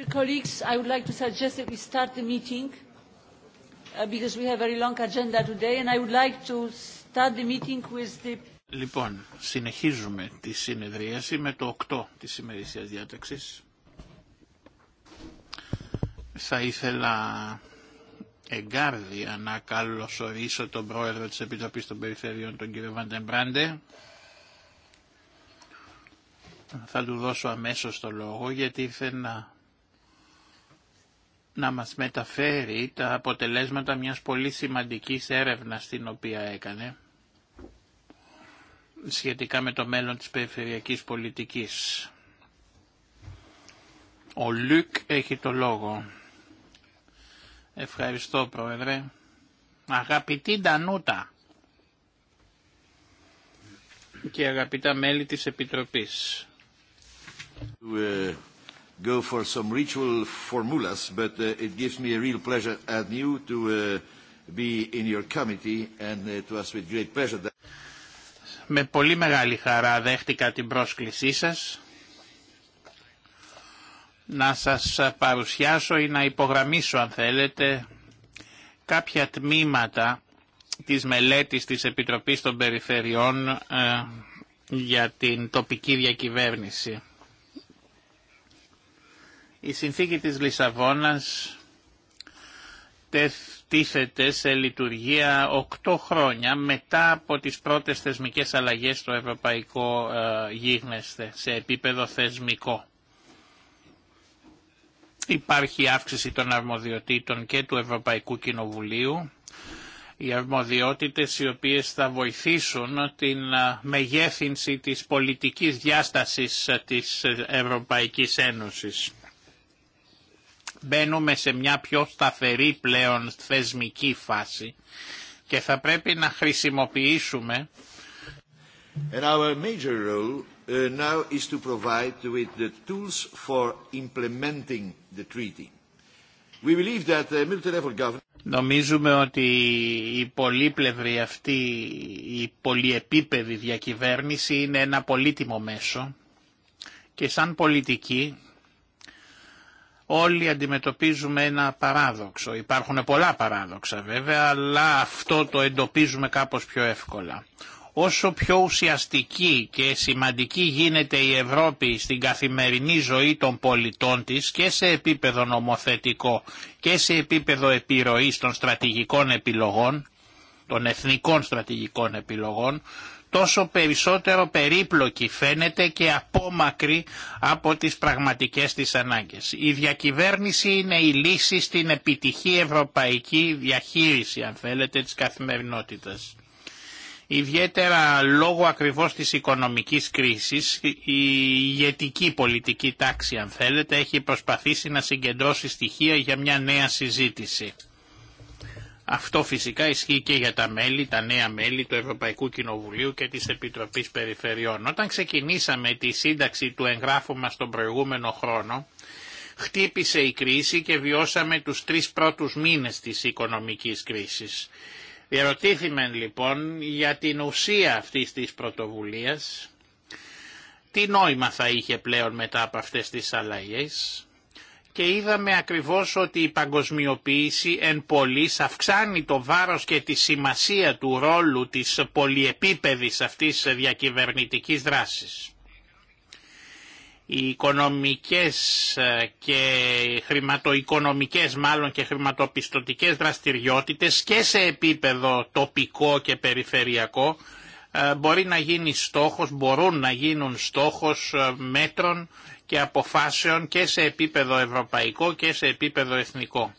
Dear colleagues, I would like to suggest that we start the meeting uh, because we have a very long agenda today and I would like to start the meeting with the... Λοιπόν, συνεχίζουμε τη συνεδρίαση με το 8 της ημερησίας διάταξης. Θα ήθελα εγκάρδια να καλωσορίσω τον πρόεδρο της Επιτροπής των Περιφερειών, τον κύριο Βαντεμπράντε, θα του δώσω αμέσως το λόγο γιατί ήρθε να να μας μεταφέρει τα αποτελέσματα μιας πολύ σημαντικής έρευνας την οποία έκανε σχετικά με το μέλλον της περιφερειακής πολιτικής. Ο Λουκ έχει το λόγο. Ευχαριστώ Πρόεδρε. Αγαπητή Ντανούτα και αγαπητά μέλη της Επιτροπής. Ε, με πολύ μεγάλη χαρά δέχτηκα την πρόσκλησή σας να σας παρουσιάσω ή να υπογραμμίσω αν θέλετε κάποια τμήματα της μελέτης της Επιτροπής των Περιφερειών ε, για την τοπική διακυβέρνηση. Η συνθήκη της Λισαβόνας τίθεται σε λειτουργία 8 χρόνια μετά από τις πρώτες θεσμικές αλλαγές στο ευρωπαϊκό ε, γίγνεσθε σε επίπεδο θεσμικό. Υπάρχει αύξηση των αρμοδιοτήτων και του Ευρωπαϊκού Κοινοβουλίου, οι αρμοδιότητες οι οποίες θα βοηθήσουν την ε, μεγέθυνση της πολιτικής διάστασης ε, της Ευρωπαϊκής Ένωσης μπαίνουμε σε μια πιο σταθερή πλέον θεσμική φάση και θα πρέπει να χρησιμοποιήσουμε And our major role uh, now is to provide with the tools for implementing the treaty. We believe that the multilateral government Νομίζουμε ότι η πολύπλευρη αυτή, η πολυεπίπεδη διακυβέρνηση είναι ένα πολύτιμο μέσο και σαν πολιτική όλοι αντιμετωπίζουμε ένα παράδοξο. Υπάρχουν πολλά παράδοξα βέβαια, αλλά αυτό το εντοπίζουμε κάπως πιο εύκολα. Όσο πιο ουσιαστική και σημαντική γίνεται η Ευρώπη στην καθημερινή ζωή των πολιτών της και σε επίπεδο νομοθετικό και σε επίπεδο επιρροής των στρατηγικών επιλογών, των εθνικών στρατηγικών επιλογών, τόσο περισσότερο περίπλοκη φαίνεται και απόμακρη από τις πραγματικές της ανάγκες. Η διακυβέρνηση είναι η λύση στην επιτυχή ευρωπαϊκή διαχείριση, αν θέλετε, της καθημερινότητας. Ιδιαίτερα λόγω ακριβώς της οικονομικής κρίσης, η ηγετική πολιτική τάξη, αν θέλετε, έχει προσπαθήσει να συγκεντρώσει στοιχεία για μια νέα συζήτηση. Αυτό φυσικά ισχύει και για τα μέλη, τα νέα μέλη του Ευρωπαϊκού Κοινοβουλίου και της Επιτροπής Περιφερειών. Όταν ξεκινήσαμε τη σύνταξη του εγγράφου μας τον προηγούμενο χρόνο, χτύπησε η κρίση και βιώσαμε τους τρεις πρώτους μήνες της οικονομικής κρίσης. Διαρωτήθημε λοιπόν για την ουσία αυτής της πρωτοβουλίας, τι νόημα θα είχε πλέον μετά από αυτές τις αλλαγές, και είδαμε ακριβώς ότι η παγκοσμιοποίηση εν πολλής αυξάνει το βάρος και τη σημασία του ρόλου της πολυεπίπεδης αυτής διακυβερνητικής δράσης. Οι οικονομικές ε, και χρηματοοικονομικές μάλλον και χρηματοπιστωτικές δραστηριότητες και σε επίπεδο τοπικό και περιφερειακό ε, μπορεί να γίνει στόχος, μπορούν να γίνουν στόχος ε, μέτρων και αποφάσεων και σε επίπεδο ευρωπαϊκό και σε επίπεδο εθνικό.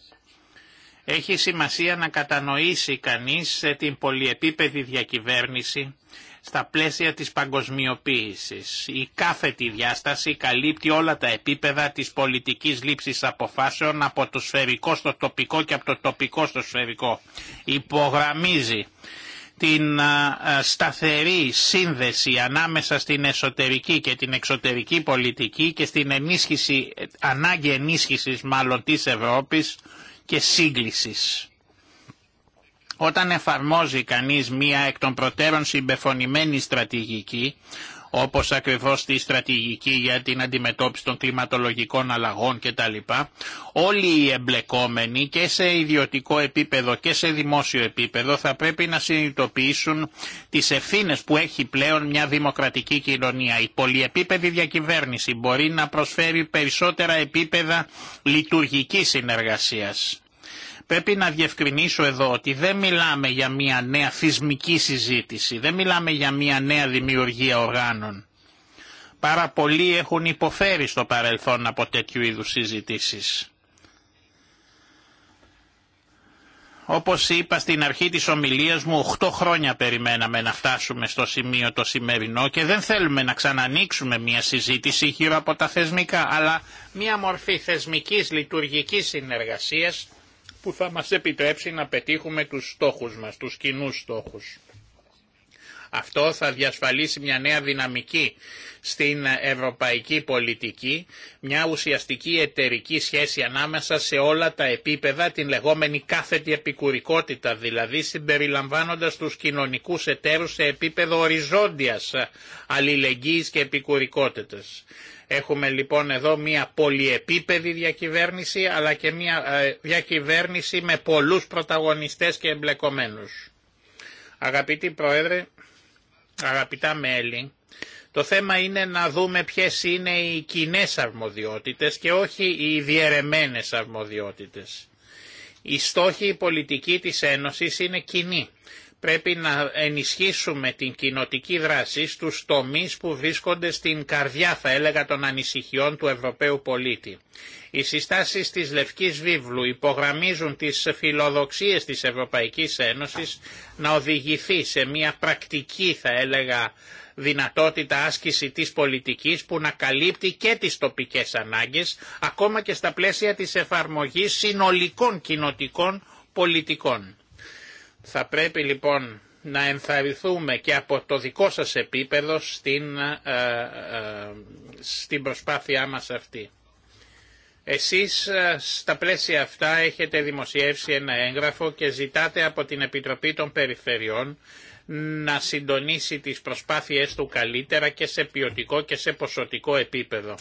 Έχει σημασία να κατανοήσει κανείς σε την πολυεπίπεδη διακυβέρνηση στα πλαίσια της παγκοσμιοποίησης. Η κάθετη διάσταση καλύπτει όλα τα επίπεδα της πολιτικής λήψης αποφάσεων από το σφαιρικό στο τοπικό και από το τοπικό στο σφαιρικό. Υπογραμμίζει την σταθερή σύνδεση ανάμεσα στην εσωτερική και την εξωτερική πολιτική και στην ενίσχυση, ανάγκη ενίσχυσης μάλλον της Ευρώπης και σύγκλησης. Όταν εφαρμόζει κανείς μία εκ των προτέρων συμπεφωνημένη στρατηγική, όπως ακριβώς τη στρατηγική για την αντιμετώπιση των κλιματολογικών αλλαγών κτλ. Όλοι οι εμπλεκόμενοι και σε ιδιωτικό επίπεδο και σε δημόσιο επίπεδο θα πρέπει να συνειδητοποιήσουν τις ευθύνε που έχει πλέον μια δημοκρατική κοινωνία. Η πολυεπίπεδη διακυβέρνηση μπορεί να προσφέρει περισσότερα επίπεδα λειτουργικής συνεργασίας. Πρέπει να διευκρινίσω εδώ ότι δεν μιλάμε για μια νέα θυσμική συζήτηση, δεν μιλάμε για μια νέα δημιουργία οργάνων. Πάρα πολλοί έχουν υποφέρει στο παρελθόν από τέτοιου είδους συζητήσεις. Όπως είπα στην αρχή της ομιλίας μου, 8 χρόνια περιμέναμε να φτάσουμε στο σημείο το σημερινό και δεν θέλουμε να ξανανοίξουμε μια συζήτηση γύρω από τα θεσμικά, αλλά μια μορφή θεσμικής λειτουργικής συνεργασίας που θα μας επιτρέψει να πετύχουμε τους στόχους μας, τους κοινούς στόχους. Αυτό θα διασφαλίσει μια νέα δυναμική στην ευρωπαϊκή πολιτική, μια ουσιαστική εταιρική σχέση ανάμεσα σε όλα τα επίπεδα, την λεγόμενη κάθετη επικουρικότητα, δηλαδή συμπεριλαμβάνοντας τους κοινωνικούς εταίρους σε επίπεδο οριζόντιας αλληλεγγύης και επικουρικότητας. Έχουμε λοιπόν εδώ μια πολυεπίπεδη διακυβέρνηση αλλά και μια ε, διακυβέρνηση με πολλούς πρωταγωνιστές και εμπλεκομένους. Αγαπητοί Πρόεδρε, αγαπητά μέλη, το θέμα είναι να δούμε ποιες είναι οι κοινέ αρμοδιότητες και όχι οι διαιρεμένες αρμοδιότητες. Η στόχοι η πολιτική της Ένωσης είναι κοινή πρέπει να ενισχύσουμε την κοινοτική δράση στους τομείς που βρίσκονται στην καρδιά θα έλεγα των ανησυχιών του Ευρωπαίου πολίτη. Οι συστάσεις της Λευκής Βίβλου υπογραμμίζουν τις φιλοδοξίες της Ευρωπαϊκής Ένωσης να οδηγηθεί σε μια πρακτική θα έλεγα δυνατότητα άσκηση της πολιτικής που να καλύπτει και τις τοπικές ανάγκες ακόμα και στα πλαίσια της εφαρμογής συνολικών κοινοτικών πολιτικών. Θα πρέπει λοιπόν να ενθαρρυνθούμε και από το δικό σας επίπεδο στην, ε, ε, στην προσπάθειά μας αυτή. Εσείς ε, στα πλαίσια αυτά έχετε δημοσιεύσει ένα έγγραφο και ζητάτε από την Επιτροπή των Περιφερειών να συντονίσει τις προσπάθειές του καλύτερα και σε ποιοτικό και σε ποσοτικό επίπεδο.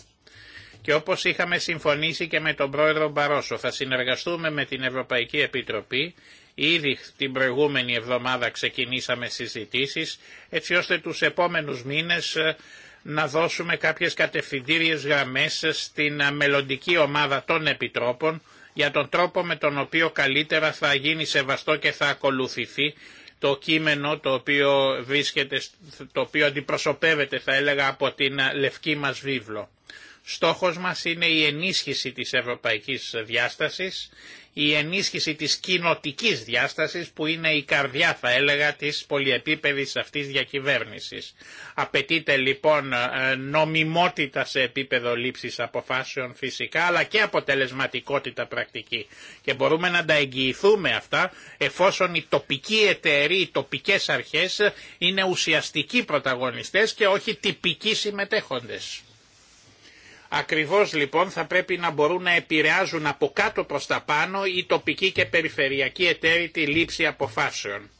Και όπως είχαμε συμφωνήσει και με τον πρόεδρο Μπαρόσο, θα συνεργαστούμε με την Ευρωπαϊκή Επιτροπή Ήδη την προηγούμενη εβδομάδα ξεκινήσαμε συζητήσεις έτσι ώστε τους επόμενους μήνες ε, να δώσουμε κάποιες κατευθυντήριες γραμμές στην ε, μελλοντική ομάδα των επιτρόπων για τον τρόπο με τον οποίο καλύτερα θα γίνει σεβαστό και θα ακολουθηθεί το κείμενο το οποίο, βρίσκεται, το οποίο αντιπροσωπεύεται θα έλεγα από την ε, λευκή μας βίβλο. Στόχος μας είναι η ενίσχυση της ευρωπαϊκής διάστασης, η ενίσχυση της κοινοτικής διάστασης που είναι η καρδιά θα έλεγα της πολυεπίπεδης αυτής διακυβέρνησης. Απαιτείται λοιπόν ε, νομιμότητα σε επίπεδο λήψης αποφάσεων φυσικά αλλά και αποτελεσματικότητα πρακτική και μπορούμε να τα εγγυηθούμε αυτά εφόσον οι τοπικοί εταιροί, οι τοπικές αρχές είναι ουσιαστικοί πρωταγωνιστές και όχι τυπικοί συμμετέχοντες. Ακριβώς λοιπόν θα πρέπει να μπορούν να επηρεάζουν από κάτω προς τα πάνω η τοπική και περιφερειακή εταίροι τη λήψη αποφάσεων.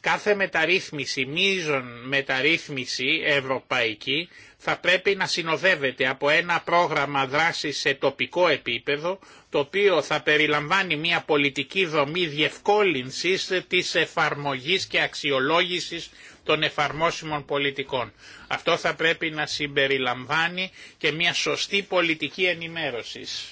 Κάθε μεταρρύθμιση, μείζων μεταρρύθμιση ευρωπαϊκή θα πρέπει να συνοδεύεται από ένα πρόγραμμα δράσης σε τοπικό επίπεδο, το οποίο θα περιλαμβάνει μια πολιτική δομή διευκόλυνσης της εφαρμογής και αξιολόγησης των εφαρμόσιμων πολιτικών. Αυτό θα πρέπει να συμπεριλαμβάνει και μια σωστή πολιτική ενημέρωσης.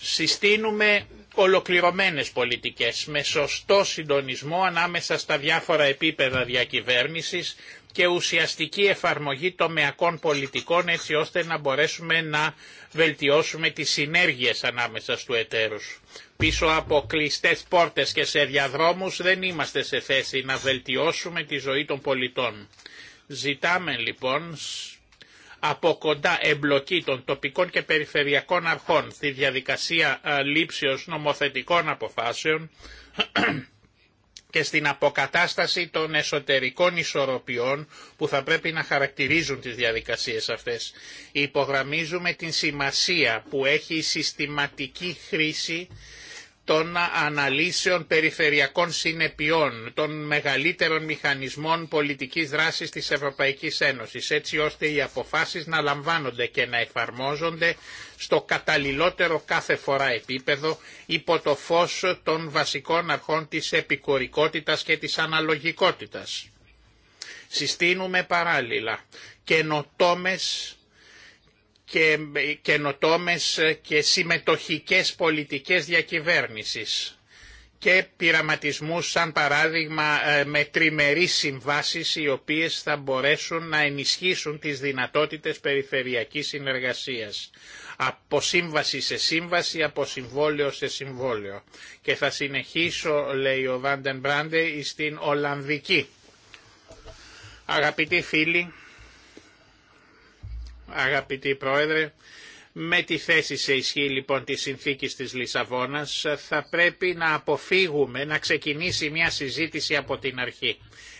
Συστήνουμε ολοκληρωμένες πολιτικές με σωστό συντονισμό ανάμεσα στα διάφορα επίπεδα διακυβέρνησης και ουσιαστική εφαρμογή τομεακών πολιτικών έτσι ώστε να μπορέσουμε να βελτιώσουμε τις συνέργειες ανάμεσα στου εταίρους. Πίσω από κλειστέ πόρτες και σε διαδρόμους δεν είμαστε σε θέση να βελτιώσουμε τη ζωή των πολιτών. Ζητάμε λοιπόν από κοντά εμπλοκή των τοπικών και περιφερειακών αρχών στη διαδικασία ε, λήψεως νομοθετικών αποφάσεων και στην αποκατάσταση των εσωτερικών ισορροπιών που θα πρέπει να χαρακτηρίζουν τις διαδικασίες αυτές. Υπογραμμίζουμε την σημασία που έχει η συστηματική χρήση των αναλύσεων περιφερειακών συνεπειών, των μεγαλύτερων μηχανισμών πολιτικής δράσης της Ευρωπαϊκής Ένωσης, έτσι ώστε οι αποφάσεις να λαμβάνονται και να εφαρμόζονται στο καταλληλότερο κάθε φορά επίπεδο υπό το φως των βασικών αρχών της επικορικότητας και της αναλογικότητας. Συστήνουμε παράλληλα καινοτόμες και καινοτόμες και συμμετοχικές πολιτικές διακυβέρνησης και πειραματισμούς σαν παράδειγμα ε, με τριμερείς συμβάσεις οι οποίες θα μπορέσουν να ενισχύσουν τις δυνατότητες περιφερειακής συνεργασίας από σύμβαση σε σύμβαση, από συμβόλαιο σε συμβόλαιο. Και θα συνεχίσω, λέει ο Βάντεν Μπράντε, στην Ολλανδική. Αγαπητοί φίλοι, Αγαπητοί Πρόεδρε, με τη θέση σε ισχύ λοιπόν της συνθήκης της Λισαβόνας θα πρέπει να αποφύγουμε να ξεκινήσει μια συζήτηση από την αρχή.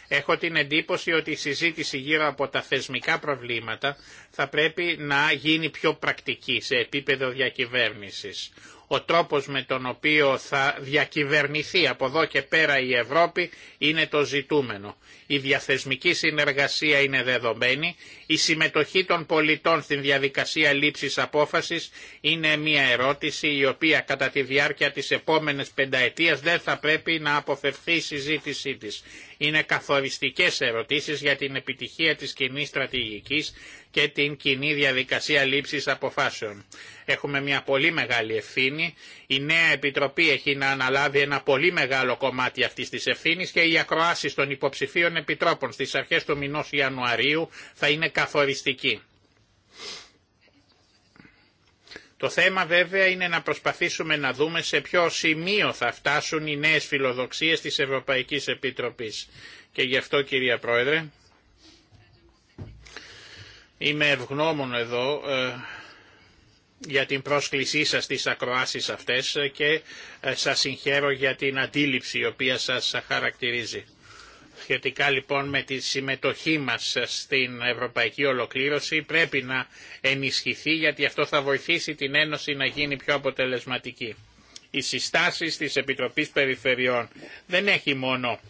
Έχω την εντύπωση ότι η συζήτηση γύρω από τα θεσμικά προβλήματα θα πρέπει να γίνει πιο πρακτική σε επίπεδο διακυβέρνησης. Ο τρόπος με τον οποίο θα διακυβερνηθεί από εδώ και πέρα η Ευρώπη είναι το ζητούμενο. Η διαθεσμική συνεργασία είναι δεδομένη, η συμμετοχή των πολιτών στην διαδικασία λήψης απόφασης είναι μια ερώτηση η οποία κατά τη διάρκεια της επόμενης πενταετίας δεν θα πρέπει να αποφευθεί η συζήτησή της. Είναι καθοριστικές ερωτήσεις για την επιτυχία της κοινή στρατηγικής και την κοινή διαδικασία λήψης αποφάσεων. Έχουμε μια πολύ μεγάλη ευθύνη. Η νέα Επιτροπή έχει να αναλάβει ένα πολύ μεγάλο κομμάτι αυτής της ευθύνης και οι ακροάσεις των υποψηφίων επιτρόπων στις αρχές του μηνός Ιανουαρίου θα είναι καθοριστική. Το θέμα βέβαια είναι να προσπαθήσουμε να δούμε σε ποιο σημείο θα φτάσουν οι νέες φιλοδοξίες της Ευρωπαϊκής Επιτροπής. Και γι' αυτό κυρία Πρόεδρε, είμαι ευγνώμων εδώ ε, για την πρόσκλησή σας στις ακροάσεις αυτές και ε, σας συγχαίρω για την αντίληψη η οποία σας χαρακτηρίζει. Σχετικά λοιπόν με τη συμμετοχή μας στην ευρωπαϊκή ολοκλήρωση πρέπει να ενισχυθεί γιατί αυτό θα βοηθήσει την Ένωση να γίνει πιο αποτελεσματική. Οι συστάσεις της Επιτροπής Περιφερειών δεν έχει μόνο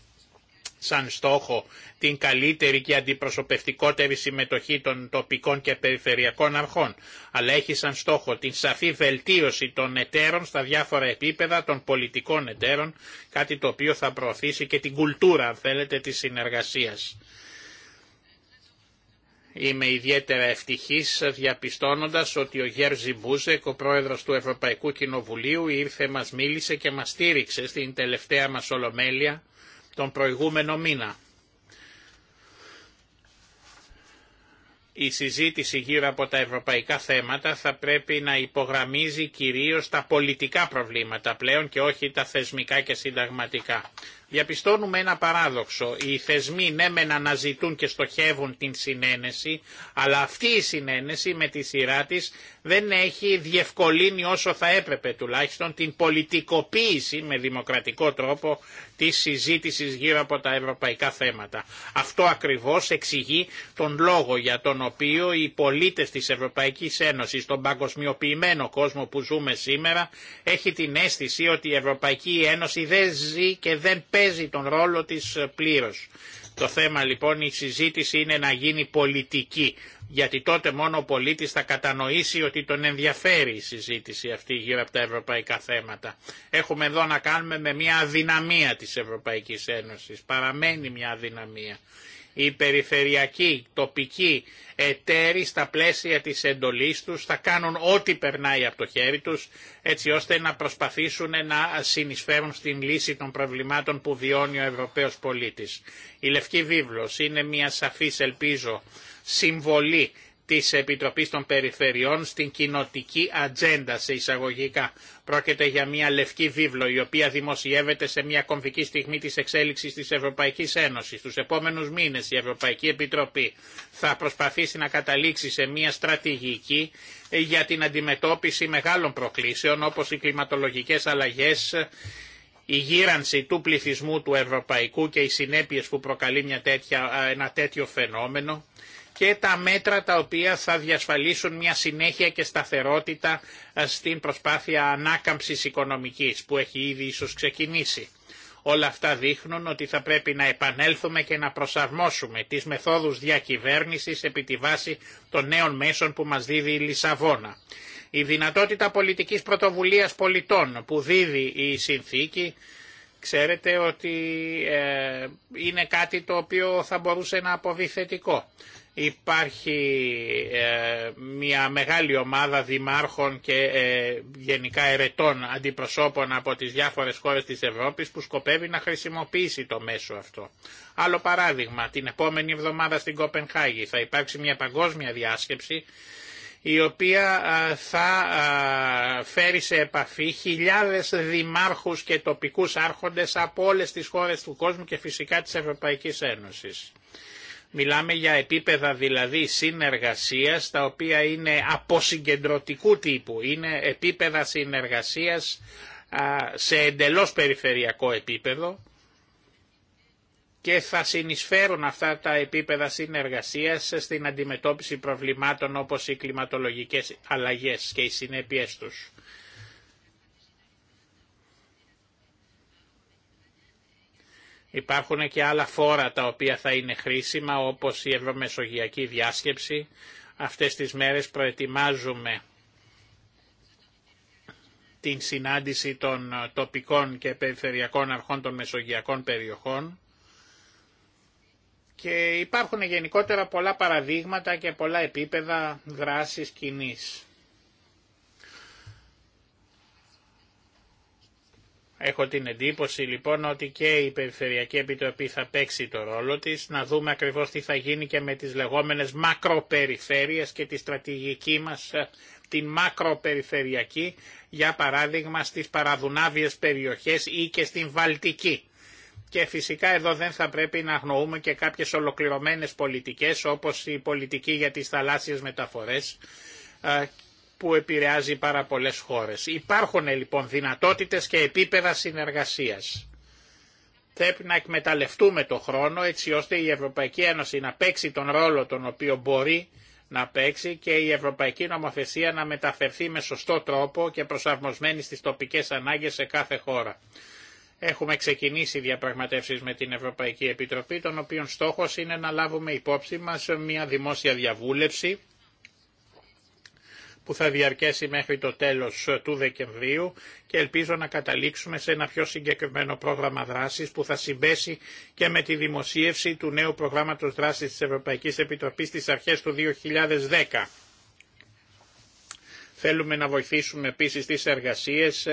σαν στόχο την καλύτερη και αντιπροσωπευτικότερη συμμετοχή των τοπικών και περιφερειακών αρχών, αλλά έχει σαν στόχο την σαφή βελτίωση των εταίρων στα διάφορα επίπεδα των πολιτικών εταίρων, κάτι το οποίο θα προωθήσει και την κουλτούρα, αν θέλετε, της συνεργασίας. Είμαι ιδιαίτερα ευτυχής διαπιστώνοντας ότι ο Γέρζι Μπούζεκ, ο πρόεδρος του Ευρωπαϊκού Κοινοβουλίου, ήρθε μας μίλησε και μας στήριξε στην τελευταία μας ολομέλεια τον προηγούμενο μήνα. Η συζήτηση γύρω από τα ευρωπαϊκά θέματα θα πρέπει να υπογραμμίζει κυρίως τα πολιτικά προβλήματα πλέον και όχι τα θεσμικά και συνταγματικά. Διαπιστώνουμε ένα παράδοξο. Οι θεσμοί ναι μεν αναζητούν και στοχεύουν την συνένεση, αλλά αυτή η συνένεση με τη σειρά της δεν έχει διευκολύνει όσο θα έπρεπε τουλάχιστον την πολιτικοποίηση με δημοκρατικό τρόπο της συζήτησης γύρω από τα ευρωπαϊκά θέματα. Αυτό ακριβώς εξηγεί τον λόγο για τον οποίο οι πολίτες της Ευρωπαϊκής Ένωσης, τον παγκοσμιοποιημένο κόσμο που ζούμε σήμερα, έχει την αίσθηση ότι η Ευρωπαϊκή Ένωση δεν ζει και δεν τον ρόλο της ε, πλήρως. Το θέμα λοιπόν η συζήτηση είναι να γίνει πολιτική, γιατί τότε μόνο ο πολίτης θα κατανοήσει ότι τον ενδιαφέρει η συζήτηση αυτή γύρω από τα ευρωπαϊκά θέματα. Έχουμε εδώ να κάνουμε με μια αδυναμία της Ευρωπαϊκής Ένωσης, παραμένει μια αδυναμία οι περιφερειακοί, τοπικοί εταίροι στα πλαίσια της εντολής τους θα κάνουν ό,τι περνάει από το χέρι τους έτσι ώστε να προσπαθήσουν να συνεισφέρουν στην λύση των προβλημάτων που βιώνει ο Ευρωπαίος πολίτης. Η Λευκή Βίβλος είναι μια σαφής ελπίζω συμβολή της Επιτροπής των Περιφερειών στην κοινοτική ατζέντα σε εισαγωγικά. Πρόκειται για μια λευκή βίβλο η οποία δημοσιεύεται σε μια κομβική στιγμή της εξέλιξης της Ευρωπαϊκής Ένωσης. Τους επόμενους μήνες η Ευρωπαϊκή Επιτροπή θα προσπαθήσει να καταλήξει σε μια στρατηγική για την αντιμετώπιση μεγάλων προκλήσεων όπως οι κλιματολογικές αλλαγές, η γύρανση του πληθυσμού του ευρωπαϊκού και οι συνέπειες που προκαλεί μια τέτοια, ένα τέτοιο φαινόμενο, και τα μέτρα τα οποία θα διασφαλίσουν μια συνέχεια και σταθερότητα ε, στην προσπάθεια ανάκαμψης οικονομικής που έχει ήδη ίσως ξεκινήσει. Όλα αυτά δείχνουν ότι θα πρέπει να επανέλθουμε και να προσαρμόσουμε τις μεθόδους διακυβέρνησης επί τη βάση των νέων μέσων που μας δίδει η Λισαβόνα. Η δυνατότητα πολιτικής πρωτοβουλίας πολιτών που δίδει η συνθήκη ξέρετε ότι ε, είναι κάτι το οποίο θα μπορούσε να αποβεί Υπάρχει ε, μια μεγάλη ομάδα δημάρχων και ε, γενικά ερετών αντιπροσώπων από τις διάφορες χώρες της Ευρώπης που σκοπεύει να χρησιμοποιήσει το μέσο αυτό. Άλλο παράδειγμα, την επόμενη εβδομάδα στην Κοπενχάγη θα υπάρξει μια παγκόσμια διάσκεψη η οποία θα φέρει σε επαφή χιλιάδες δημάρχους και τοπικούς άρχοντες από όλες τις χώρες του κόσμου και φυσικά της Ευρωπαϊκής Ένωσης. Μιλάμε για επίπεδα δηλαδή συνεργασίας τα οποία είναι αποσυγκεντρωτικού τύπου, είναι επίπεδα συνεργασίας σε εντελώς περιφερειακό επίπεδο και θα συνεισφέρουν αυτά τα επίπεδα συνεργασίας στην αντιμετώπιση προβλημάτων όπως οι κλιματολογικές αλλαγές και οι συνέπειές τους. Υπάρχουν και άλλα φόρα τα οποία θα είναι χρήσιμα όπως η Ευρωμεσογειακή Διάσκεψη. Αυτές τις μέρες προετοιμάζουμε την συνάντηση των τοπικών και περιφερειακών αρχών των μεσογειακών περιοχών και υπάρχουν γενικότερα πολλά παραδείγματα και πολλά επίπεδα δράσης κοινής. Έχω την εντύπωση λοιπόν ότι και η Περιφερειακή Επιτροπή θα παίξει το ρόλο της, να δούμε ακριβώς τι θα γίνει και με τις λεγόμενες μακροπεριφέρειες και τη στρατηγική μας ε, την μακροπεριφερειακή, για παράδειγμα στις παραδουνάβιες περιοχές ή και στην Βαλτική. Και φυσικά εδώ δεν θα πρέπει να αγνοούμε και κάποιες ολοκληρωμένες πολιτικές όπως η πολιτική για τις θαλάσσιες μεταφορές ε, που επηρεάζει πάρα πολλές χώρες. Υπάρχουν ε, λοιπόν δυνατότητες και επίπεδα συνεργασίας. Πρέπει να εκμεταλλευτούμε το χρόνο έτσι ώστε η Ευρωπαϊκή Ένωση να παίξει τον ρόλο τον οποίο μπορεί να παίξει και η Ευρωπαϊκή Νομοθεσία να μεταφερθεί με σωστό τρόπο και προσαρμοσμένη στις τοπικές ανάγκες σε κάθε χώρα. Έχουμε ξεκινήσει διαπραγματεύσεις με την Ευρωπαϊκή Επιτροπή, τον οποίον στόχος είναι να λάβουμε υπόψη μας μια δημόσια διαβούλευση που θα διαρκέσει μέχρι το τέλος του Δεκεμβρίου και ελπίζω να καταλήξουμε σε ένα πιο συγκεκριμένο πρόγραμμα δράσης που θα συμπέσει και με τη δημοσίευση του νέου προγράμματος δράσης της Ευρωπαϊκής Επιτροπής στις αρχές του 2010. Θέλουμε να βοηθήσουμε επίσης τις εργασίες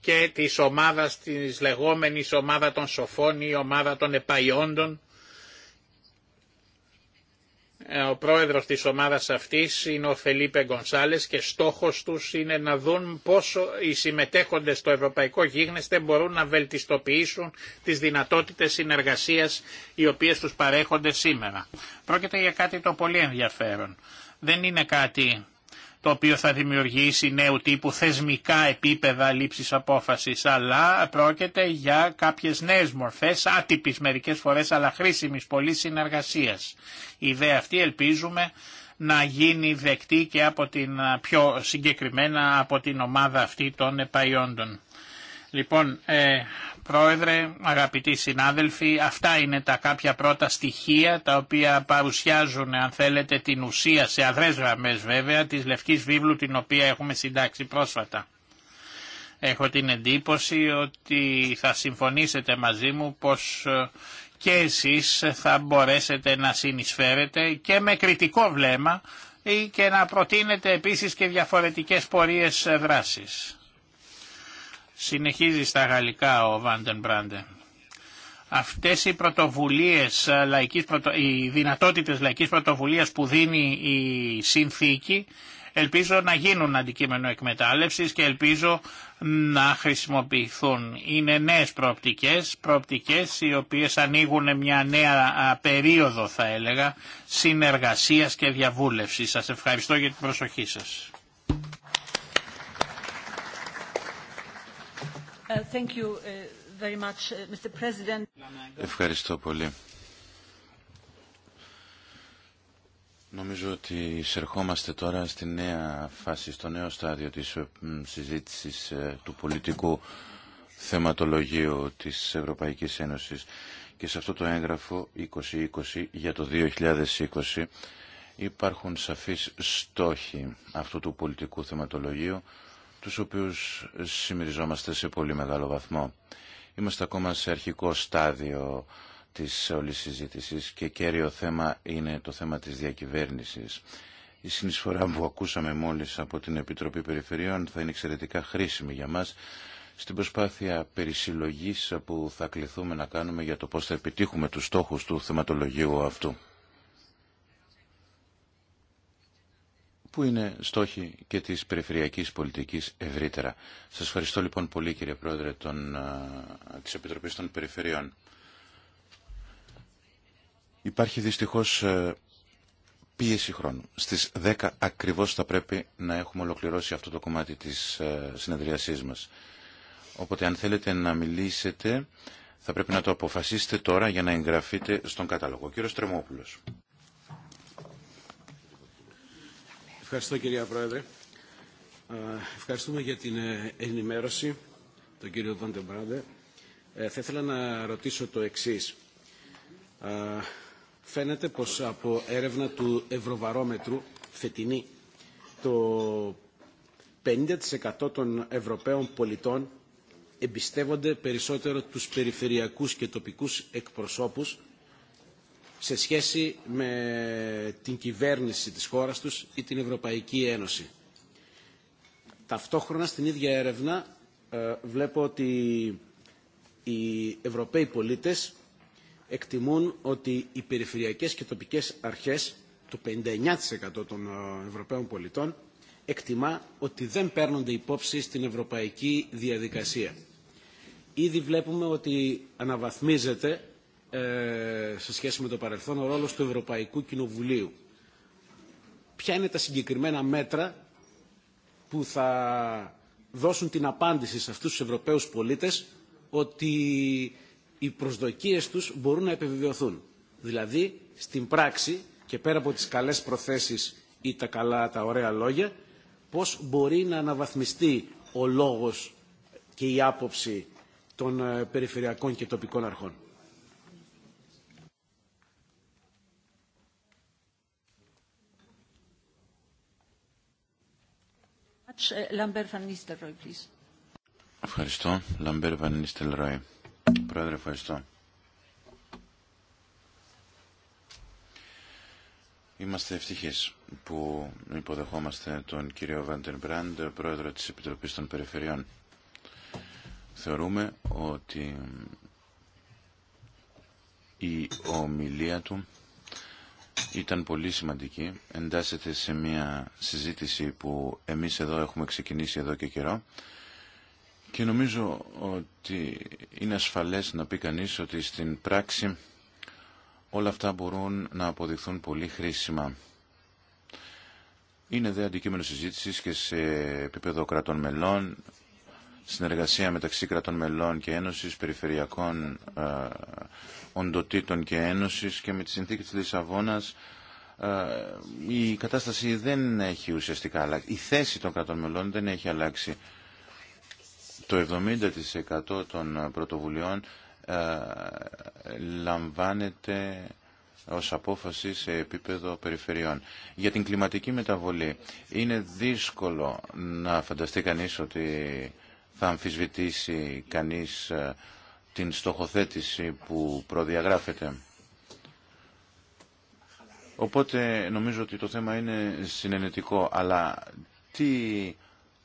και της ομάδας, της λεγόμενης ομάδα των σοφών ή ομάδα των επαϊόντων, ε, ο πρόεδρος της ομάδας αυτής είναι ο Φελίπε Γκονσάλες και στόχος τους είναι να δουν πόσο οι συμμετέχοντες στο Ευρωπαϊκό Γίγνεσθε μπορούν να βελτιστοποιήσουν τις δυνατότητες συνεργασίας οι οποίες τους παρέχονται σήμερα. Πρόκειται για κάτι το πολύ ενδιαφέρον. Δεν είναι κάτι το οποίο θα δημιουργήσει νέου τύπου θεσμικά επίπεδα λήψης απόφασης, αλλά πρόκειται για κάποιες νέες μορφές, άτυπης μερικές φορές, αλλά χρήσιμης πολύ συνεργασίας. Η ιδέα αυτή ελπίζουμε να γίνει δεκτή και από την πιο συγκεκριμένα από την ομάδα αυτή των επαϊόντων. Λοιπόν, ε, Πρόεδρε, αγαπητοί συνάδελφοι, αυτά είναι τα κάποια πρώτα στοιχεία τα οποία παρουσιάζουν, αν θέλετε, την ουσία σε αδρές γραμμές βέβαια της Λευκής Βίβλου την οποία έχουμε συντάξει πρόσφατα. Έχω την εντύπωση ότι θα συμφωνήσετε μαζί μου πως ε, και εσείς θα μπορέσετε να συνεισφέρετε και με κριτικό βλέμμα ή και να προτείνετε επίσης και διαφορετικές πορείες δράσης. Συνεχίζει στα γαλλικά ο Βάντεν Μπράντε. Αυτές οι πρωτοβουλίες, ε, οι δυνατότητες λαϊκής πρωτοβουλίας που δίνει η συνθήκη ελπίζω να γίνουν αντικείμενο εκμετάλλευσης και ελπίζω να χρησιμοποιηθούν. Είναι νέες προοπτικές, προοπτικές οι οποίες ανοίγουν μια νέα περίοδο θα έλεγα συνεργασίας και διαβούλευσης. Σας ευχαριστώ για την προσοχή σας. Uh, uh, Ευχαριστώ πολύ. Νομίζω ότι εισερχόμαστε τώρα στη νέα φάση, στο νέο στάδιο της ε, συζήτησης ε, του πολιτικού θεματολογίου της Ευρωπαϊκής Ένωσης και σε αυτό το έγγραφο 2020 για το 2020 υπάρχουν σαφείς στόχοι αυτού του πολιτικού θεματολογίου τους οποίους συμμεριζόμαστε σε πολύ μεγάλο βαθμό. Είμαστε ακόμα σε αρχικό στάδιο της όλης συζήτησης και κέριο θέμα είναι το θέμα της διακυβέρνησης. Η συνεισφορά που ακούσαμε μόλις από την Επιτροπή Περιφερειών θα είναι εξαιρετικά χρήσιμη για μας στην προσπάθεια περισυλλογής που θα κληθούμε να κάνουμε για το πώς θα επιτύχουμε τους στόχους του θεματολογίου αυτού. που είναι στόχοι και της περιφερειακής πολιτικής ευρύτερα. Σας ευχαριστώ λοιπόν πολύ κύριε Πρόεδρε των, της Επιτροπής των Περιφερειών. Υπάρχει δυστυχώς ε, πίεση χρόνου. Στις 10 ακριβώς θα πρέπει να έχουμε ολοκληρώσει αυτό το κομμάτι της ε, συνεδριασής μας. Οπότε αν θέλετε να μιλήσετε θα πρέπει να το αποφασίσετε τώρα για να εγγραφείτε στον κατάλογο. Ο Ευχαριστώ κυρία Πρόεδρε. Ε, ευχαριστούμε για την ε, ενημέρωση τον κύριο Μπράντε. Ε, θα ήθελα να ρωτήσω το εξής. Φαίνεται πως από έρευνα του Ευρωβαρόμετρου φετινή το 50% των Ευρωπαίων πολιτών εμπιστεύονται περισσότερο τους περιφερειακούς και τοπικούς εκπροσώπους σε σχέση με την κυβέρνηση της χώρας τους ή την Ευρωπαϊκή Ένωση. Ταυτόχρονα στην ίδια έρευνα ε, βλέπω ότι οι Ευρωπαίοι πολίτες εκτιμούν ότι οι περιφερειακές και τοπικές αρχές το 59% των ε, Ευρωπαίων πολιτών εκτιμά ότι δεν παίρνονται υπόψη στην ευρωπαϊκή διαδικασία. Ήδη βλέπουμε ότι αναβαθμίζεται ε, σε σχέση με το παρελθόν ο ρόλος του Ευρωπαϊκού Κοινοβουλίου. Ποια είναι τα συγκεκριμένα μέτρα που θα δώσουν την απάντηση σε αυτούς τους Ευρωπαίους πολίτες ότι οι προσδοκίες τους μπορούν να επιβεβαιωθούν. Δηλαδή, στην πράξη και πέρα από τις καλές προθέσεις ή τα καλά, τα ωραία λόγια, πώς μπορεί να αναβαθμιστεί ο λόγος και η άποψη των ε, περιφερειακών και τοπικών αρχών. much. Λαμπέρ uh, Ευχαριστώ. Λαμπέρ Βανίστελ Ροϊ. Πρόεδρε, ευχαριστώ. Είμαστε ευτυχείς που υποδεχόμαστε τον κύριο Βάντερ Μπραντ, πρόεδρο της Επιτροπής των Περιφερειών. Θεωρούμε ότι η ομιλία του ήταν πολύ σημαντική. Εντάσσεται σε μια συζήτηση που εμείς εδώ έχουμε ξεκινήσει εδώ και καιρό και νομίζω ότι είναι ασφαλές να πει κανείς ότι στην πράξη όλα αυτά μπορούν να αποδειχθούν πολύ χρήσιμα. Είναι δε αντικείμενο συζήτησης και σε επίπεδο κρατών μελών, συνεργασία μεταξύ κρατών μελών και Ένωσης, περιφερειακών ε, οντοτήτων και Ένωσης και με τη συνθήκη της Λισαβόνας ε, η κατάσταση δεν έχει ουσιαστικά αλλάξει. Η θέση των κρατών μελών δεν έχει αλλάξει. Το 70% των πρωτοβουλειών ε, λαμβάνεται ως απόφαση σε επίπεδο περιφερειών. Για την κλιματική μεταβολή είναι δύσκολο να φανταστεί κανείς ότι θα αμφισβητήσει κανείς ε, την στοχοθέτηση που προδιαγράφεται. Οπότε νομίζω ότι το θέμα είναι συνενετικό, αλλά τι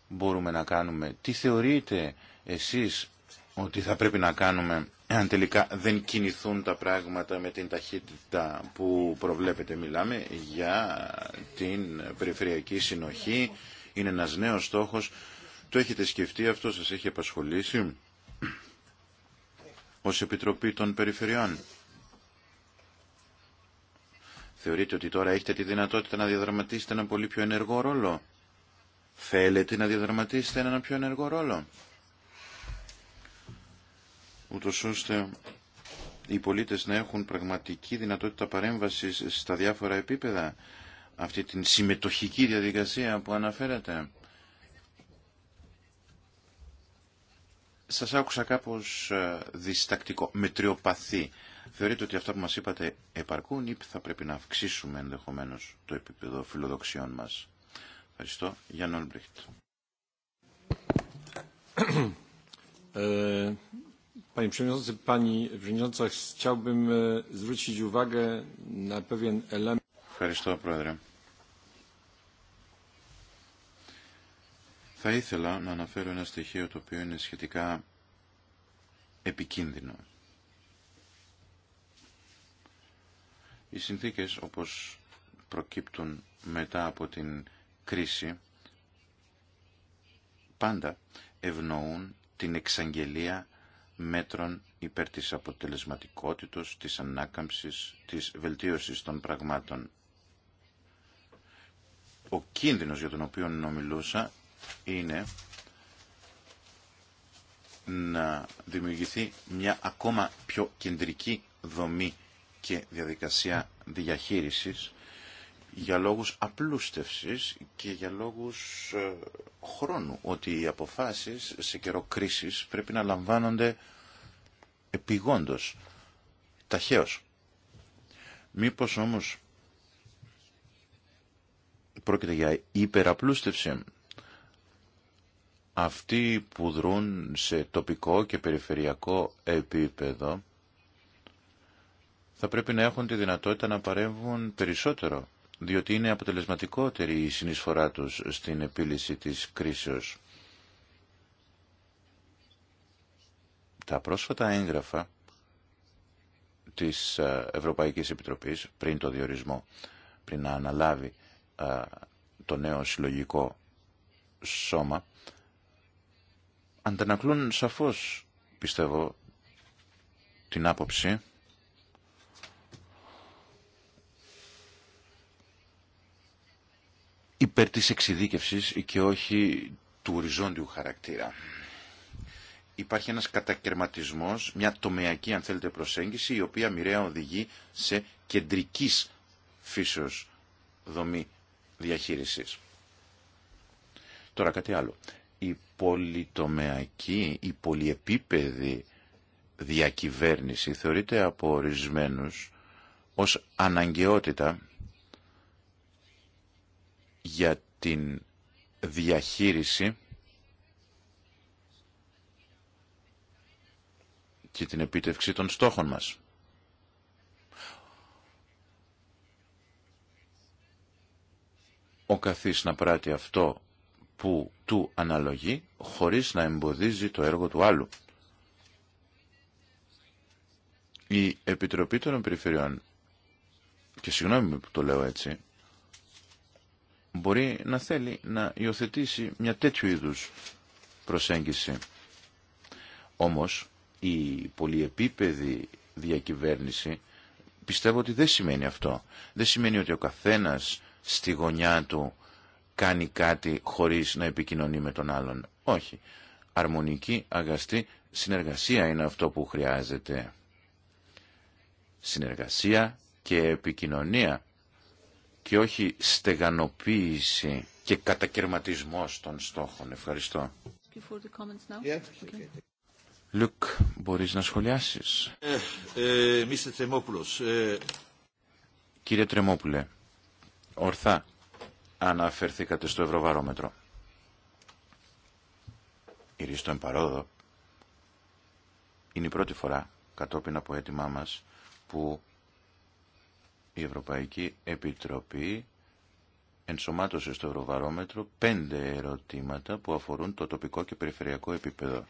μπορούμε να κάνουμε, τι θεωρείτε εσείς ότι θα πρέπει να κάνουμε αν τελικά δεν κινηθούν τα πράγματα με την ταχύτητα που προβλέπετε. Μιλάμε για την περιφερειακή συνοχή, είναι ένας νέος στόχος το έχετε σκεφτεί αυτό, σας έχει απασχολήσει ως Επιτροπή των Περιφερειών. Θεωρείτε ότι τώρα έχετε τη δυνατότητα να διαδραματίσετε ένα πολύ πιο ενεργό ρόλο. Θέλετε να διαδραματίσετε έναν πιο ενεργό ρόλο. Ούτως ώστε οι πολίτες να έχουν πραγματική δυνατότητα παρέμβασης στα διάφορα επίπεδα. Αυτή την συμμετοχική διαδικασία που αναφέρατε. Σας άκουσα κάπως ε, διστακτικό, μετριοπαθή. Θεωρείτε ότι αυτά που μας είπατε επαρκούν ή θα πρέπει να αυξήσουμε ενδεχομένως το επίπεδο φιλοδοξιών μας. Ευχαριστώ. Γιάννη Ολμπριχτ. Ε, Panie Przewodniczący, Pani Przewodnicząca, chciałbym e, zwrócić uwagę na pewien element. Ευχαριστώ, Πρόεδρε. Θα ήθελα να αναφέρω ένα στοιχείο το οποίο είναι σχετικά επικίνδυνο. Οι συνθήκες όπως προκύπτουν μετά από την κρίση πάντα ευνοούν την εξαγγελία μέτρων υπέρ της αποτελεσματικότητος, της ανάκαμψης, της βελτίωσης των πραγμάτων. Ο κίνδυνος για τον οποίο νομιλούσα είναι να δημιουργηθεί μια ακόμα πιο κεντρική δομή και διαδικασία διαχείρισης για λόγους απλούστευσης και για λόγους ε, χρόνου, ότι οι αποφάσεις σε καιρό κρίσης πρέπει να λαμβάνονται επιγόντως, ταχαίως. Μήπως όμως πρόκειται για υπεραπλούστευση αυτοί που δρούν σε τοπικό και περιφερειακό επίπεδο θα πρέπει να έχουν τη δυνατότητα να παρέμβουν περισσότερο, διότι είναι αποτελεσματικότερη η συνεισφορά τους στην επίλυση της κρίσεως. Τα πρόσφατα έγγραφα της ε, Ευρωπαϊκής Επιτροπής πριν το διορισμό, πριν να αναλάβει ε, το νέο συλλογικό σώμα, αντανακλούν σαφώς, πιστεύω, την άποψη υπέρ της εξειδίκευσης και όχι του οριζόντιου χαρακτήρα. Υπάρχει ένας κατακαιρματισμός, μια τομεακή αν θέλετε προσέγγιση, η οποία μοιραία οδηγεί σε κεντρικής φύσεως δομή διαχείρισης. Τώρα κάτι άλλο η πολυτομεακή, η πολυεπίπεδη διακυβέρνηση θεωρείται από ορισμένους ως αναγκαιότητα για την διαχείριση και την επίτευξη των στόχων μας. Ο καθής να πράττει αυτό που του αναλογεί χωρίς να εμποδίζει το έργο του άλλου. Η Επιτροπή των Περιφερειών, και συγγνώμη που το λέω έτσι, μπορεί να θέλει να υιοθετήσει μια τέτοιου είδους προσέγγιση. Όμως η πολυεπίπεδη διακυβέρνηση πιστεύω ότι δεν σημαίνει αυτό. Δεν σημαίνει ότι ο καθένας στη γωνιά του κάνει κάτι χωρίς να επικοινωνεί με τον άλλον. Όχι. Αρμονική, αγαστή συνεργασία είναι αυτό που χρειάζεται. Συνεργασία και επικοινωνία και όχι στεγανοποίηση και κατακαιρματισμός των στόχων. Ευχαριστώ. Λουκ, μπορείς να σχολιάσεις. Ε, ε, ε. Κύριε Τρεμόπουλε, ορθά αναφερθήκατε στο Ευρωβαρόμετρο. Η Ρίστο Εμπαρόδο είναι η πρώτη φορά κατόπιν από έτοιμά μας που η Ευρωπαϊκή Επιτροπή ενσωμάτωσε στο Ευρωβαρόμετρο πέντε ερωτήματα που αφορούν το τοπικό και περιφερειακό επίπεδο.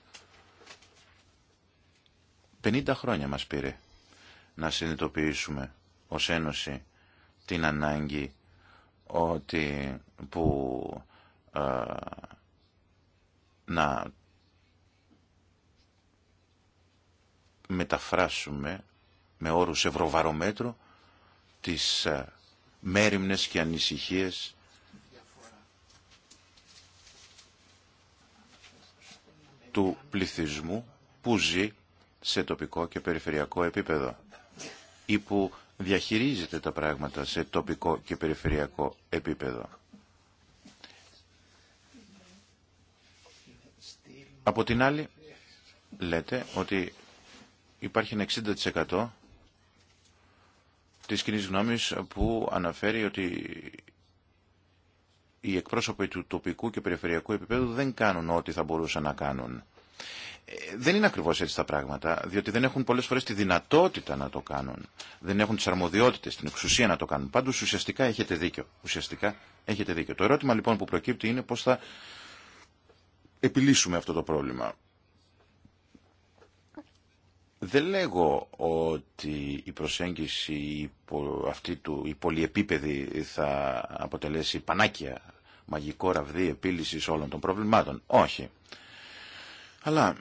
50 χρόνια μας πήρε να συνειδητοποιήσουμε ως Ένωση την ανάγκη ότι που ε, να μεταφράσουμε με όρους ευρωβαρομέτρου τις ε, και ανησυχίες του πληθυσμού που ζει σε τοπικό και περιφερειακό επίπεδο ή που διαχειρίζεται τα πράγματα σε τοπικό και περιφερειακό επίπεδο. Από την άλλη, λέτε ότι υπάρχει ένα 60% της κοινή γνώμης που αναφέρει ότι οι εκπρόσωποι του τοπικού και περιφερειακού επίπεδου δεν κάνουν ό,τι θα μπορούσαν να κάνουν. Ε, δεν είναι ακριβώς έτσι τα πράγματα, διότι δεν έχουν πολλές φορές τη δυνατότητα να το κάνουν. Δεν έχουν τις αρμοδιότητες, την εξουσία να το κάνουν. Πάντως ουσιαστικά έχετε δίκιο. Ουσιαστικά έχετε δίκιο. Το ερώτημα λοιπόν που προκύπτει είναι πώς θα επιλύσουμε αυτό το πρόβλημα. Δεν λέγω ότι η προσέγγιση αυτή του, η πολυεπίπεδη θα αποτελέσει πανάκια, μαγικό ραβδί επίλυσης όλων των προβλημάτων. Όχι. Αλλά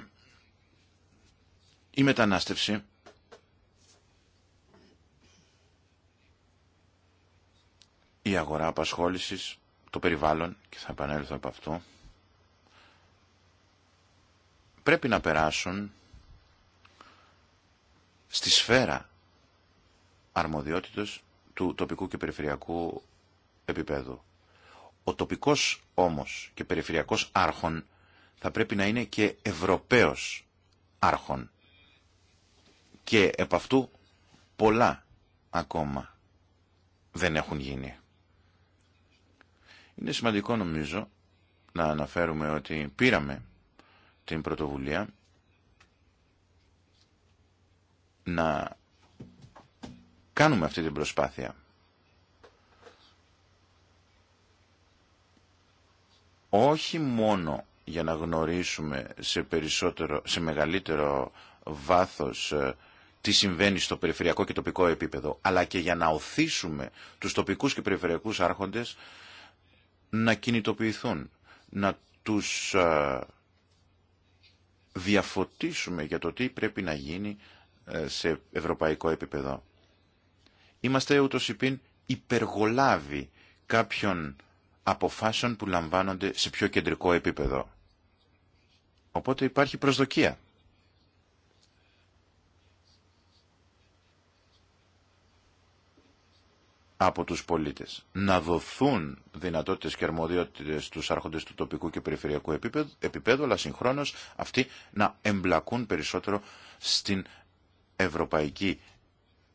η μετανάστευση η αγορά απασχόλησης, το περιβάλλον, και θα επανέλθω από αυτό, πρέπει να περάσουν στη σφαίρα αρμοδιότητος του τοπικού και περιφερειακού επίπεδου. Ο τοπικός όμως και περιφερειακός άρχον θα πρέπει να είναι και Ευρωπαίος άρχον. Και επ' αυτού πολλά ακόμα δεν έχουν γίνει. Είναι σημαντικό νομίζω να αναφέρουμε ότι πήραμε την πρωτοβουλία να κάνουμε αυτή την προσπάθεια. Όχι μόνο για να γνωρίσουμε σε, περισσότερο, σε μεγαλύτερο βάθος ε, τι συμβαίνει στο περιφερειακό και τοπικό επίπεδο, αλλά και για να οθήσουμε τους τοπικούς και περιφερειακούς άρχοντες να κινητοποιηθούν, να τους ε, διαφωτίσουμε για το τι πρέπει να γίνει ε, σε ευρωπαϊκό επίπεδο. Είμαστε ούτως υπήν υπεργολάβοι κάποιων αποφάσεων που λαμβάνονται σε πιο κεντρικό επίπεδο. Οπότε υπάρχει προσδοκία. από τους πολίτες. Να δοθούν δυνατότητες και αρμοδιότητες στους άρχοντες του τοπικού και περιφερειακού επίπεδου, αλλά συγχρόνως αυτοί να εμπλακούν περισσότερο στην ευρωπαϊκή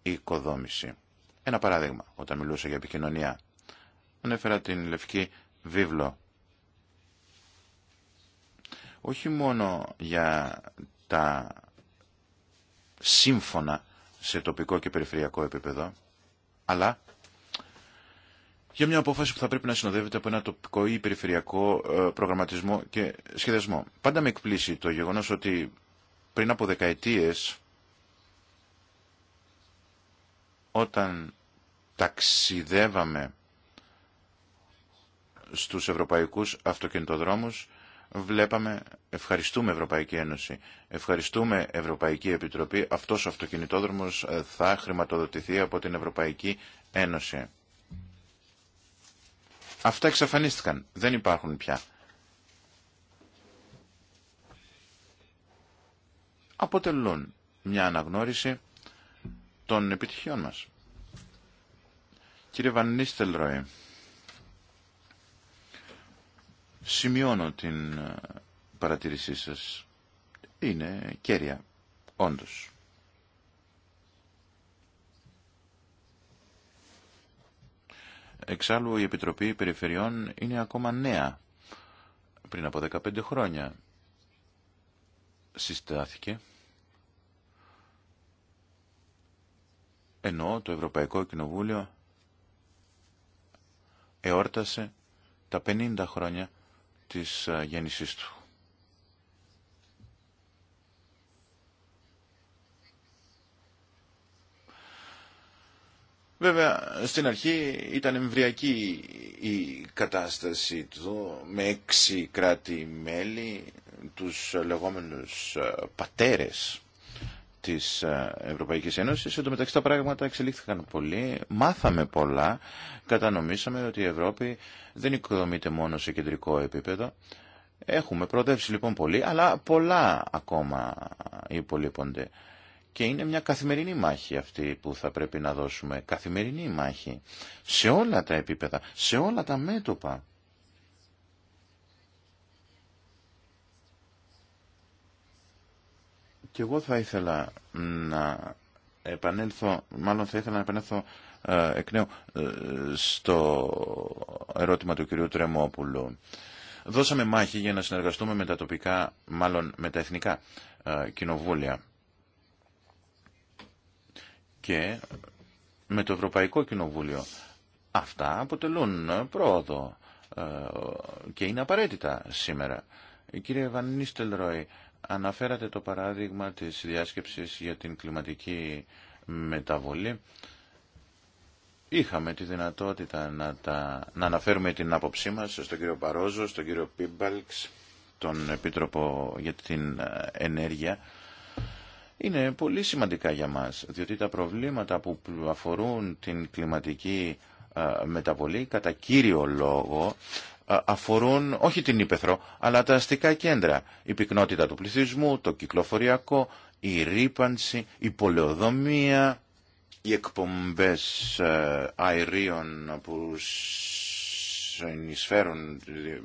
οικοδόμηση. Ένα παράδειγμα, όταν μιλούσα για επικοινωνία, ανέφερα την λευκή βίβλο όχι μόνο για τα σύμφωνα σε τοπικό και περιφερειακό επίπεδο, αλλά για μια απόφαση που θα πρέπει να συνοδεύεται από ένα τοπικό ή περιφερειακό ε, προγραμματισμό και σχεδιασμό. Πάντα με εκπλήσει το γεγονός ότι πριν από δεκαετίες, όταν ταξιδεύαμε στους ευρωπαϊκούς αυτοκινητοδρόμους, βλέπαμε ευχαριστούμε Ευρωπαϊκή Ένωση, ευχαριστούμε Ευρωπαϊκή Επιτροπή, αυτός ο αυτοκινητόδρομος ε, θα χρηματοδοτηθεί από την Ευρωπαϊκή Ένωση. Αυτά εξαφανίστηκαν, δεν υπάρχουν πια. Αποτελούν μια αναγνώριση των επιτυχιών μας. Κύριε Βανίστελ Σημειώνω την ε, παρατήρησή σας. Είναι κέρια, όντως. Εξάλλου η Επιτροπή Περιφερειών είναι ακόμα νέα. Πριν από 15 χρόνια συστάθηκε ενώ το Ευρωπαϊκό Κοινοβούλιο εόρτασε τα 50 χρόνια της γέννησής του. Βέβαια, στην αρχή ήταν εμβριακή η κατάσταση του με έξι κράτη-μέλη, τους λεγόμενους πατέρες της ε, Ευρωπαϊκής Ένωσης. Εν τω μεταξύ τα πράγματα εξελίχθηκαν πολύ, μάθαμε πολλά, κατανομήσαμε ότι η Ευρώπη δεν οικοδομείται μόνο σε κεντρικό επίπεδο. Έχουμε προοδεύσει λοιπόν πολύ, αλλά πολλά ακόμα υπολείπονται. Και είναι μια καθημερινή μάχη αυτή που θα πρέπει να δώσουμε. Καθημερινή μάχη. Σε όλα τα επίπεδα, σε όλα τα μέτωπα. Και εγώ θα ήθελα να επανέλθω, μάλλον θα ήθελα να επανέλθω ε, εκ νέου ε, στο ερώτημα του κυρίου Τρεμόπουλου. Δώσαμε μάχη για να συνεργαστούμε με τα τοπικά, μάλλον με τα εθνικά ε, κοινοβούλια και με το Ευρωπαϊκό Κοινοβούλιο. Αυτά αποτελούν πρόοδο και είναι απαραίτητα σήμερα. Κύριε Βανίστελ Ροϊ, Αναφέρατε το παράδειγμα της διάσκεψης για την κλιματική μεταβολή. Είχαμε τη δυνατότητα να, αναφέρουμε την άποψή μας στον κύριο Παρόζο, στον κύριο Πίμπαλξ, τον Επίτροπο για την ε, Ενέργεια. Είναι πολύ σημαντικά για μας, διότι τα προβλήματα που αφορούν την κλιματική ε, μεταβολή κατά κύριο λόγο αφορούν όχι την Ήπεθρο, αλλά τα αστικά κέντρα. Η πυκνότητα του πληθυσμού, το κυκλοφοριακό, η ρήπανση, η πολεοδομία, οι εκπομπές ε, αερίων που συνεισφέρουν,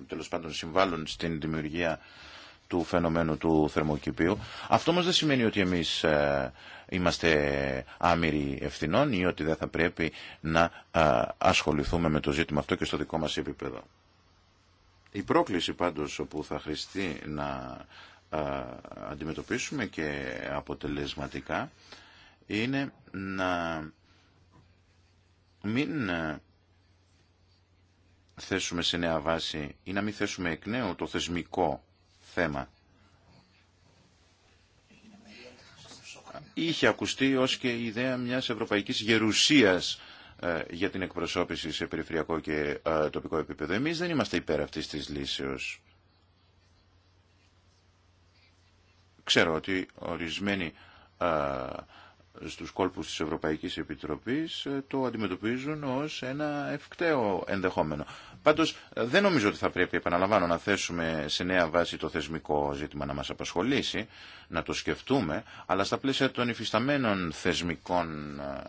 τέλος πάντων συμβάλλουν στην δημιουργία του φαινομένου του θερμοκηπίου. Αυτό όμως δεν σημαίνει ότι εμείς ε, είμαστε άμυροι ευθυνών ή ότι δεν θα πρέπει να ε, ασχοληθούμε με το ζήτημα αυτό και στο δικό μας επίπεδο. Η πρόκληση πάντως που θα χρηστεί να αντιμετωπίσουμε και αποτελεσματικά είναι να μην θέσουμε σε νέα βάση ή να μην θέσουμε εκ νέου το θεσμικό θέμα. Είχε ακουστεί ως και η ιδέα μιας ευρωπαϊκής γερουσίας ε, για την εκπροσώπηση σε περιφερειακό και ε, τοπικό επίπεδο. Εμείς δεν είμαστε υπέρ αυτής της λύσεως. Ξέρω ότι ορισμένοι ε, στους κόλπους της Ευρωπαϊκής Επιτροπής ε, το αντιμετωπίζουν ως ένα ευκταίο ενδεχόμενο. Πάντως ε, δεν νομίζω ότι θα πρέπει, επαναλαμβάνω, να θέσουμε σε νέα βάση το θεσμικό ζήτημα να μας απασχολήσει, να το σκεφτούμε, αλλά στα πλαίσια των υφισταμένων θεσμικών ε,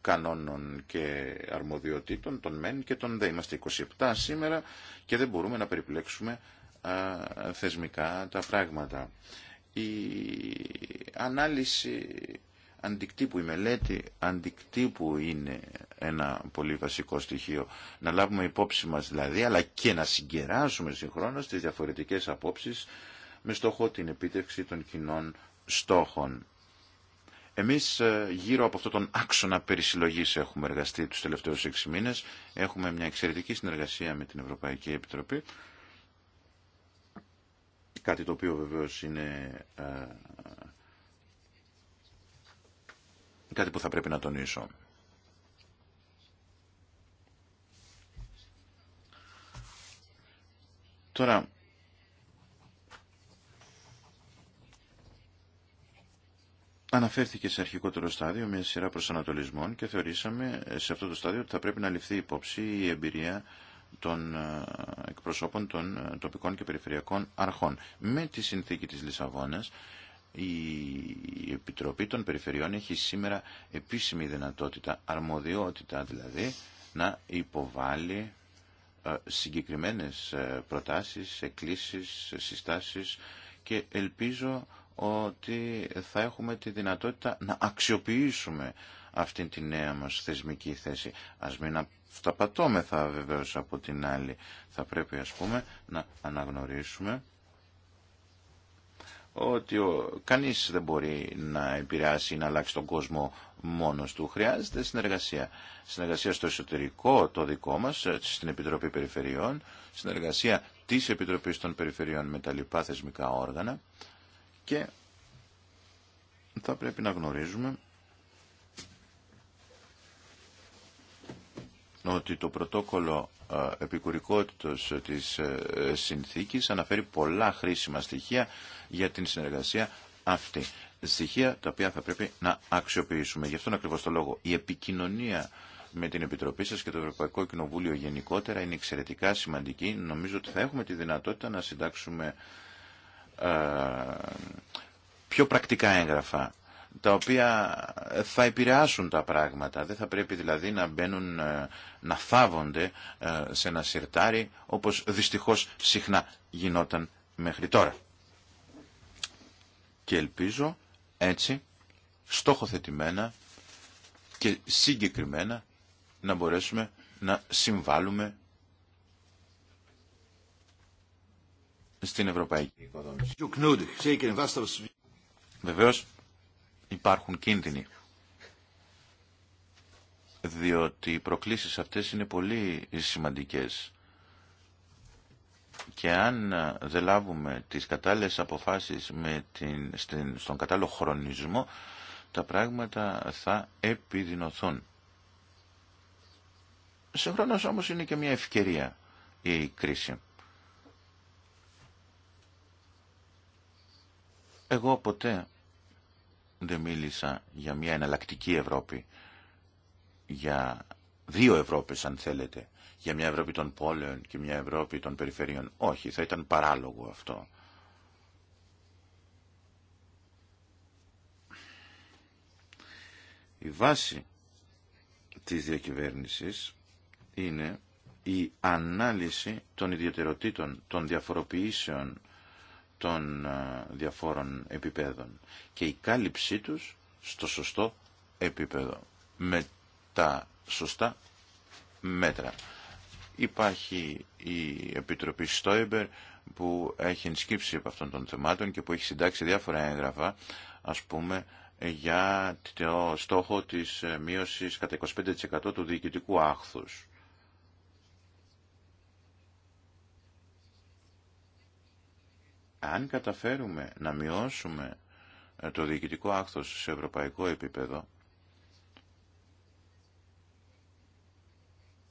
κανόνων και αρμοδιοτήτων, των μεν και των δε. Είμαστε 27 σήμερα και δεν μπορούμε να περιπλέξουμε θεσμικά τα πράγματα. Η ανάλυση αντικτύπου. Η μελέτη αντικτύπου είναι ένα πολύ βασικό στοιχείο. Να λάβουμε υπόψη μας δηλαδή, αλλά και να συγκεράσουμε συγχρόνως τις διαφορετικές απόψεις με στόχο την επίτευξη των κοινών στόχων. Εμείς ε, γύρω από αυτόν τον άξονα περισυλλογής έχουμε εργαστεί τους τελευταίους έξι μήνες. Έχουμε μια εξαιρετική συνεργασία με την Ευρωπαϊκή Επιτροπή. Κάτι το οποίο βεβαίως είναι ε, κάτι που θα πρέπει να τονίσω. Τώρα, Αναφέρθηκε σε αρχικότερο στάδιο μια σειρά προσανατολισμών και θεωρήσαμε σε αυτό το στάδιο ότι θα πρέπει να ληφθεί υπόψη η εμπειρία των ε, εκπροσώπων των ε, τοπικών και περιφερειακών αρχών. Με τη συνθήκη της Λισαβόνας η Επιτροπή των Περιφερειών έχει σήμερα επίσημη δυνατότητα, αρμοδιότητα δηλαδή, να υποβάλει ε, συγκεκριμένες ε, προτάσεις, εκκλήσεις, συστάσεις και ελπίζω ότι θα έχουμε τη δυνατότητα να αξιοποιήσουμε αυτή τη νέα μας θεσμική θέση. Ας μην αυταπατώμεθα βεβαίως από την άλλη. Θα πρέπει ας πούμε να αναγνωρίσουμε ότι ο, κανείς δεν μπορεί να επηρεάσει ή να αλλάξει τον κόσμο μόνος του. Χρειάζεται συνεργασία. Συνεργασία στο εσωτερικό το δικό μας, στην Επιτροπή Περιφερειών, συνεργασία της Επιτροπής των Περιφερειών με τα λοιπά θεσμικά όργανα και θα πρέπει να γνωρίζουμε ότι το πρωτόκολλο επικουρικότητος της ε, συνθήκης αναφέρει πολλά χρήσιμα στοιχεία για την συνεργασία αυτή. Στοιχεία τα οποία θα πρέπει να αξιοποιήσουμε. Γι' αυτόν ακριβώς το λόγο η επικοινωνία με την Επιτροπή σας και το Ευρωπαϊκό Κοινοβούλιο γενικότερα είναι εξαιρετικά σημαντική. Νομίζω ότι θα έχουμε τη δυνατότητα να συντάξουμε πιο πρακτικά έγγραφα τα οποία θα επηρεάσουν τα πράγματα. Δεν θα πρέπει δηλαδή να μπαίνουν, ε, να θάβονται ε, σε ένα σιρτάρι, όπως δυστυχώς συχνά γινόταν μέχρι τώρα. Και ελπίζω έτσι, στόχοθετημένα και συγκεκριμένα, να μπορέσουμε να συμβάλλουμε στην ευρωπαϊκή οικοδόμηση. Βεβαίως, υπάρχουν κίνδυνοι. Διότι οι προκλήσεις αυτές είναι πολύ σημαντικές. Και αν δεν λάβουμε τις κατάλληλες αποφάσεις με την, στον κατάλληλο χρονισμό, τα πράγματα θα επιδεινωθούν. χρόνος όμως είναι και μια ευκαιρία η κρίση. Εγώ ποτέ δεν μίλησα για μια εναλλακτική Ευρώπη, για δύο Ευρώπες αν θέλετε, για μια Ευρώπη των πόλεων και μια Ευρώπη των περιφερειών. Όχι, θα ήταν παράλογο αυτό. Η βάση της διακυβέρνησης είναι η ανάλυση των ιδιαιτεροτήτων, των διαφοροποιήσεων των ε, διαφόρων επιπέδων και η κάλυψή τους στο σωστό επίπεδο με τα σωστά μέτρα. Υπάρχει η Επιτροπή Στόιμπερ που έχει ενσκύψει από αυτών των θεμάτων και που έχει συντάξει διάφορα έγγραφα, ας πούμε, για το στόχο της ε, μείωσης κατά 25% του διοικητικού άχθους. αν καταφέρουμε να μειώσουμε ε, το διοικητικό άκθος σε ευρωπαϊκό επίπεδο,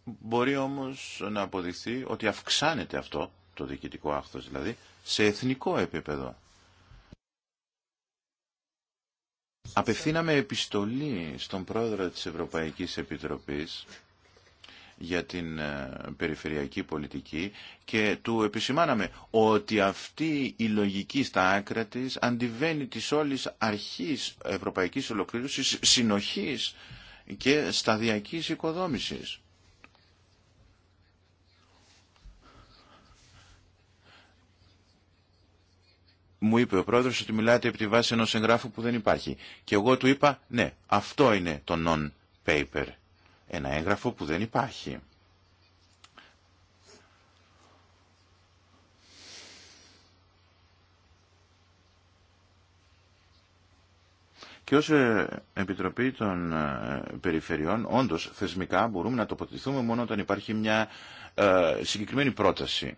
μπορεί όμως να αποδειχθεί ότι αυξάνεται αυτό, το διοικητικό άκθος δηλαδή, σε εθνικό επίπεδο. Απευθύναμε επιστολή στον πρόεδρο της Ευρωπαϊκής Επιτροπής για την ε, περιφερειακή πολιτική και του επισημάναμε ότι αυτή η λογική στα άκρα της αντιβαίνει της όλης αρχής ευρωπαϊκής ολοκλήρωσης, συνοχής και σταδιακής οικοδόμησης. μου είπε ο πρόεδρος ότι μιλάτε επί τη βάση ενός εγγράφου που δεν υπάρχει. Και εγώ του είπα, ναι, αυτό είναι το non-paper ένα έγγραφο που δεν υπάρχει. Και ως ε, Επιτροπή των ε, Περιφερειών, όντως θεσμικά μπορούμε να τοποθετηθούμε μόνο όταν υπάρχει μια ε, συγκεκριμένη πρόταση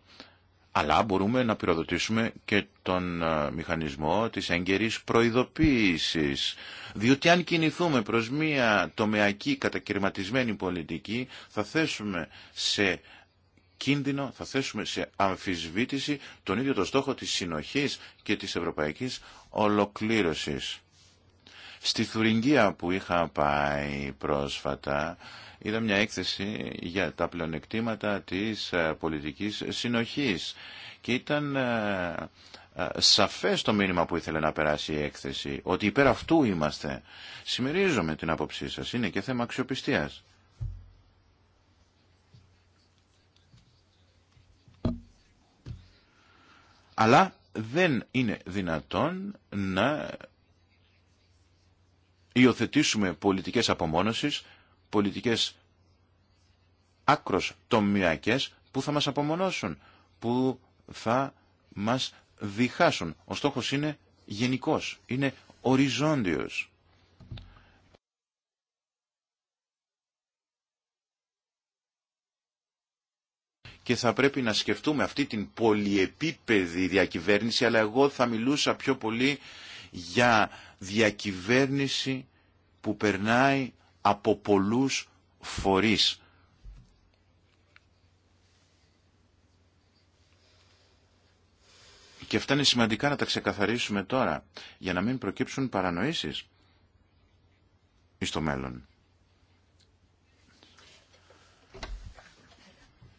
αλλά μπορούμε να πυροδοτήσουμε και τον ε, μηχανισμό της έγκαιρης προειδοποίησης. Διότι αν κινηθούμε προς μία τομεακή κατακαιρματισμένη πολιτική θα θέσουμε σε κίνδυνο, θα θέσουμε σε αμφισβήτηση τον ίδιο το στόχο της συνοχής και της ευρωπαϊκής ολοκλήρωσης. Στη Θουριγγία που είχα πάει πρόσφατα είδα μια έκθεση για τα πλεονεκτήματα της ε, πολιτικής συνοχής και ήταν ε, ε, σαφές το μήνυμα που ήθελε να περάσει η έκθεση, ότι υπέρ αυτού είμαστε. Συμμερίζομαι την άποψή σας, είναι και θέμα αξιοπιστίας. Αλλά δεν είναι δυνατόν να υιοθετήσουμε πολιτικές απομόνωσης πολιτικές άκρος τομιακές που θα μας απομονώσουν, που θα μας διχάσουν. Ο στόχος είναι γενικός, είναι οριζόντιος. και θα πρέπει να σκεφτούμε αυτή την πολυεπίπεδη διακυβέρνηση, αλλά εγώ θα μιλούσα πιο πολύ για διακυβέρνηση που περνάει από πολλούς φορείς. Και αυτά είναι σημαντικά να τα ξεκαθαρίσουμε τώρα, για να μην προκύψουν παρανοήσεις στο μέλλον.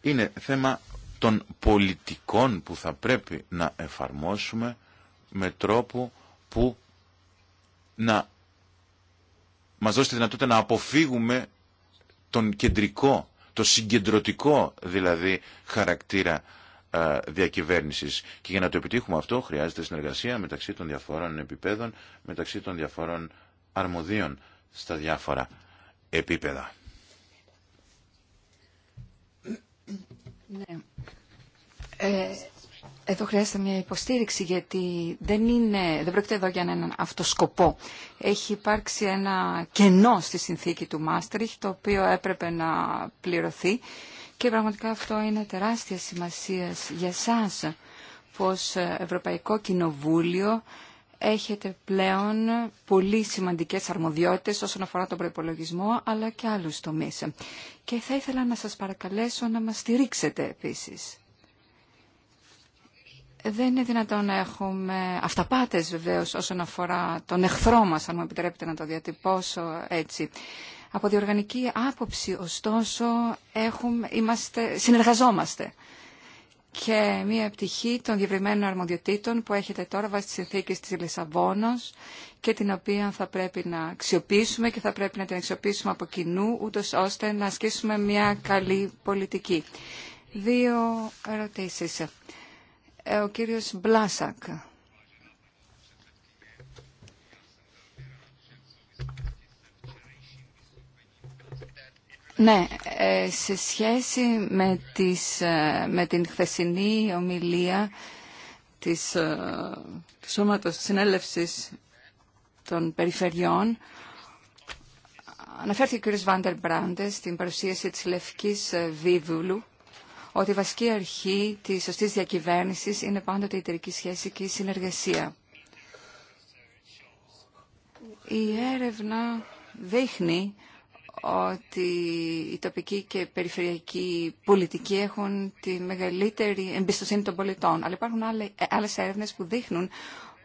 Είναι θέμα των πολιτικών που θα πρέπει να εφαρμόσουμε με τρόπο που να μας δώσει τη δυνατότητα να αποφύγουμε τον κεντρικό, το συγκεντρωτικό δηλαδή χαρακτήρα διακυβέρνησης. Και για να το επιτύχουμε αυτό χρειάζεται συνεργασία μεταξύ των διαφόρων επιπέδων, μεταξύ των διαφόρων αρμοδίων στα διάφορα επίπεδα. Ναι. Ε, εδώ χρειάζεται μια υποστήριξη γιατί δεν, είναι, δεν πρόκειται εδώ για έναν αυτοσκοπό. Έχει υπάρξει ένα κενό στη συνθήκη του Μάστριχ το οποίο έπρεπε να πληρωθεί και πραγματικά αυτό είναι τεράστια σημασία για σας πως Ευρωπαϊκό Κοινοβούλιο έχετε πλέον πολύ σημαντικές αρμοδιότητες όσον αφορά τον προϋπολογισμό αλλά και άλλους τομείς. Και θα ήθελα να σας παρακαλέσω να μας στηρίξετε επίσης. Δεν είναι δυνατόν να έχουμε αυταπάτες βεβαίως όσον αφορά τον εχθρό μας, αν μου επιτρέπετε να το διατυπώσω έτσι. Από διοργανική άποψη, ωστόσο, έχουμε, είμαστε, συνεργαζόμαστε. Και μία πτυχή των διευρυμένων αρμοδιοτήτων που έχετε τώρα βάσει τις συνθήκες της Λισαβόνος και την οποία θα πρέπει να αξιοποιήσουμε και θα πρέπει να την αξιοποιήσουμε από κοινού, ούτως ώστε να ασκήσουμε μια καλή πολιτική. Δύο ερωτήσεις. Ε, ο κύριος Μπλάσακ. Ναι, ε, σε σχέση με, τις, ε, με την χθεσινή ομιλία της, του Σώματος Συνέλευσης των Περιφερειών, αναφέρθηκε ο κ. Βάντερ Μπράντε στην παρουσίαση της Λευκής Βίβουλου ότι η βασική αρχή της σωστής διακυβέρνησης είναι πάντοτε η εταιρική σχέση και η συνεργασία. Η έρευνα δείχνει ότι η τοπική και περιφερειακή πολιτική έχουν τη μεγαλύτερη εμπιστοσύνη των πολιτών. Αλλά υπάρχουν άλλες έρευνες που δείχνουν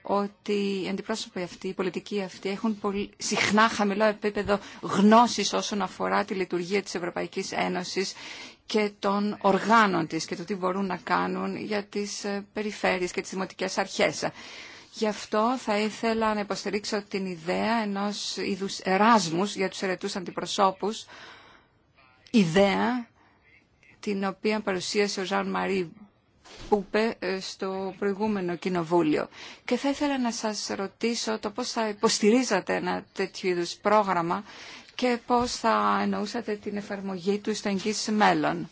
ότι οι αντιπρόσωποι αυτοί, οι πολιτικοί αυτοί έχουν συχνά χαμηλό επίπεδο γνώσης όσον αφορά τη λειτουργία της Ευρωπαϊκής Ένωσης και των οργάνων της και το τι μπορούν να κάνουν για τις ε, περιφέρειες και τις δημοτικές αρχές. Γι' αυτό θα ήθελα να υποστηρίξω την ιδέα ενός είδους εράσμους για τους ερετούς αντιπροσώπους, ιδέα την οποία παρουσίασε ο Ζαν Μαρί Πούπε στο προηγούμενο κοινοβούλιο. Και θα ήθελα να σας ρωτήσω το πώς θα υποστηρίζατε ένα τέτοιο είδους πρόγραμμα και πώς θα εννοούσατε την εφαρμογή του στο εγγύς μέλλον.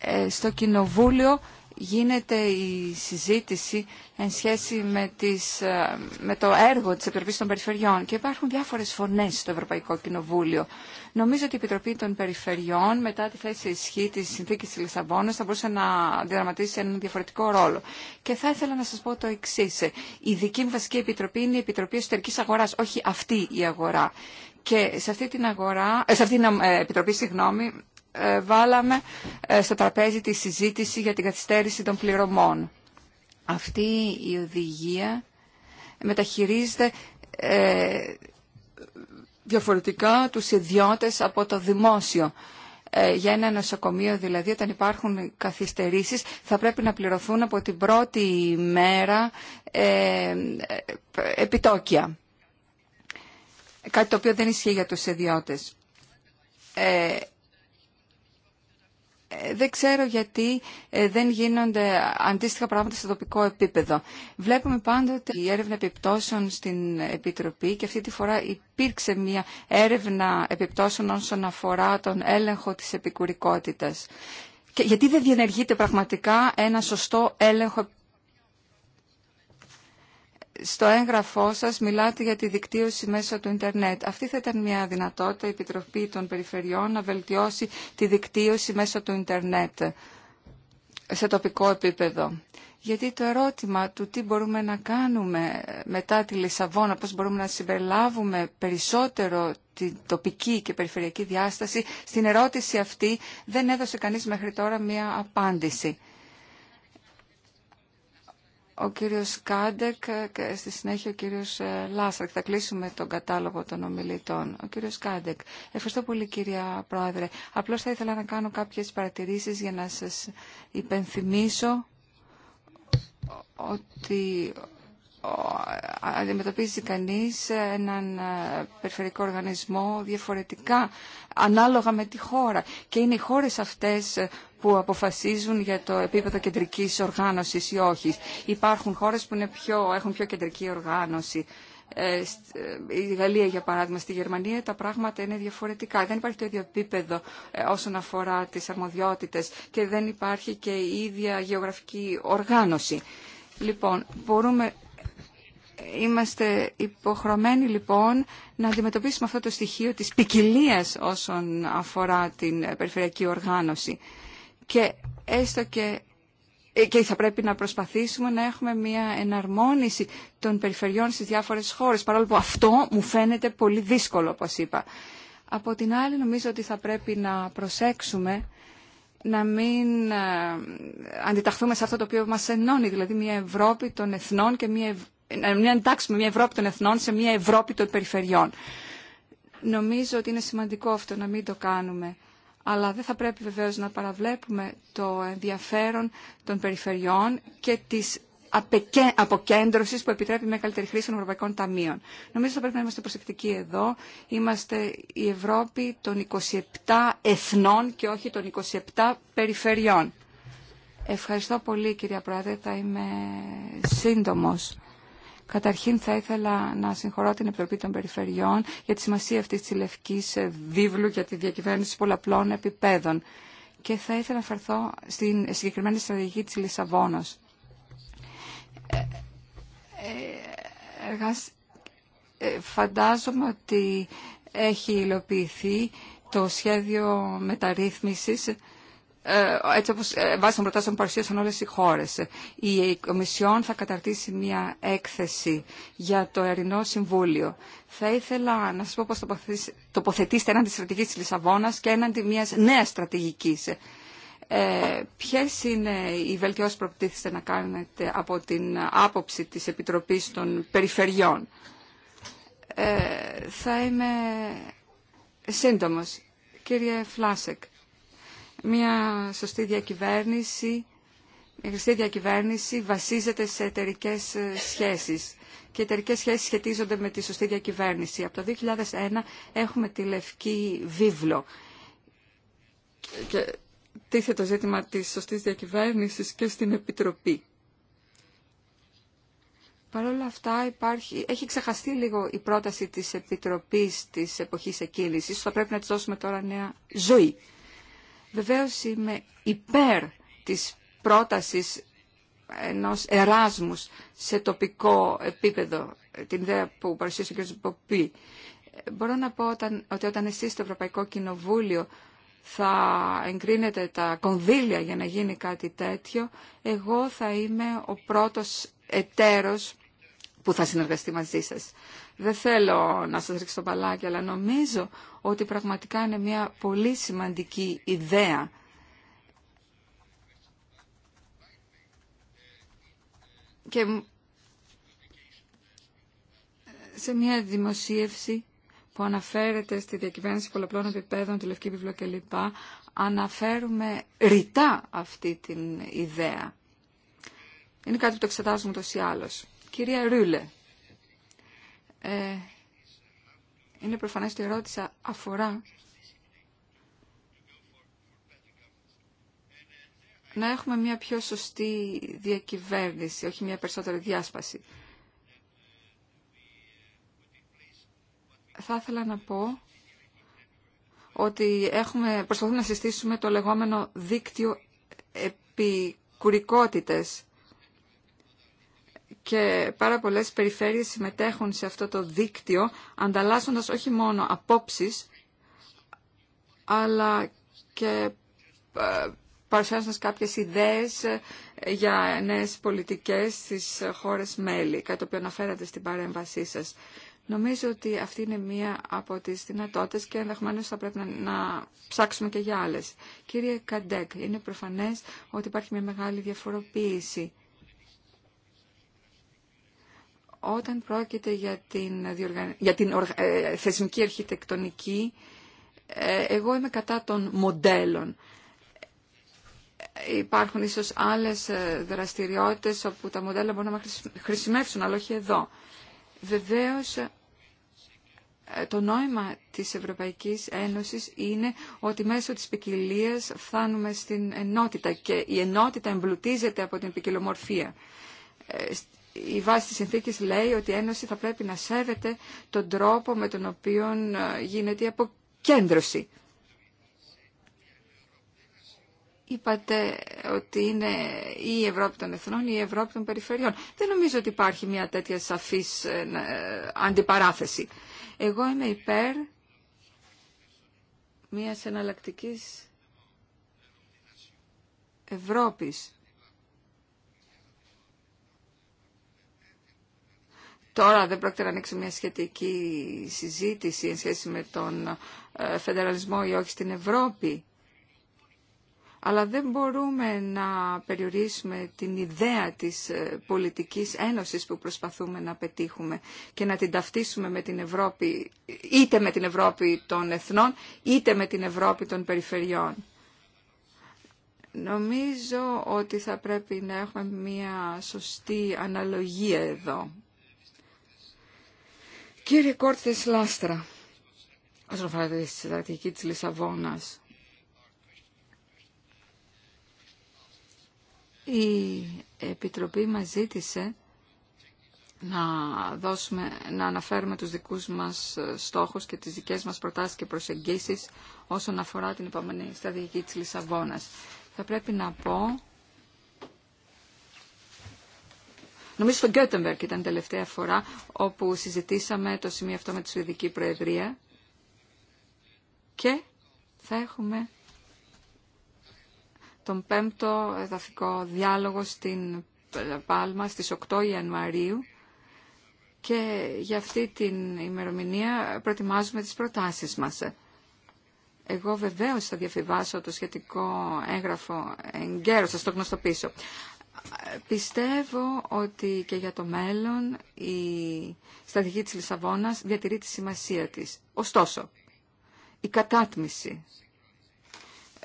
Ε, στο Κοινοβούλιο γίνεται η συζήτηση εν σχέση με, τις, ε, με το έργο της Επιτροπής των Περιφερειών και υπάρχουν διάφορες φωνές στο Ευρωπαϊκό Κοινοβούλιο. Νομίζω ότι η Επιτροπή των Περιφερειών μετά τη θέση ισχύ της συνθήκης της Λισαβόνας θα μπορούσε να διαδραματίσει έναν διαφορετικό ρόλο. Και θα ήθελα να σας πω το εξή. Η δική μου βασική επιτροπή είναι η Επιτροπή Εσωτερικής Αγοράς, όχι αυτή η αγορά. Και σε αυτή την, αγορά, ε, σε αυτή την ε, επιτροπή, συγγνώμη, ε, βάλαμε ε, στο τραπέζι τη συζήτηση για την καθυστέρηση των πληρωμών. Αυτή η οδηγία μεταχειρίζεται ε, διαφορετικά τους ιδιώτες από το δημόσιο. για ένα νοσοκομείο δηλαδή όταν υπάρχουν καθυστερήσεις θα πρέπει να πληρωθούν από την πρώτη μέρα επιτόκια. Κάτι το οποίο δεν ισχύει για τους ιδιώτες. Ε, δεν ξέρω γιατί ε, δεν γίνονται αντίστοιχα πράγματα στο τοπικό επίπεδο. Βλέπουμε πάντοτε η έρευνα επιπτώσεων στην Επιτροπή και αυτή τη φορά υπήρξε μια έρευνα επιπτώσεων όσον αφορά τον έλεγχο της επικουρικότητας. Και γιατί δεν διενεργείται πραγματικά ένα σωστό έλεγχο στο έγγραφό σας μιλάτε για τη δικτύωση μέσω του ίντερνετ. Αυτή θα ήταν μια δυνατότητα η Επιτροπή των Περιφερειών να βελτιώσει τη δικτύωση μέσω του ίντερνετ σε τοπικό επίπεδο. Γιατί το ερώτημα του τι μπορούμε να κάνουμε μετά τη Λισαβόνα, πώς μπορούμε να συμπεριλάβουμε περισσότερο την τοπική και περιφερειακή διάσταση, στην ερώτηση αυτή δεν έδωσε κανείς μέχρι τώρα μία απάντηση ο κύριος Κάντεκ και στη συνέχεια ο κύριος ε, Λάσακ. Θα κλείσουμε τον κατάλογο των ομιλητών. Ο κύριος Κάντεκ. Ευχαριστώ πολύ κυρία Πρόεδρε. Απλώς θα ήθελα να κάνω κάποιες παρατηρήσεις για να σας υπενθυμίσω ότι αντιμετωπίζει κανείς έναν ε, περιφερικό οργανισμό διαφορετικά ανάλογα με τη χώρα και είναι οι χώρες αυτές ε, που αποφασίζουν για το επίπεδο κεντρικής οργάνωσης ή όχι. Υπάρχουν χώρες που είναι πιο, έχουν πιο κεντρική οργάνωση. Ε, η Γαλλία, για παράδειγμα, στη Γερμανία τα πράγματα είναι διαφορετικά. Δεν υπάρχει το ίδιο επίπεδο όσον αφορά τις αρμοδιότητες και δεν υπάρχει και η ίδια γεωγραφική οργάνωση. Λοιπόν, μπορούμε Είμαστε υποχρεωμένοι λοιπόν να αντιμετωπίσουμε αυτό το στοιχείο της ποικιλία όσον αφορά την περιφερειακή οργάνωση. Και έστω και ε, και θα πρέπει να προσπαθήσουμε να έχουμε μια εναρμόνιση των περιφερειών στις διάφορες χώρες, παρόλο που αυτό μου φαίνεται πολύ δύσκολο, όπως είπα. Από την άλλη, νομίζω ότι θα πρέπει να προσέξουμε να μην ε, αντιταχθούμε σε αυτό το οποίο μας ενώνει, δηλαδή μια Ευρώπη των εθνών και μια να εντάξουμε μια Ευρώπη των εθνών σε μια Ευρώπη των περιφερειών. Νομίζω ότι είναι σημαντικό αυτό να μην το κάνουμε. Αλλά δεν θα πρέπει βεβαίω να παραβλέπουμε το ενδιαφέρον των περιφερειών και τη αποκέντρωση που επιτρέπει μια καλύτερη χρήση των ευρωπαϊκών ταμείων. Νομίζω ότι θα πρέπει να είμαστε προσεκτικοί εδώ. Είμαστε η Ευρώπη των 27 εθνών και όχι των 27 περιφερειών. Ευχαριστώ πολύ κυρία Πρόεδρε, θα είμαι σύντομο. Καταρχήν θα ήθελα να συγχωρώ την Επιτροπή των Περιφερειών για τη σημασία αυτής της λευκής ε, βίβλου για τη διακυβέρνηση πολλαπλών επιπέδων. Και θα ήθελα να φερθώ στην συγκεκριμένη στρατηγική της Λισαβόνος. Ε, ε, ε, φαντάζομαι ότι έχει υλοποιηθεί το σχέδιο μεταρρύθμισης ε, έτσι όπως ε, βάσει των προτάσεων παρουσίασαν όλες οι χώρες. Η Κομισιόν θα καταρτήσει μια έκθεση για το Ερεινό Συμβούλιο. Θα ήθελα να σας πω πώς τοποθετήσετε έναντι τη στρατηγικής της Λισαβόνας και έναντι μιας νέας στρατηγικής. Ε, ποιες είναι οι βελτιώσεις που προπτήθησε να κάνετε από την άποψη της Επιτροπής των Περιφερειών. Ε, θα είμαι σύντομος. Κύριε Φλάσεκ, μια σωστή διακυβέρνηση, η χρηστή διακυβέρνηση βασίζεται σε εταιρικέ ε, σχέσεις και οι εταιρικέ σχέσεις σχετίζονται με τη σωστή διακυβέρνηση. Από το 2001 έχουμε τη Λευκή Βίβλο και τίθε το ζήτημα τη σωστή διακυβέρνηση και στην Επιτροπή. Παρ' όλα αυτά υπάρχει, έχει ξεχαστεί λίγο η πρόταση της Επιτροπής της εποχής εκκίνησης. Θα πρέπει να της δώσουμε τώρα νέα ζωή. Βεβαίως είμαι υπέρ της πρότασης ενός εράσμους σε τοπικό επίπεδο, την ιδέα που παρουσίασε ο κ. Μποπή. Μπορώ να πω όταν, ότι όταν εσείς στο Ευρωπαϊκό Κοινοβούλιο θα εγκρίνετε τα κονδύλια για να γίνει κάτι τέτοιο, εγώ θα είμαι ο πρώτος εταίρος που θα συνεργαστεί μαζί σα. Δεν θέλω να σας ρίξω το παλάκι αλλά νομίζω ότι πραγματικά είναι μια πολύ σημαντική ιδέα. Και σε μια δημοσίευση που αναφέρεται στη διακυβέρνηση πολλαπλών επιπέδων, τη Λευκή Βιβλία κλπ. Αναφέρουμε ρητά αυτή την ιδέα. Είναι κάτι που το εξετάζουμε τόσο ή Κυρία Ρούλε, ε, είναι προφανές ότι η ερώτηση αφορά να έχουμε μια πιο σωστή διακυβέρνηση, όχι μια περισσότερη διάσπαση. Θα ήθελα να πω ότι έχουμε, προσπαθούμε να συστήσουμε το λεγόμενο δίκτυο επικουρικότητες και πάρα πολλές περιφέρειες συμμετέχουν σε αυτό το δίκτυο ανταλλάσσοντας όχι μόνο απόψεις αλλά και ε, παρουσιάζοντας κάποιες ιδέες ε, για νέες πολιτικές στις χώρες μέλη, κάτι το οποίο αναφέρατε στην παρέμβασή σας. Νομίζω ότι αυτή είναι μία από τις δυνατότητες και ενδεχομένω θα πρέπει να, ψάξουμε και για άλλες. Κύριε Καντέκ, είναι προφανές ότι υπάρχει μια μεγάλη διαφοροποίηση όταν πρόκειται για την, για την ε, θεσμική αρχιτεκτονική, ε, εγώ είμαι κατά των μοντέλων. Υπάρχουν ίσως άλλες ε, δραστηριότητες όπου τα μοντέλα μπορούν να χρησιμεύσουν, αλλά όχι εδώ. Βεβαίως, το νόημα της Ευρωπαϊκής Ένωσης είναι ότι μέσω της ποικιλία φτάνουμε στην ενότητα και η ενότητα εμπλουτίζεται από την ποικιλομορφία η βάση της συνθήκης λέει ότι η Ένωση θα πρέπει να σέβεται τον τρόπο με τον οποίο ε, γίνεται η αποκέντρωση. Είπατε ότι είναι ή η Ευρώπη των Εθνών ή η Ευρώπη των Περιφερειών. Δεν νομίζω ότι υπάρχει μια τέτοια σαφής ε, ε, αντιπαράθεση. Εγώ είμαι υπέρ μιας εναλλακτικής Ευρώπης Τώρα δεν πρόκειται να ανοίξει μια σχετική συζήτηση εν σχέση με τον ε, φεντεραλισμό ή όχι στην Ευρώπη. Αλλά δεν μπορούμε να περιορίσουμε την ιδέα της ε, πολιτικής ένωσης που προσπαθούμε να πετύχουμε και να την ταυτίσουμε με την Ευρώπη, είτε με την Ευρώπη των εθνών, είτε με την Ευρώπη των περιφερειών. Νομίζω ότι θα πρέπει να έχουμε μια σωστή αναλογία εδώ. Κύριε Κόρτες Λάστρα, όσον αφορά τη στρατηγική της Λισαβόνας, η Επιτροπή μας ζήτησε να, δώσουμε, να αναφέρουμε τους δικούς μας στόχους και τις δικές μας προτάσεις και προσεγγίσεις όσον αφορά την επόμενη στρατηγική της Λισαβόνας. Θα πρέπει να πω Νομίζω στο Γκέτεμπερκ ήταν τελευταία φορά όπου συζητήσαμε το σημείο αυτό με τη Σουηδική Προεδρία και θα έχουμε τον πέμπτο εδαφικό διάλογο στην Πάλμα στις 8 Ιανουαρίου και για αυτή την ημερομηνία προετοιμάζουμε τις προτάσεις μας. Εγώ βεβαίως θα διαφυβάσω το σχετικό έγγραφο εγκαίρος, θα το γνωστοποιήσω. Πιστεύω ότι και για το μέλλον η στρατηγική της Λισαβόνας διατηρεί τη σημασία της. Ωστόσο, η κατάτμιση,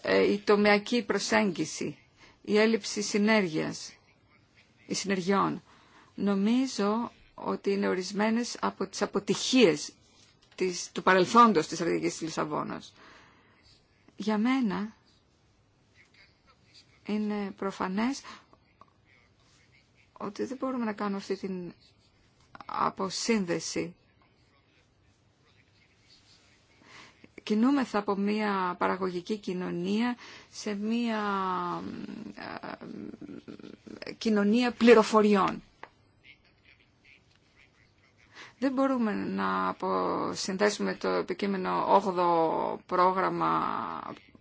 ε, η τομεακή προσέγγιση, η έλλειψη συνέργειας, οι συνεργειών, νομίζω ότι είναι ορισμένες από τις αποτυχίες της, του παρελθόντος της στρατηγικής της Λισαβόνας. Για μένα είναι προφανές ότι δεν μπορούμε να κάνουμε αυτή την αποσύνδεση. Κινούμεθα από μια παραγωγική κοινωνία σε μια ε, κοινωνία πληροφοριών. Δεν μπορούμε να αποσυνδέσουμε το επικείμενο 8ο πρόγραμμα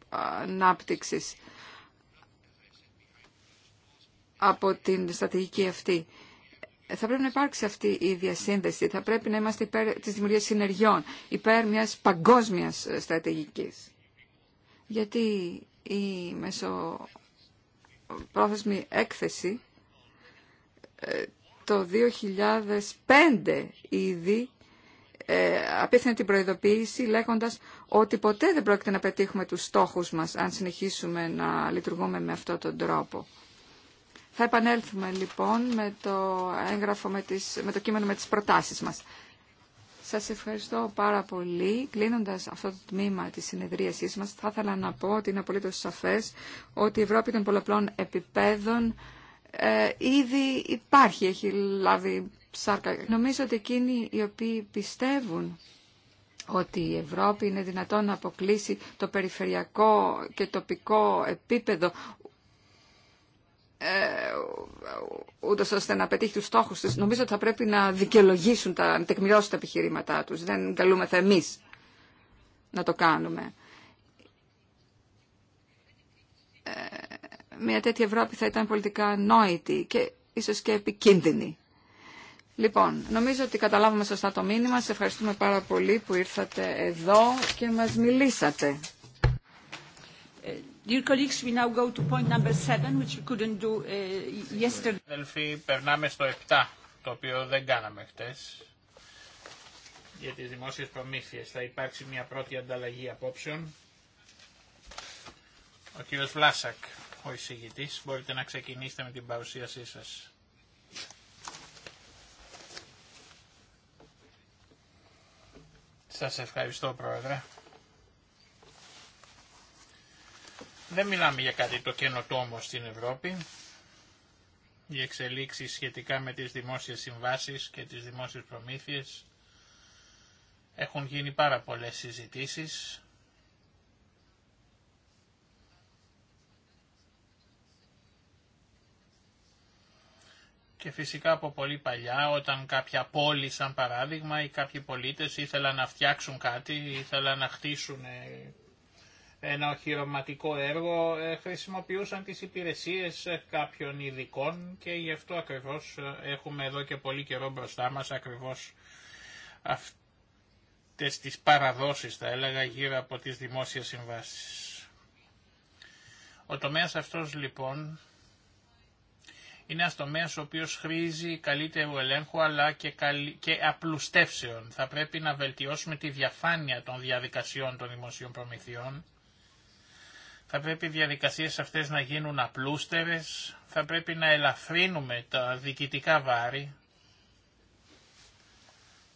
ανάπτυξης από την στρατηγική αυτή. Θα πρέπει να υπάρξει αυτή η διασύνδεση. Θα πρέπει να είμαστε υπέρ της δημιουργίας συνεργειών, υπέρ μιας παγκόσμιας στρατηγικής. Γιατί η μεσοπρόθεσμη έκθεση ε, το 2005 ήδη ε, απίθενε την προειδοποίηση λέγοντας ότι ποτέ δεν πρόκειται να πετύχουμε τους στόχους μας αν συνεχίσουμε να λειτουργούμε με αυτόν τον τρόπο. Θα επανέλθουμε λοιπόν με το έγγραφο, με, τις, με το κείμενο με τις προτάσεις μας. Σας ευχαριστώ πάρα πολύ. Κλείνοντας αυτό το τμήμα της συνεδρίασής μας, θα ήθελα να πω ότι είναι απολύτως σαφές ότι η Ευρώπη των πολλαπλών επιπέδων ε, ήδη υπάρχει, έχει λάβει ψάρκα. Νομίζω ότι εκείνοι οι οποίοι πιστεύουν ότι η Ευρώπη είναι δυνατόν να αποκλείσει το περιφερειακό και τοπικό επίπεδο ε, ούτω ώστε να πετύχει του στόχου τη, νομίζω ότι θα πρέπει να δικαιολογήσουν, τα, να τεκμηριώσουν τα επιχειρήματά του. Δεν καλούμεθα εμεί να το κάνουμε. Ε, μια τέτοια Ευρώπη θα ήταν πολιτικά νόητη και ίσως και επικίνδυνη. Λοιπόν, νομίζω ότι καταλάβαμε σωστά το μήνυμα. Σε ευχαριστούμε πάρα πολύ που ήρθατε εδώ και μας μιλήσατε. Dear colleagues, we Αδελφοί, περνάμε στο 7, το οποίο δεν κάναμε χτες, για τις δημόσιες προμήθειες. Θα υπάρξει μια πρώτη ανταλλαγή απόψεων. Ο κύριος Βλάσακ, ο εισηγητής, μπορείτε να ξεκινήσετε με την παρουσίασή σας. Σας ευχαριστώ, Πρόεδρε. Δεν μιλάμε για κάτι το καινοτόμο στην Ευρώπη. Οι εξελίξεις σχετικά με τις δημόσιες συμβάσεις και τις δημόσιες προμήθειες έχουν γίνει πάρα πολλές συζητήσεις. Και φυσικά από πολύ παλιά όταν κάποια πόλη σαν παράδειγμα ή κάποιοι πολίτες ήθελαν να φτιάξουν κάτι, ήθελαν να χτίσουν ένα οχυρωματικό έργο ε, χρησιμοποιούσαν τις υπηρεσίες ε, κάποιων ειδικών και γι' αυτό ακριβώς ε, έχουμε εδώ και πολύ καιρό μπροστά μας ακριβώς αυτές τις παραδόσεις θα έλεγα γύρω από τις δημόσιες συμβάσεις. Ο τομέας αυτός λοιπόν είναι ένα τομέα ο οποίο χρήζει καλύτερου ελέγχου αλλά και, και απλουστεύσεων. Θα πρέπει να βελτιώσουμε τη διαφάνεια των διαδικασιών των δημοσίων προμηθειών θα πρέπει οι διαδικασίες αυτές να γίνουν απλούστερες, θα πρέπει να ελαφρύνουμε τα διοικητικά βάρη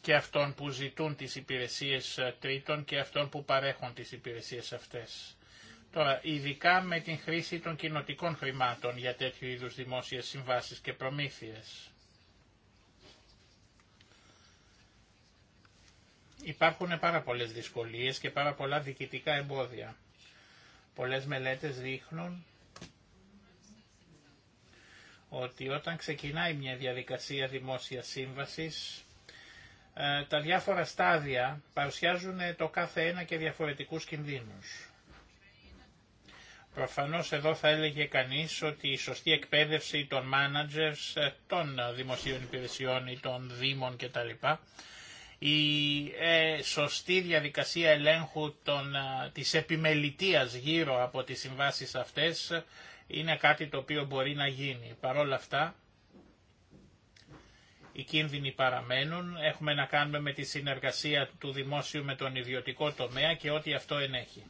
και αυτών που ζητούν τις υπηρεσίες ε, τρίτων και αυτών που παρέχουν τις υπηρεσίες αυτές. Τώρα, ειδικά με την χρήση των κοινοτικών χρημάτων για τέτοιου είδους δημόσιες συμβάσεις και προμήθειες. Υπάρχουν πάρα πολλές δυσκολίες και πάρα πολλά διοικητικά εμπόδια. Πολλές μελέτες δείχνουν ότι όταν ξεκινάει μια διαδικασία δημόσιας σύμβασης, ε, τα διάφορα στάδια παρουσιάζουν το κάθε ένα και διαφορετικούς κινδύνους. Προφανώς εδώ θα έλεγε κανείς ότι η σωστή εκπαίδευση των managers, ε, των δημοσίων υπηρεσιών ή των δήμων κτλ η ε, σωστή διαδικασία ελέγχου των, της επιμελητίας γύρω από τις συμβάσεις αυτές είναι κάτι το οποίο μπορεί να γίνει. Παρ' όλα αυτά, οι κίνδυνοι παραμένουν, έχουμε να κάνουμε με τη συνεργασία του δημόσιου με τον ιδιωτικό τομέα και ό,τι αυτό ενέχει.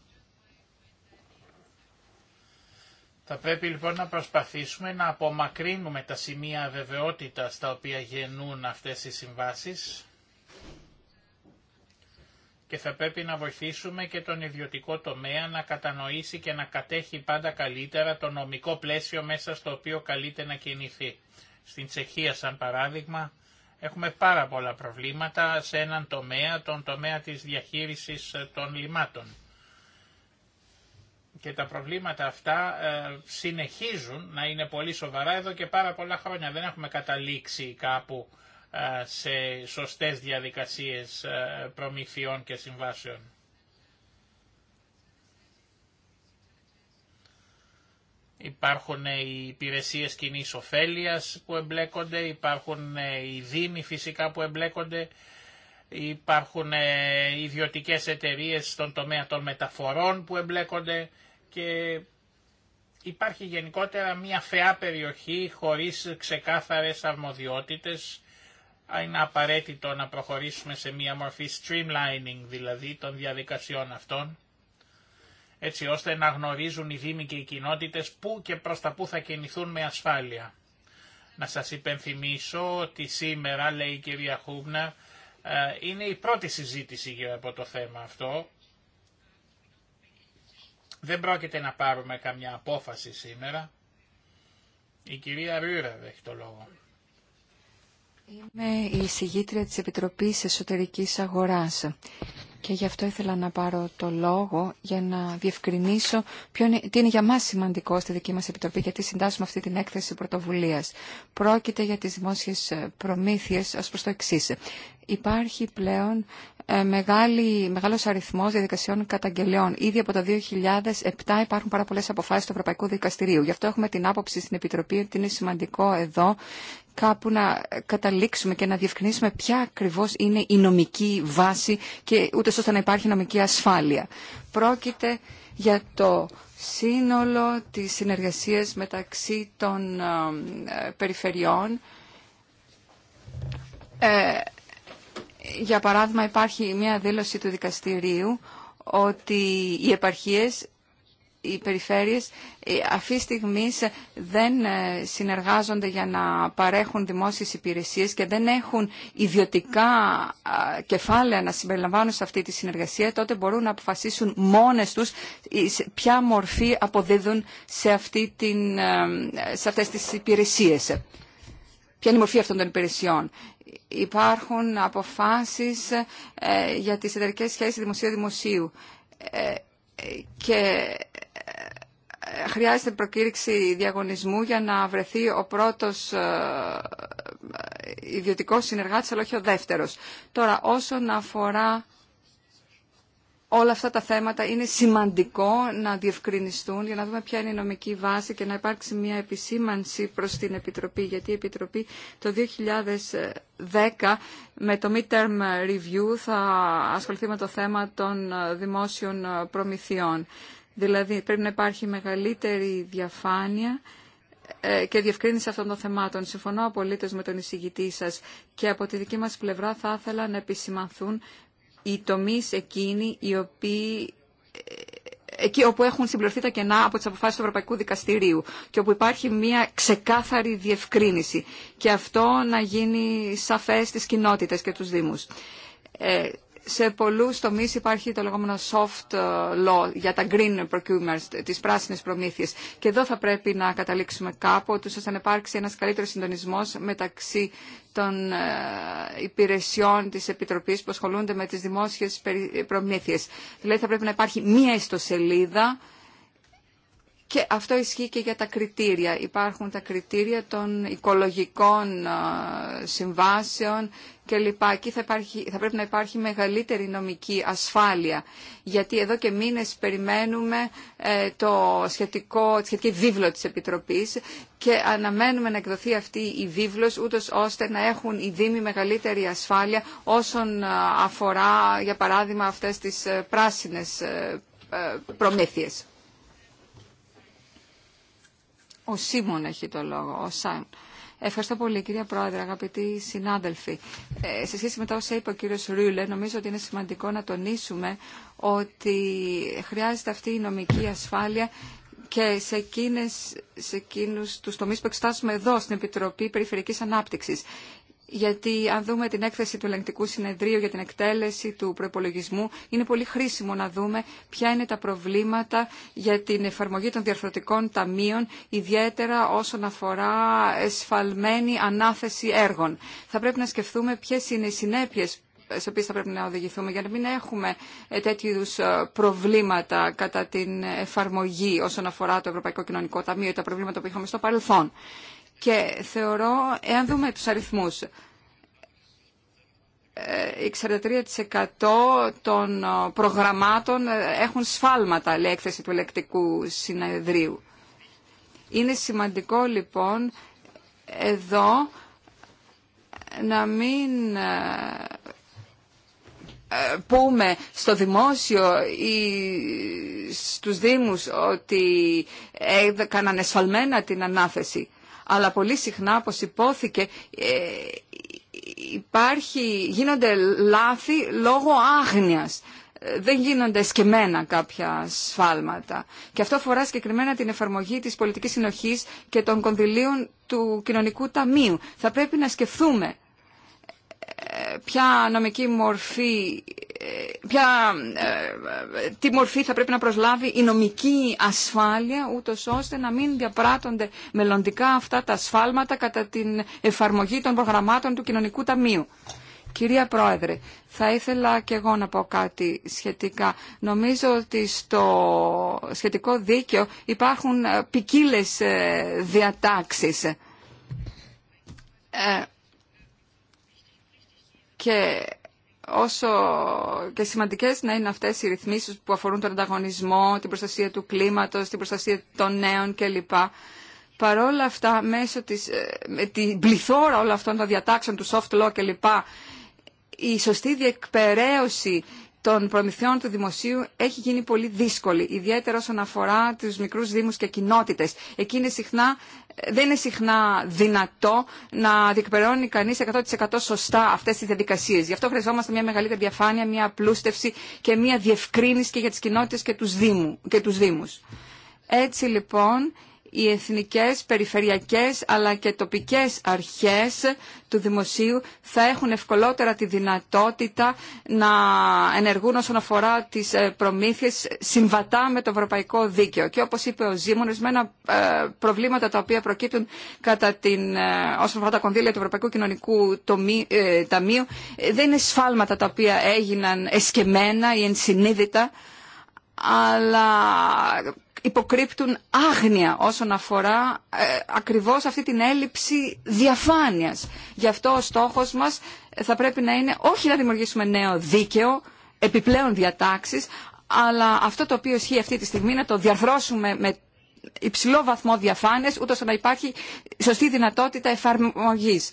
Θα πρέπει λοιπόν να προσπαθήσουμε να απομακρύνουμε τα σημεία αβεβαιότητα τα οποία γεννούν αυτές οι συμβάσεις και θα πρέπει να βοηθήσουμε και τον ιδιωτικό τομέα να κατανοήσει και να κατέχει πάντα καλύτερα το νομικό πλαίσιο μέσα στο οποίο καλείται να κινηθεί. Στην Τσεχία, σαν παράδειγμα, έχουμε πάρα πολλά προβλήματα σε έναν τομέα, τον τομέα της διαχείρισης ε, των λιμάτων. Και τα προβλήματα αυτά ε, συνεχίζουν να είναι πολύ σοβαρά εδώ και πάρα πολλά χρόνια. Δεν έχουμε καταλήξει κάπου ε, σε σωστές διαδικασίες ε, προμηθειών και συμβάσεων. Υπάρχουν ε, οι υπηρεσίες κοινή ωφέλεια που εμπλέκονται, υπάρχουν οι δήμοι φυσικά που εμπλέκονται, υπάρχουν ιδιωτικές εταιρείες στον τομέα των μεταφορών που εμπλέκονται και υπάρχει γενικότερα μια φαιά περιοχή χωρίς ξεκάθαρες αρμοδιότητες είναι απαραίτητο να προχωρήσουμε σε μία μορφή streamlining δηλαδή των διαδικασιών αυτών, έτσι ώστε να γνωρίζουν οι δήμοι και οι κοινότητες πού και προς τα πού θα κινηθούν με ασφάλεια. Να σας υπενθυμίσω ότι σήμερα, λέει η κυρία Χούμπνα, ε, είναι η πρώτη συζήτηση για από το θέμα αυτό. Δεν πρόκειται να πάρουμε καμιά απόφαση σήμερα. Η κυρία Ρούρα έχει το λόγο. Είμαι η συγγήτρια της Επιτροπής Εσωτερικής Αγοράς και γι' αυτό ήθελα να πάρω το λόγο για να διευκρινίσω ποιο είναι, τι είναι για μας σημαντικό στη δική μας Επιτροπή γιατί συντάσσουμε αυτή την έκθεση πρωτοβουλίας. Πρόκειται για τις δημόσιες ε, προμήθειες ως προς το εξή. Υπάρχει πλέον ε, μεγάλη, μεγάλος αριθμός διαδικασιών καταγγελιών. Ήδη από το 2007 υπάρχουν πάρα πολλές αποφάσεις του Ευρωπαϊκού Δικαστηρίου. Γι' αυτό έχουμε την άποψη στην Επιτροπή ότι είναι σημαντικό εδώ κάπου να καταλήξουμε και να διευκρινίσουμε ποια ακριβώς είναι η νομική βάση και ούτε ώστε να υπάρχει νομική ασφάλεια. Πρόκειται για το σύνολο της συνεργασίας μεταξύ των ε, περιφερειών. Ε, για παράδειγμα υπάρχει μια δήλωση του δικαστηρίου ότι οι επαρχίες οι περιφέρειες ε, αυτή στιγμή δεν ε, συνεργάζονται για να παρέχουν δημόσιες υπηρεσίες και δεν έχουν ιδιωτικά κεφάλαια να συμπεριλαμβάνουν σε αυτή τη συνεργασία, τότε μπορούν να αποφασίσουν μόνες τους ποια μορφή αποδίδουν σε, αυτή την, ε, σε αυτές τις υπηρεσίες. Ποια είναι η μορφή αυτών των υπηρεσιών. Υπάρχουν αποφάσεις για τις εταιρικές σχέσεις δημοσίου-δημοσίου και χρειάζεται προκήρυξη διαγωνισμού για να βρεθεί ο πρώτος ε, ιδιωτικός συνεργάτης, αλλά όχι ο δεύτερος. Τώρα, όσον αφορά όλα αυτά τα θέματα, είναι σημαντικό να διευκρινιστούν για να δούμε ποια είναι η νομική βάση και να υπάρξει μια επισήμανση προς την Επιτροπή, γιατί η Επιτροπή το 2010 με το Midterm Review θα ασχοληθεί με το θέμα των δημόσιων προμηθειών. Δηλαδή πρέπει να υπάρχει μεγαλύτερη διαφάνεια ε, και διευκρίνηση αυτών των θεμάτων. Συμφωνώ απολύτως με τον εισηγητή σας και από τη δική μας πλευρά θα ήθελα να επισημανθούν οι τομείς εκείνοι οι οποίοι ε, ε, εκεί όπου έχουν συμπληρωθεί τα κενά από τις αποφάσεις του Ευρωπαϊκού Δικαστηρίου και όπου υπάρχει μια ξεκάθαρη διευκρίνηση και αυτό να γίνει σαφές στις κοινότητες και τους Δήμους σε πολλούς τομείς υπάρχει το λεγόμενο soft ε, law για τα green procurements, τις πράσινες προμήθειες. Και εδώ θα πρέπει να καταλήξουμε κάπου, ώστε να υπάρξει ένας καλύτερος συντονισμός μεταξύ των ε, υπηρεσιών της Επιτροπής που ασχολούνται με τις δημόσιες προμήθειες. Δηλαδή θα πρέπει να υπάρχει μία ιστοσελίδα και αυτό ισχύει και για τα κριτήρια. Υπάρχουν τα κριτήρια των οικολογικών συμβάσεων λοιπά. Εκεί θα, υπάρχει, θα πρέπει να υπάρχει μεγαλύτερη νομική ασφάλεια. Γιατί εδώ και μήνες περιμένουμε ε, το σχετικό, τη σχετική βίβλο της Επιτροπής και αναμένουμε να εκδοθεί αυτή η βίβλος ούτως ώστε να έχουν οι Δήμοι μεγαλύτερη ασφάλεια όσον αφορά για παράδειγμα αυτές τις ε, πράσινες ε, προμήθειες. Ο Σίμων έχει το λόγο, ο Σαν. Ευχαριστώ πολύ κυρία Πρόεδρε, αγαπητοί συνάδελφοι. Ε, σε σχέση με τα όσα είπε ο κύριο Ρούλε, νομίζω ότι είναι σημαντικό να τονίσουμε ότι χρειάζεται αυτή η νομική ασφάλεια και σε, εκείνες, σε εκείνους τους τομείς που εξετάζουμε εδώ στην Επιτροπή περιφερειακή Ανάπτυξης γιατί αν δούμε την έκθεση του ελεγκτικού συνεδρίου για την εκτέλεση του προπολογισμού, είναι πολύ χρήσιμο να δούμε ποια είναι τα προβλήματα για την εφαρμογή των διαρθρωτικών ταμείων, ιδιαίτερα όσον αφορά εσφαλμένη ανάθεση έργων. Θα πρέπει να σκεφτούμε ποιε είναι οι συνέπειε στις οποίε θα πρέπει να οδηγηθούμε για να μην έχουμε ε, τέτοιου είδου ε, προβλήματα κατά την εφαρμογή όσον αφορά το Ευρωπαϊκό Κοινωνικό Ταμείο ή τα προβλήματα που είχαμε στο παρελθόν. Και θεωρώ, εάν δούμε τους αριθμούς, 63% ε, των ε, προγραμμάτων ε, έχουν σφάλματα, λέει έκθεση του ελεκτικού συνεδρίου. Είναι σημαντικό λοιπόν εδώ να μην πούμε στο δημόσιο ή στους δήμους ότι έκαναν εσφαλμένα την ανάθεση αλλά πολύ συχνά, όπως υπόθηκε, ε, υπάρχει, γίνονται λάθη λόγω άγνοιας. Ε, δεν γίνονται σκεμμένα κάποια σφάλματα. Και αυτό αφορά συγκεκριμένα την εφαρμογή της πολιτικής συνοχής και των κονδυλίων του κοινωνικού ταμείου. Θα πρέπει να σκεφτούμε ε, ποια νομική μορφή ε, ποια, ε, τι μορφή θα πρέπει να προσλάβει η νομική ασφάλεια ούτως ώστε να μην διαπράττονται μελλοντικά αυτά τα ασφάλματα κατά την εφαρμογή των προγραμμάτων του Κοινωνικού Ταμείου. Κυρία Πρόεδρε, θα ήθελα και εγώ να πω κάτι σχετικά. Νομίζω ότι στο σχετικό δίκαιο υπάρχουν ε, ποικίλε διατάξεις. Και όσο και σημαντικές να είναι αυτές οι ρυθμίσεις που αφορούν τον ανταγωνισμό, την προστασία του κλίματος, την προστασία των νέων κλπ. Παρόλα αυτά, μέσω της, ε, με την πληθώρα όλων αυτών των διατάξεων του soft law κλπ, η σωστή διεκπαιρέωση των προμηθειών του δημοσίου έχει γίνει πολύ δύσκολη, ιδιαίτερα όσον αφορά του μικρούς δήμου και κοινότητε. Εκεί είναι συχνά, δεν είναι συχνά δυνατό να διεκπεραιώνει κανείς 100% σωστά αυτές τις διαδικασίες. Γι' αυτό χρειαζόμαστε μια μεγαλύτερη διαφάνεια, μια απλούστευση και μια διευκρίνηση και για τις κοινότητε και του δήμου, Έτσι λοιπόν οι εθνικές, περιφερειακές αλλά και τοπικές αρχές του δημοσίου θα έχουν ευκολότερα τη δυνατότητα να ενεργούν όσον αφορά τις ε, προμήθειες συμβατά με το ευρωπαϊκό δίκαιο. Και όπως είπε ο Ζήμων, ορισμένα ε, προβλήματα τα οποία προκύπτουν κατά την, ε, όσον αφορά τα κονδύλια του Ευρωπαϊκού Κοινωνικού Ταμείου δεν είναι σφάλματα τα οποία έγιναν εσκεμμένα ή ενσυνείδητα αλλά υποκρύπτουν άγνοια όσον αφορά ε, ακριβώς αυτή την έλλειψη διαφάνειας. Γι' αυτό ο στόχος μας ε, θα πρέπει να είναι όχι να δημιουργήσουμε νέο δίκαιο, επιπλέον διατάξεις, αλλά αυτό το οποίο ισχύει αυτή τη στιγμή να το διαρθρώσουμε με υψηλό βαθμό διαφάνειας, ούτως να υπάρχει σωστή δυνατότητα εφαρμογής.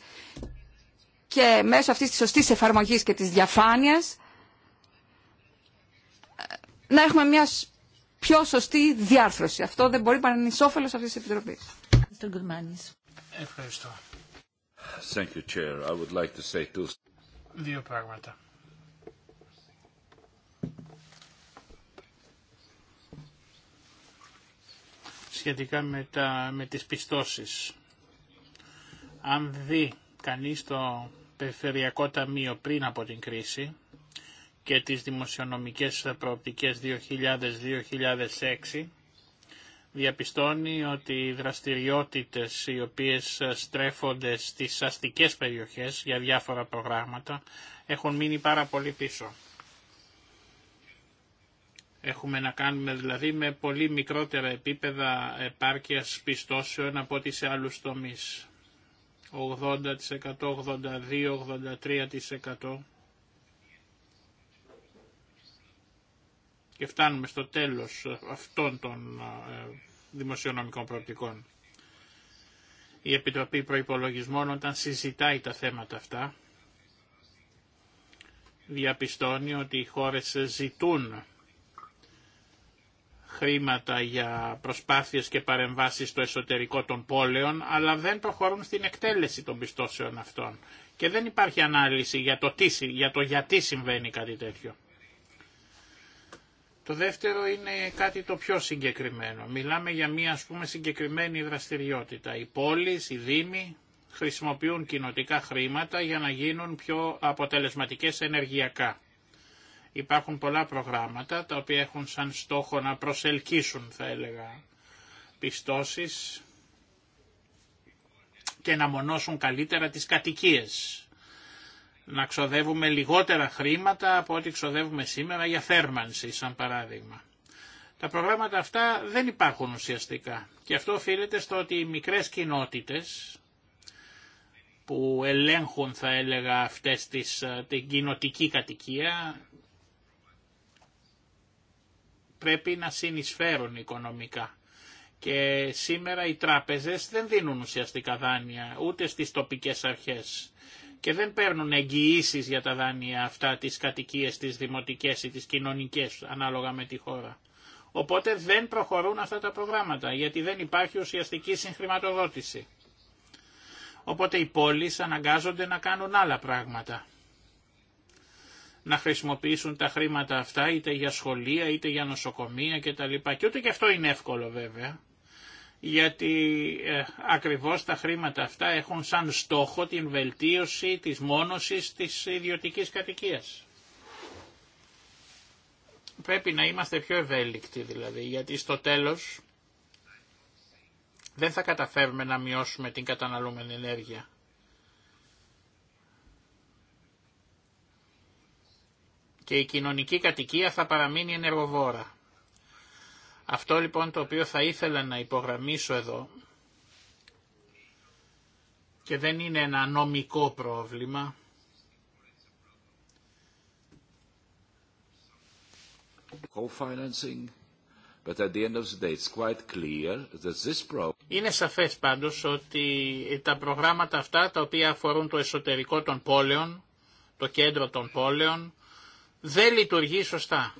Και μέσω αυτής της σωστής εφαρμογής και της διαφάνειας ε, να έχουμε μια πιο σωστή διάρθρωση. Αυτό δεν μπορεί να είναι ισόφελος αυτή τη επιτροπή. Ευχαριστώ. Thank you, Chair. I would like to say two... Δύο πράγματα. Σχετικά με, τα, με τις πιστώσεις. Αν δει κανείς το Περιφερειακό Ταμείο πριν από την κρίση, και τις δημοσιονομικές προοπτικές 2000-2006 διαπιστώνει ότι οι δραστηριότητες οι οποίες στρέφονται στις αστικές περιοχές για διάφορα προγράμματα έχουν μείνει πάρα πολύ πίσω. Έχουμε να κάνουμε δηλαδή με πολύ μικρότερα επίπεδα επάρκειας πιστώσεων από ό,τι σε άλλους τομείς. 80%, 82%, 83% και φτάνουμε στο τέλος αυτών των ε, δημοσιονομικών προοπτικών. Η Επιτροπή Προϋπολογισμών όταν συζητάει τα θέματα αυτά διαπιστώνει ότι οι χώρες ζητούν χρήματα για προσπάθειες και παρεμβάσεις στο εσωτερικό των πόλεων, αλλά δεν προχωρούν στην εκτέλεση των πιστώσεων αυτών. Και δεν υπάρχει ανάλυση για το, για το γιατί συμβαίνει κάτι τέτοιο. Το δεύτερο είναι κάτι το πιο συγκεκριμένο. Μιλάμε για μια ας πούμε συγκεκριμένη δραστηριότητα. Οι πόλεις, οι δήμοι χρησιμοποιούν κοινοτικά χρήματα για να γίνουν πιο αποτελεσματικές ενεργειακά. Υπάρχουν πολλά προγράμματα τα οποία έχουν σαν στόχο να προσελκύσουν θα έλεγα πιστώσεις και να μονώσουν καλύτερα τις κατοικίες να ξοδεύουμε λιγότερα χρήματα από ό,τι ξοδεύουμε σήμερα για θέρμανση, σαν παράδειγμα. Τα προγράμματα αυτά δεν υπάρχουν ουσιαστικά και αυτό οφείλεται στο ότι οι μικρές κοινότητες που ελέγχουν θα έλεγα αυτές τις, ε, την κοινοτική κατοικία πρέπει να συνεισφέρουν οικονομικά. Και σήμερα οι τράπεζες δεν δίνουν ουσιαστικά δάνεια ούτε στις τοπικές αρχές και δεν παίρνουν εγγυήσει για τα δάνεια αυτά, τις κατοικίες, τις δημοτικές ή τις κοινωνικές, ανάλογα με τη χώρα. Οπότε δεν προχωρούν αυτά τα προγράμματα, γιατί δεν υπάρχει ουσιαστική συγχρηματοδότηση. Οπότε οι πόλεις αναγκάζονται να κάνουν άλλα πράγματα. Να χρησιμοποιήσουν τα χρήματα αυτά είτε για σχολεία, είτε για νοσοκομεία κτλ. Και ούτε και αυτό είναι εύκολο βέβαια γιατί ε, ακριβώς τα χρήματα αυτά έχουν σαν στόχο την βελτίωση της μόνωσης της ιδιωτικής κατοικίας. Πρέπει να είμαστε πιο ευέλικτοι δηλαδή, γιατί στο τέλος δεν θα καταφέρουμε να μειώσουμε την καταναλούμενη ενέργεια. Και η κοινωνική κατοικία θα παραμείνει ενεργοβόρα. Αυτό λοιπόν το οποίο θα ήθελα να υπογραμμίσω εδώ και δεν είναι ένα νομικό πρόβλημα, Είναι σαφές πάντως ότι τα προγράμματα αυτά τα οποία αφορούν το εσωτερικό των πόλεων, το κέντρο των πόλεων, δεν λειτουργεί σωστά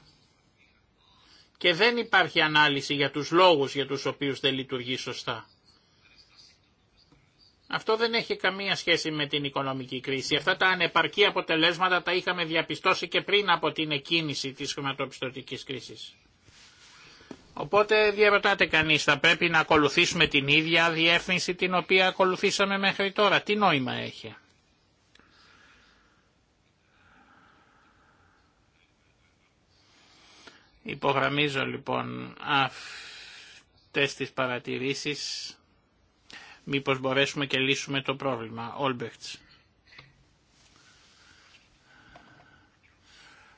και δεν υπάρχει ανάλυση για τους λόγους για τους οποίους δεν λειτουργεί σωστά. Αυτό δεν έχει καμία σχέση με την οικονομική κρίση. Αυτά τα ανεπαρκή αποτελέσματα τα είχαμε διαπιστώσει και πριν από την εκκίνηση της χρηματοπιστωτικής κρίσης. Οπότε διαρωτάται κανείς, θα πρέπει να ακολουθήσουμε την ίδια διεύθυνση την οποία ακολουθήσαμε μέχρι τώρα. Τι νόημα έχει. Υπογραμμίζω λοιπόν αυτές τις παρατηρήσεις μήπως μπορέσουμε και λύσουμε το πρόβλημα. Όλμπεχτς.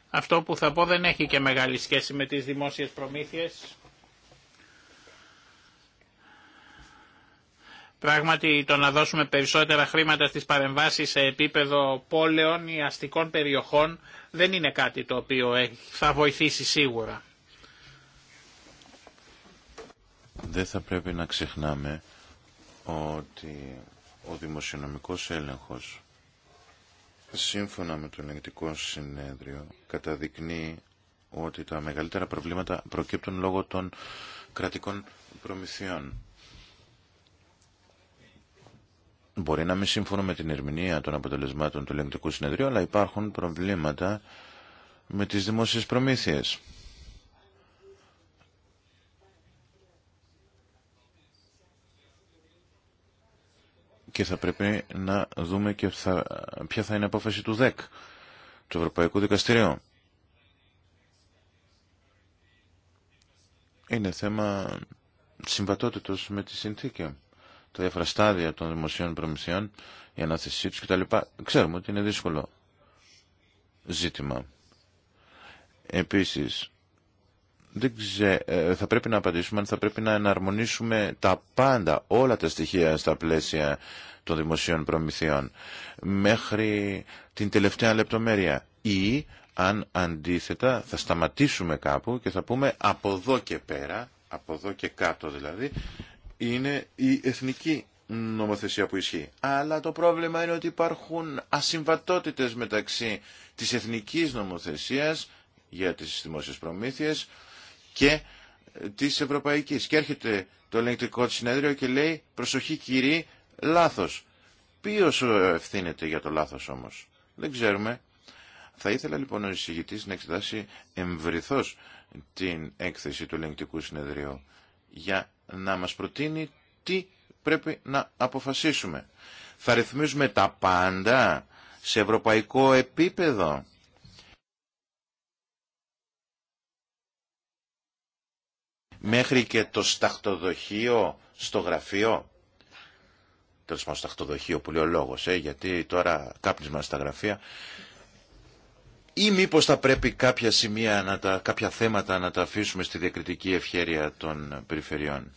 Αυτό που θα πω δεν έχει και μεγάλη σχέση με τις δημόσιες προμήθειες. Πράγματι το να δώσουμε περισσότερα χρήματα στις παρεμβάσεις σε επίπεδο πόλεων ή αστικών περιοχών δεν είναι κάτι το οποίο ε, θα βοηθήσει σίγουρα. Δεν θα πρέπει να ξεχνάμε ότι ο δημοσιονομικός έλεγχος σύμφωνα με το ελεγκτικό συνέδριο καταδεικνύει ότι τα μεγαλύτερα προβλήματα προκύπτουν λόγω των κρατικών προμηθειών. Μπορεί να μην σύμφωνο με την ερμηνεία των αποτελεσμάτων του ελεγκτικού συνεδρίου, αλλά υπάρχουν προβλήματα με τις δημόσιες προμήθειες. Και θα πρέπει να δούμε και ποια θα είναι η απόφαση του ΔΕΚ, του Ευρωπαϊκού Δικαστηρίου. Είναι θέμα συμβατότητος με τη συνθήκη τα διάφορα στάδια των δημοσίων προμηθειών, η ανάθεσή τους κτλ. Ξέρουμε ότι είναι δύσκολο ζήτημα. Επίσης, ε, θα πρέπει να απαντήσουμε αν θα πρέπει να εναρμονίσουμε τα πάντα, όλα τα στοιχεία στα πλαίσια των δημοσίων προμηθειών μέχρι την τελευταία λεπτομέρεια ή αν αντίθετα θα σταματήσουμε κάπου και θα πούμε από εδώ και πέρα, από εδώ και κάτω δηλαδή, είναι η εθνική νομοθεσία που ισχύει. Αλλά το πρόβλημα είναι ότι υπάρχουν ασυμβατότητες μεταξύ της εθνικής νομοθεσίας για τις δημόσιες προμήθειες και ε, της ευρωπαϊκής. Και έρχεται το ελεγκτικό συνέδριο και λέει προσοχή κύριε λάθος. Ποιος ε, ευθύνεται για το λάθος όμως. Δεν ξέρουμε. Θα ήθελα λοιπόν ο εισηγητής να εξετάσει εμβριθώς την έκθεση του ελεγκτικού συνεδρίου για να μας προτείνει τι πρέπει να αποφασίσουμε. Θα ρυθμίζουμε τα πάντα σε ευρωπαϊκό επίπεδο. Μέχρι και το σταχτοδοχείο στο γραφείο. Τέλο πάντων, σταχτοδοχείο που λέει ο λόγος ε, γιατί τώρα κάπνισμα στα γραφεία ή μήπω θα πρέπει κάποια σημεία, τα, κάποια θέματα να τα αφήσουμε στη διακριτική ευχέρεια των περιφερειών.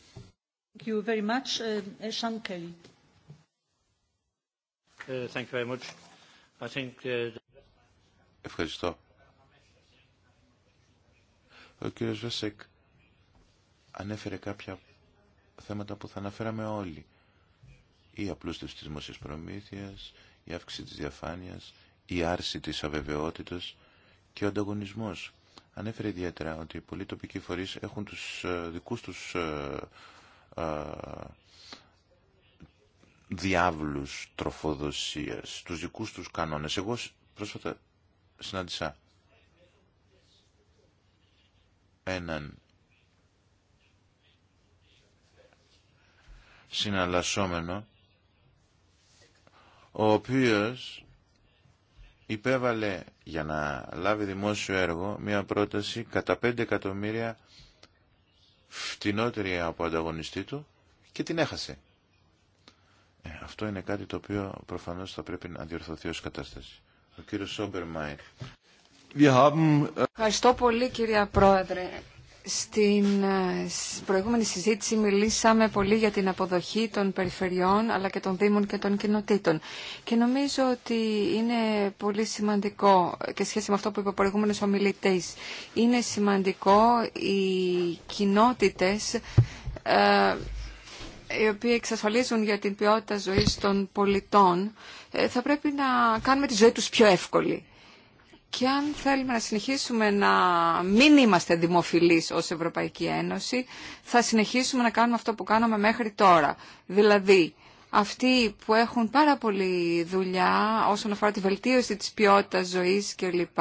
Ευχαριστώ. Ο κύριος Βεσέκ ανέφερε κάποια θέματα που θα αναφέραμε όλοι. Η απλούστευση της δημοσίας προμήθειας, η αύξηση της διαφάνειας, η άρση της αβεβαιότητας και ο ανταγωνισμός. Ανέφερε ιδιαίτερα ότι οι πολλοί τοπικοί φορείς έχουν τους ε, δικούς τους ε, ε, διάβλους τροφοδοσίας, τους δικούς τους κανόνες. Εγώ πρόσφατα συνάντησα έναν συναλλασσόμενο ο οποίος υπέβαλε για να λάβει δημόσιο έργο μια πρόταση κατά 5 εκατομμύρια φτηνότερη από ανταγωνιστή του και την έχασε. Ε, αυτό είναι κάτι το οποίο προφανώς θα πρέπει να διορθωθεί ως κατάσταση. Ο κύριος Σόμπερ Μάιρ. Ε, Ευχαριστώ πολύ κύριε Πρόεδρε. Στην ε, προηγούμενη συζήτηση μιλήσαμε πολύ για την αποδοχή των περιφερειών αλλά και των δήμων και των κοινοτήτων. Και νομίζω ότι είναι πολύ σημαντικό και σχέση με αυτό που είπε ο προηγούμενος ομιλητής. Είναι σημαντικό οι κοινότητες ε, οι οποίοι εξασφαλίζουν για την ποιότητα ζωής των πολιτών ε, θα πρέπει να κάνουμε τη ζωή τους πιο εύκολη. Και αν θέλουμε να συνεχίσουμε να μην είμαστε δημοφιλείς ως Ευρωπαϊκή Ένωση, θα συνεχίσουμε να κάνουμε αυτό που κάναμε μέχρι τώρα. Δηλαδή, αυτοί που έχουν πάρα πολλή δουλειά όσον αφορά τη βελτίωση της ποιότητας ζωής κλπ.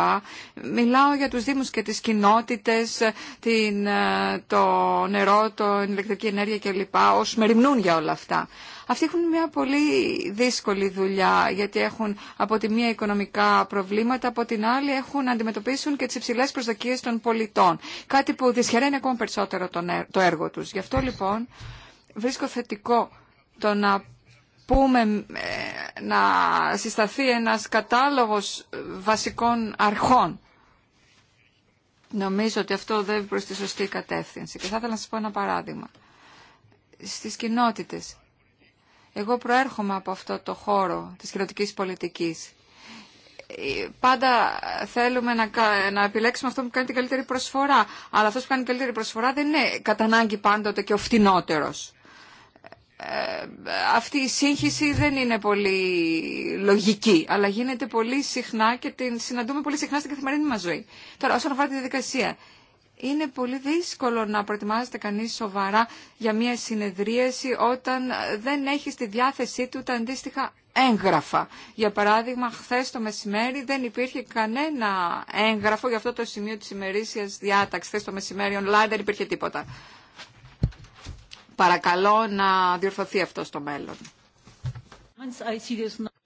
Μιλάω για τους δήμους και τις κοινότητες, την, ε, το νερό, την ηλεκτρική ενέργεια κλπ. Όσους μεριμνούν για όλα αυτά. Αυτοί έχουν μια πολύ δύσκολη δουλειά γιατί έχουν από τη μία οικονομικά προβλήματα, από την άλλη έχουν να αντιμετωπίσουν και τι υψηλέ προσδοκίε των πολιτών. Κάτι που δυσχεραίνει ακόμα περισσότερο ε, το έργο τους. Γι' αυτό λοιπόν βρίσκω θετικό το να πούμε ε, να συσταθεί ένας κατάλογος ε, βασικών αρχών. Νομίζω ότι αυτό δεν προς τη σωστή κατεύθυνση. Και θα ήθελα να σας πω ένα παράδειγμα. Στις κοινότητες εγώ προέρχομαι από αυτό το χώρο της κοινωτικής πολιτικής. Ε, πάντα θέλουμε να, να επιλέξουμε αυτό που κάνει την καλύτερη προσφορά. Αλλά αυτός που κάνει την καλύτερη προσφορά δεν είναι κατά ανάγκη πάντοτε και ο φτηνότερος. Ε, αυτή η σύγχυση δεν είναι πολύ λογική, αλλά γίνεται πολύ συχνά και την συναντούμε πολύ συχνά στην καθημερινή μας ζωή. Τώρα, όσον αφορά τη διαδικασία, είναι πολύ δύσκολο να προετοιμάζεται κανείς σοβαρά για μια συνεδρίαση όταν δεν έχει στη διάθεσή του τα αντίστοιχα έγγραφα. Για παράδειγμα, χθε το μεσημέρι δεν υπήρχε κανένα έγγραφο για αυτό το σημείο της ημερήσιας διάταξης. Χθε το μεσημέρι online δεν υπήρχε τίποτα. Παρακαλώ να διορθωθεί αυτό στο μέλλον.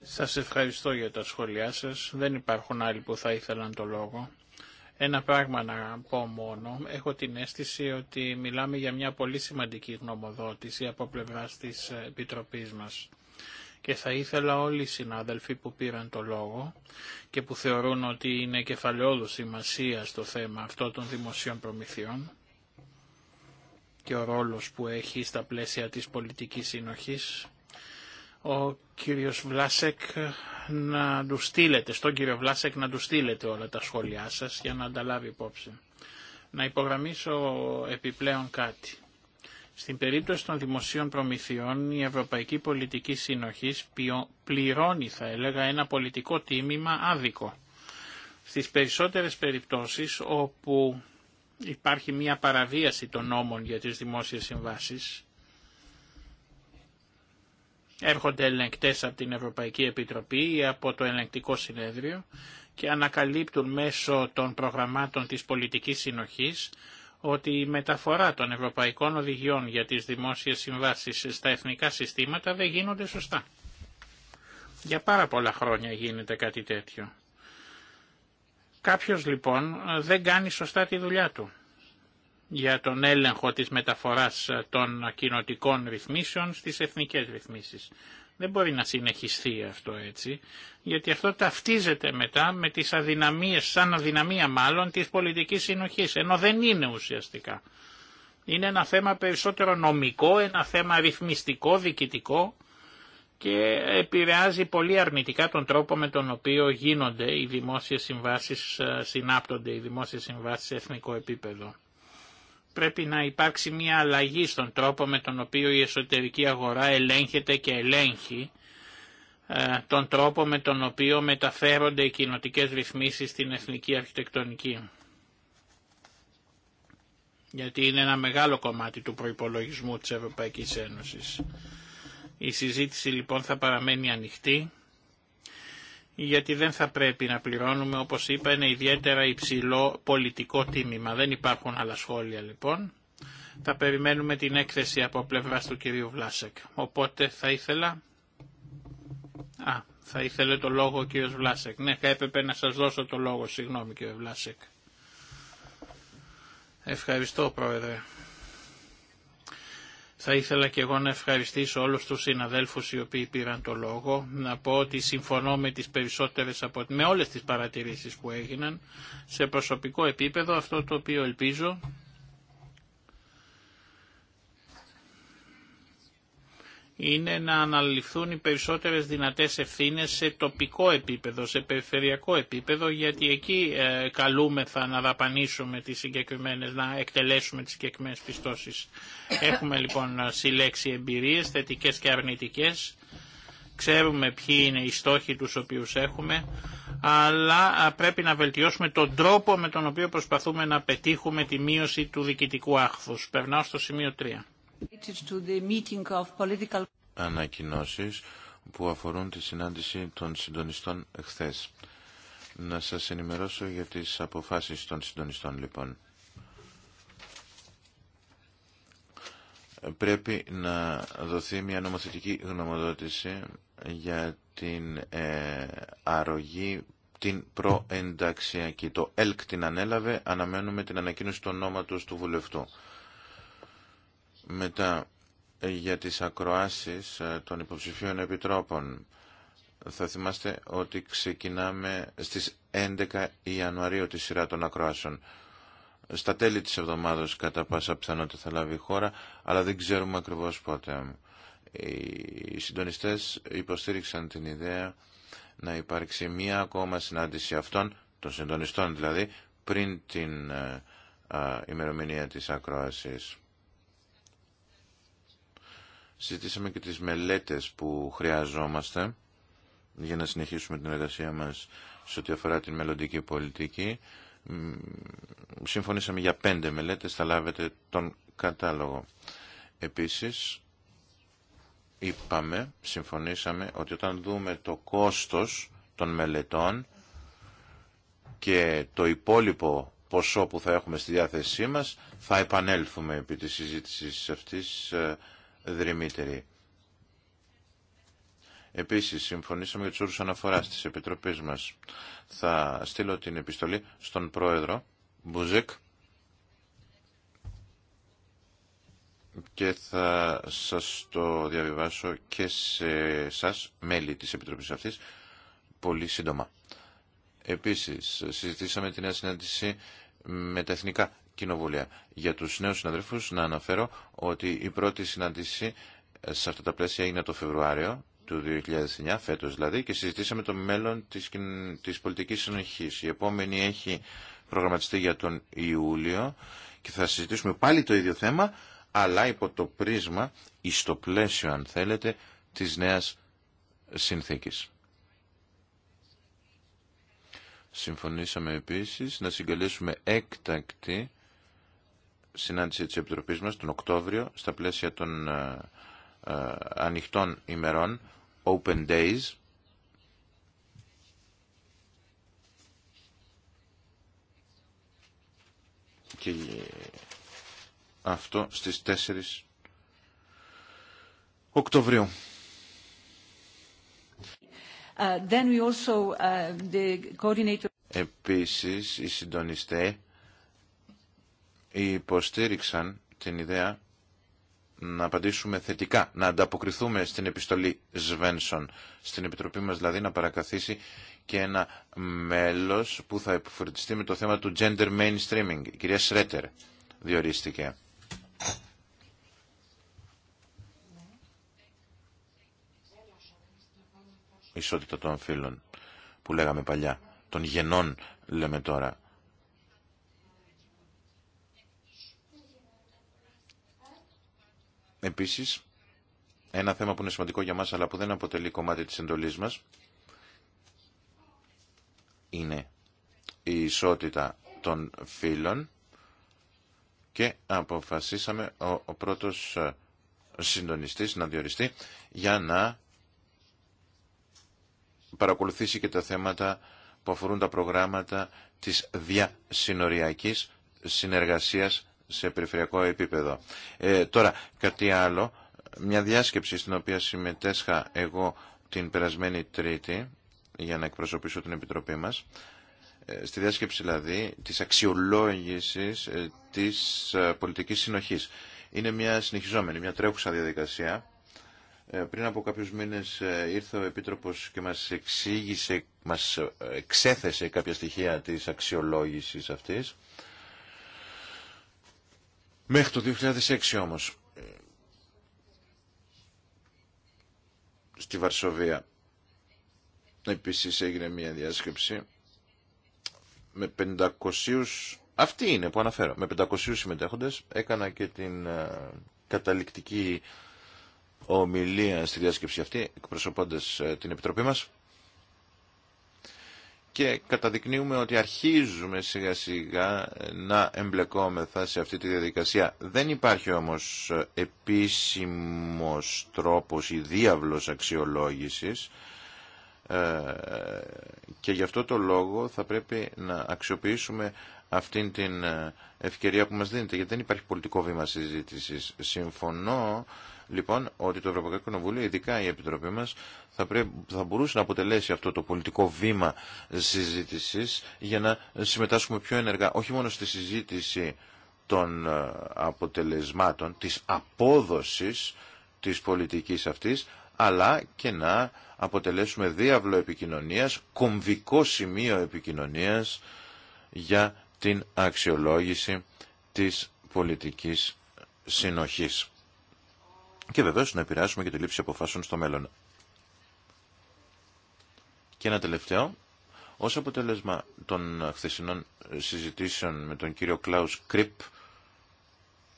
Σας ευχαριστώ για τα σχόλιά σας. Δεν υπάρχουν άλλοι που θα ήθελαν το λόγο. Ένα πράγμα να πω μόνο. Έχω την αίσθηση ότι μιλάμε για μια πολύ σημαντική γνωμοδότηση από πλευρά της επιτροπή μας. Και θα ήθελα όλοι οι συνάδελφοι που πήραν το λόγο και που θεωρούν ότι είναι κεφαλαιόδου σημασία στο θέμα αυτό των δημοσίων προμηθειών και ο ρόλος που έχει στα πλαίσια της πολιτικής συνοχής, ο κύριος Βλάσεκ να του στείλετε, στον κύριο Βλάσεκ να του στείλετε όλα τα σχόλιά σας για να ανταλάβει υπόψη. Να υπογραμμίσω επιπλέον κάτι. Στην περίπτωση των δημοσίων προμηθειών η Ευρωπαϊκή Πολιτική Συνοχής πληρώνει θα έλεγα ένα πολιτικό τίμημα άδικο. Στις περισσότερες περιπτώσεις όπου υπάρχει μια παραβίαση των νόμων για τις δημόσιες συμβάσεις Έρχονται ελεγκτές από την Ευρωπαϊκή Επιτροπή ή από το Ελεγκτικό Συνέδριο και ανακαλύπτουν μέσω των προγραμμάτων της πολιτικής συνοχής ότι η μεταφορά των ευρωπαϊκών οδηγιών για τις δημόσιες συμβάσεις στα εθνικά συστήματα δεν γίνονται σωστά. Για πάρα πολλά χρόνια γίνεται κάτι τέτοιο. Κάποιος λοιπόν δεν κάνει σωστά τη δουλειά του για τον έλεγχο της μεταφοράς ε, των κοινοτικών ρυθμίσεων στις εθνικές ρυθμίσεις. Δεν μπορεί να συνεχιστεί αυτό έτσι, γιατί αυτό ταυτίζεται μετά με τις αδυναμίες, σαν αδυναμία μάλλον, της πολιτικής συνοχής, ενώ δεν είναι ουσιαστικά. Είναι ένα θέμα περισσότερο νομικό, ένα θέμα ρυθμιστικό, διοικητικό και επηρεάζει πολύ αρνητικά τον τρόπο με τον οποίο γίνονται οι δημόσιες συμβάσεις, ε, συνάπτονται οι δημόσιες συμβάσεις σε εθνικό επίπεδο πρέπει να υπάρξει μια αλλαγή στον τρόπο με τον οποίο η εσωτερική αγορά ελέγχεται και ελέγχει ε, τον τρόπο με τον οποίο μεταφέρονται οι κοινοτικές ρυθμίσεις στην εθνική αρχιτεκτονική. Γιατί είναι ένα μεγάλο κομμάτι του προϋπολογισμού της Ευρωπαϊκής Ένωσης. Η συζήτηση λοιπόν θα παραμένει ανοιχτή γιατί δεν θα πρέπει να πληρώνουμε, όπως είπα, ένα ιδιαίτερα υψηλό πολιτικό τίμημα. Δεν υπάρχουν άλλα σχόλια λοιπόν. Θα περιμένουμε την έκθεση από πλευρά του κυρίου Βλάσεκ. Οπότε θα ήθελα... Α, θα ήθελε το λόγο ο κύριος Βλάσεκ. Ναι, θα έπρεπε να σας δώσω το λόγο. Συγγνώμη κύριε Βλάσεκ. Ευχαριστώ πρόεδρε. Θα ήθελα και εγώ να ευχαριστήσω όλους τους συναδέλφους οι οποίοι πήραν το λόγο, να πω ότι συμφωνώ με τις περισσότερες από, με όλες τις παρατηρήσεις που έγιναν. Σε προσωπικό επίπεδο αυτό το οποίο ελπίζω είναι να αναλυθούν οι περισσότερες δυνατές ευθύνες σε τοπικό επίπεδο, σε περιφερειακό επίπεδο, γιατί εκεί ε, καλούμεθα να δαπανίσουμε τις συγκεκριμένες, να εκτελέσουμε τις συγκεκριμένες πιστώσεις. Έχουμε λοιπόν συλλέξει εμπειρίες, θετικές και αρνητικές. Ξέρουμε ποιοι είναι οι στόχοι τους οποίους έχουμε, αλλά πρέπει να βελτιώσουμε τον τρόπο με τον οποίο προσπαθούμε να πετύχουμε τη μείωση του διοικητικού άχθους. Περνάω στο σημείο 3. Ανακοινώσεις που αφορούν τη συνάντηση των συντονιστών χθες. Να σας ενημερώσω για τις αποφάσεις των συντονιστών λοιπόν. Πρέπει να δοθεί μια νομοθετική γνωμοδότηση για την ε, αρρωγή την προενταξιακή. Το ΕΛΚ την ανέλαβε, αναμένουμε την ανακοίνωση του ονόματος του βουλευτού. Μετά ε, για τις ακροάσεις ε, των υποψηφίων επιτρόπων. Θα θυμάστε ότι ξεκινάμε στις 11 Ιανουαρίου τη σειρά των ακροάσεων. Στα τέλη της εβδομάδας κατά πάσα πιθανότητα θα λάβει η χώρα, αλλά δεν ξέρουμε ακριβώς πότε. Οι συντονιστές υποστήριξαν την ιδέα να υπάρξει μία ακόμα συνάντηση αυτών, των συντονιστών δηλαδή, πριν την ε, ημερομηνία της ακρόασης. Συζητήσαμε και τις μελέτες που χρειαζόμαστε για να συνεχίσουμε την εργασία μας σε ό,τι αφορά την μελλοντική πολιτική. Συμφωνήσαμε για πέντε μελέτες, θα λάβετε τον κατάλογο. Επίσης, είπαμε, συμφωνήσαμε ότι όταν δούμε το κόστος των μελετών και το υπόλοιπο ποσό που θα έχουμε στη διάθεσή μας, θα επανέλθουμε επί της συζήτησης αυτής ε, δρυμύτερη. Επίσης, συμφωνήσαμε για τους όρους αναφοράς της Επιτροπής μας. Θα στείλω την επιστολή στον Πρόεδρο Μπουζεκ και θα σας το διαβιβάσω και σε σας μέλη της Επιτροπής αυτής, πολύ σύντομα. Επίσης, συζητήσαμε την νέα συνάντηση με τα εθνικά κοινοβούλια. Για τους νέους συναδέλφους να αναφέρω ότι η πρώτη συνάντηση ε, σε αυτά τα πλαίσια έγινε το Φεβρουάριο του 2009, φέτος δηλαδή, και συζητήσαμε το μέλλον της, της πολιτικής συνοχής. Η επόμενη έχει προγραμματιστεί για τον Ιούλιο και θα συζητήσουμε πάλι το ίδιο θέμα, αλλά υπό το πρίσμα, εις το πλαίσιο αν θέλετε, της νέας συνθήκης. Συμφωνήσαμε επίσης να συγκαλέσουμε έκτακτη συνάντηση της Επιτροπής μας τον Οκτώβριο στα πλαίσια των ε, ε, ανοιχτών ημερών, Open Days, και ε, αυτό στις 4 Οκτωβρίου. Uh, then we also, the coordinator... Επίσης, οι συντονιστές υποστήριξαν την ιδέα να απαντήσουμε θετικά, να ανταποκριθούμε στην επιστολή Σβένσον, στην Επιτροπή μας δηλαδή να παρακαθίσει και ένα μέλος που θα επιφορτιστεί με το θέμα του gender mainstreaming. Η κυρία Σρέτερ διορίστηκε. Ισότητα των φίλων που λέγαμε παλιά, των γενών λέμε τώρα. Επίσης, ένα θέμα που είναι σημαντικό για μα, αλλά που δεν αποτελεί κομμάτι της εντολής μας είναι η ισότητα των φύλων και αποφασίσαμε ο, ο πρώτος ε, συντονιστής να διοριστεί για να παρακολουθήσει και τα θέματα που αφορούν τα προγράμματα της διασυνοριακής συνεργασίας σε περιφερειακό επίπεδο. Ε, τώρα, κάτι άλλο, μια διάσκεψη στην οποία συμμετέσχα εγώ την περασμένη Τρίτη για να εκπροσωπήσω την Επιτροπή μας, ε, στη διάσκεψη δηλαδή της αξιολόγησης ε, της πολιτικής συνοχής. Είναι μια συνεχιζόμενη, μια τρέχουσα διαδικασία. Πριν από κάποιους μήνες ήρθε ο Επίτροπος και μας εξήγησε, μας εξέθεσε κάποια στοιχεία της αξιολόγησης αυτής. Μέχρι το 2006 όμως, ε, στη Βαρσοβία, επίσης έγινε μια διάσκεψη με 500, αυτή είναι που αναφέρω, με 500 συμμετέχοντες, έκανα και την ε, καταληκτική ομιλία στη διάσκεψη αυτή, εκπροσωπώντας ε, την Επιτροπή μας και καταδεικνύουμε ότι αρχίζουμε σιγά σιγά να εμπλεκόμεθα σε αυτή τη διαδικασία. Δεν υπάρχει όμως επίσημος τρόπος ή διάβλος αξιολόγησης ε, και γι' αυτό το λόγο θα πρέπει να αξιοποιήσουμε αυτήν την ε, ευκαιρία που μας δίνεται γιατί δεν υπάρχει πολιτικό βήμα συζήτησης. Συμφωνώ λοιπόν ότι το Ευρωπαϊκό Κοινοβούλιο, ειδικά η Επιτροπή μας, θα, θα μπορούσε να αποτελέσει αυτό το πολιτικό βήμα συζήτησης για να συμμετάσχουμε πιο ενεργά, όχι μόνο στη συζήτηση των ε, αποτελεσμάτων, της απόδοσης της πολιτικής αυτής, αλλά και να αποτελέσουμε διάβλο επικοινωνίας, κομβικό σημείο επικοινωνίας για την αξιολόγηση της πολιτικής συνοχής και βεβαίω να επηρεάσουμε και τη λήψη αποφάσεων στο μέλλον. Και ένα τελευταίο, ω αποτέλεσμα των χθεσινών συζητήσεων με τον κύριο Κλάου Κρυπ,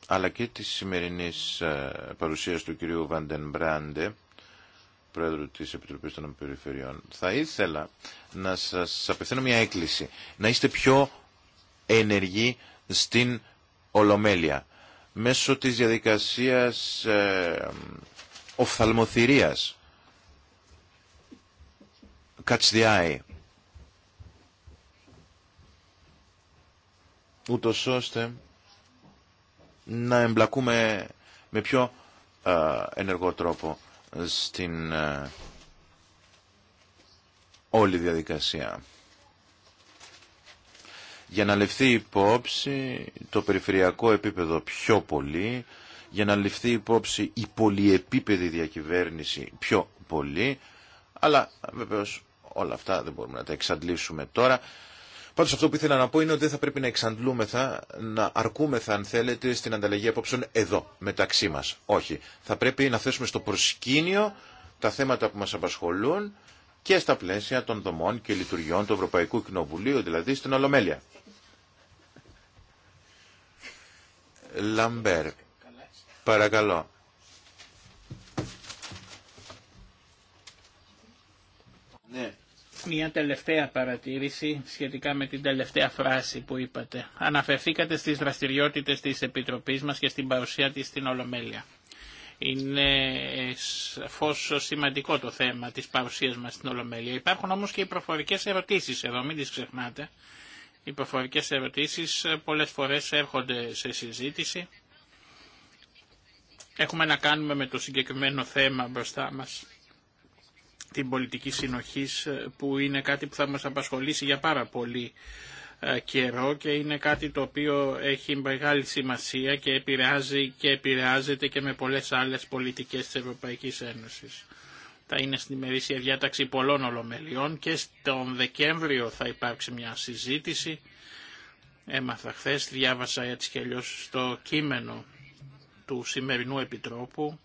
αλλά και της σημερινής ε, παρουσίας του κυρίου Μπράντε, Πρόεδρου της Επιτροπής των Περιφερειών, θα ήθελα να σας απευθύνω μια έκκληση. Να είστε πιο ενεργοί στην Ολομέλεια μέσω της διαδικασίας ε, οφθαλμοθυρίας. Catch the eye. Ούτως ώστε να εμπλακούμε με πιο ε, ενεργό τρόπο στην ε, όλη διαδικασία για να ληφθεί υπόψη το περιφερειακό επίπεδο πιο πολύ, για να ληφθεί υπόψη η πολυεπίπεδη διακυβέρνηση πιο πολύ, αλλά βεβαίως όλα αυτά δεν μπορούμε να τα εξαντλήσουμε τώρα. Πάντως αυτό που ήθελα να πω είναι ότι δεν θα πρέπει να εξαντλούμεθα, να αρκούμεθα αν θέλετε στην ανταλλαγή απόψεων εδώ μεταξύ μας. Όχι. Θα πρέπει να θέσουμε στο προσκήνιο τα θέματα που μας απασχολούν και στα πλαίσια των δομών και λειτουργιών του Ευρωπαϊκού Κοινοβουλίου, δηλαδή στην Ολομέλεια. Λαμπέρ. Παρακαλώ. Ναι. Μια τελευταία παρατήρηση σχετικά με την τελευταία φράση που είπατε. Αναφερθήκατε στις δραστηριότητες της Επιτροπής μας και στην παρουσία της στην Ολομέλεια. Είναι ε, σαφώς σημαντικό το θέμα της παρουσίας μας στην Ολομέλεια. Υπάρχουν όμως και οι προφορικές ερωτήσεις εδώ, μην τις ξεχνάτε, οι προφορικές ερωτήσεις ε, πολλές φορές έρχονται σε συζήτηση. Έχουμε να κάνουμε με το συγκεκριμένο θέμα μπροστά μας την πολιτική συνοχής ε, που είναι κάτι που θα μας απασχολήσει για πάρα πολύ ε, καιρό και είναι κάτι το οποίο έχει μεγάλη σημασία και επηρεάζει και επηρεάζεται και με πολλές άλλες πολιτικές της Ευρωπαϊκής Ένωσης θα είναι στην ημερήσια διάταξη πολλών ολομελιών και στον Δεκέμβριο θα υπάρξει μια συζήτηση. Έμαθα χθε, διάβασα έτσι και αλλιώς στο κείμενο του σημερινού Επιτρόπου.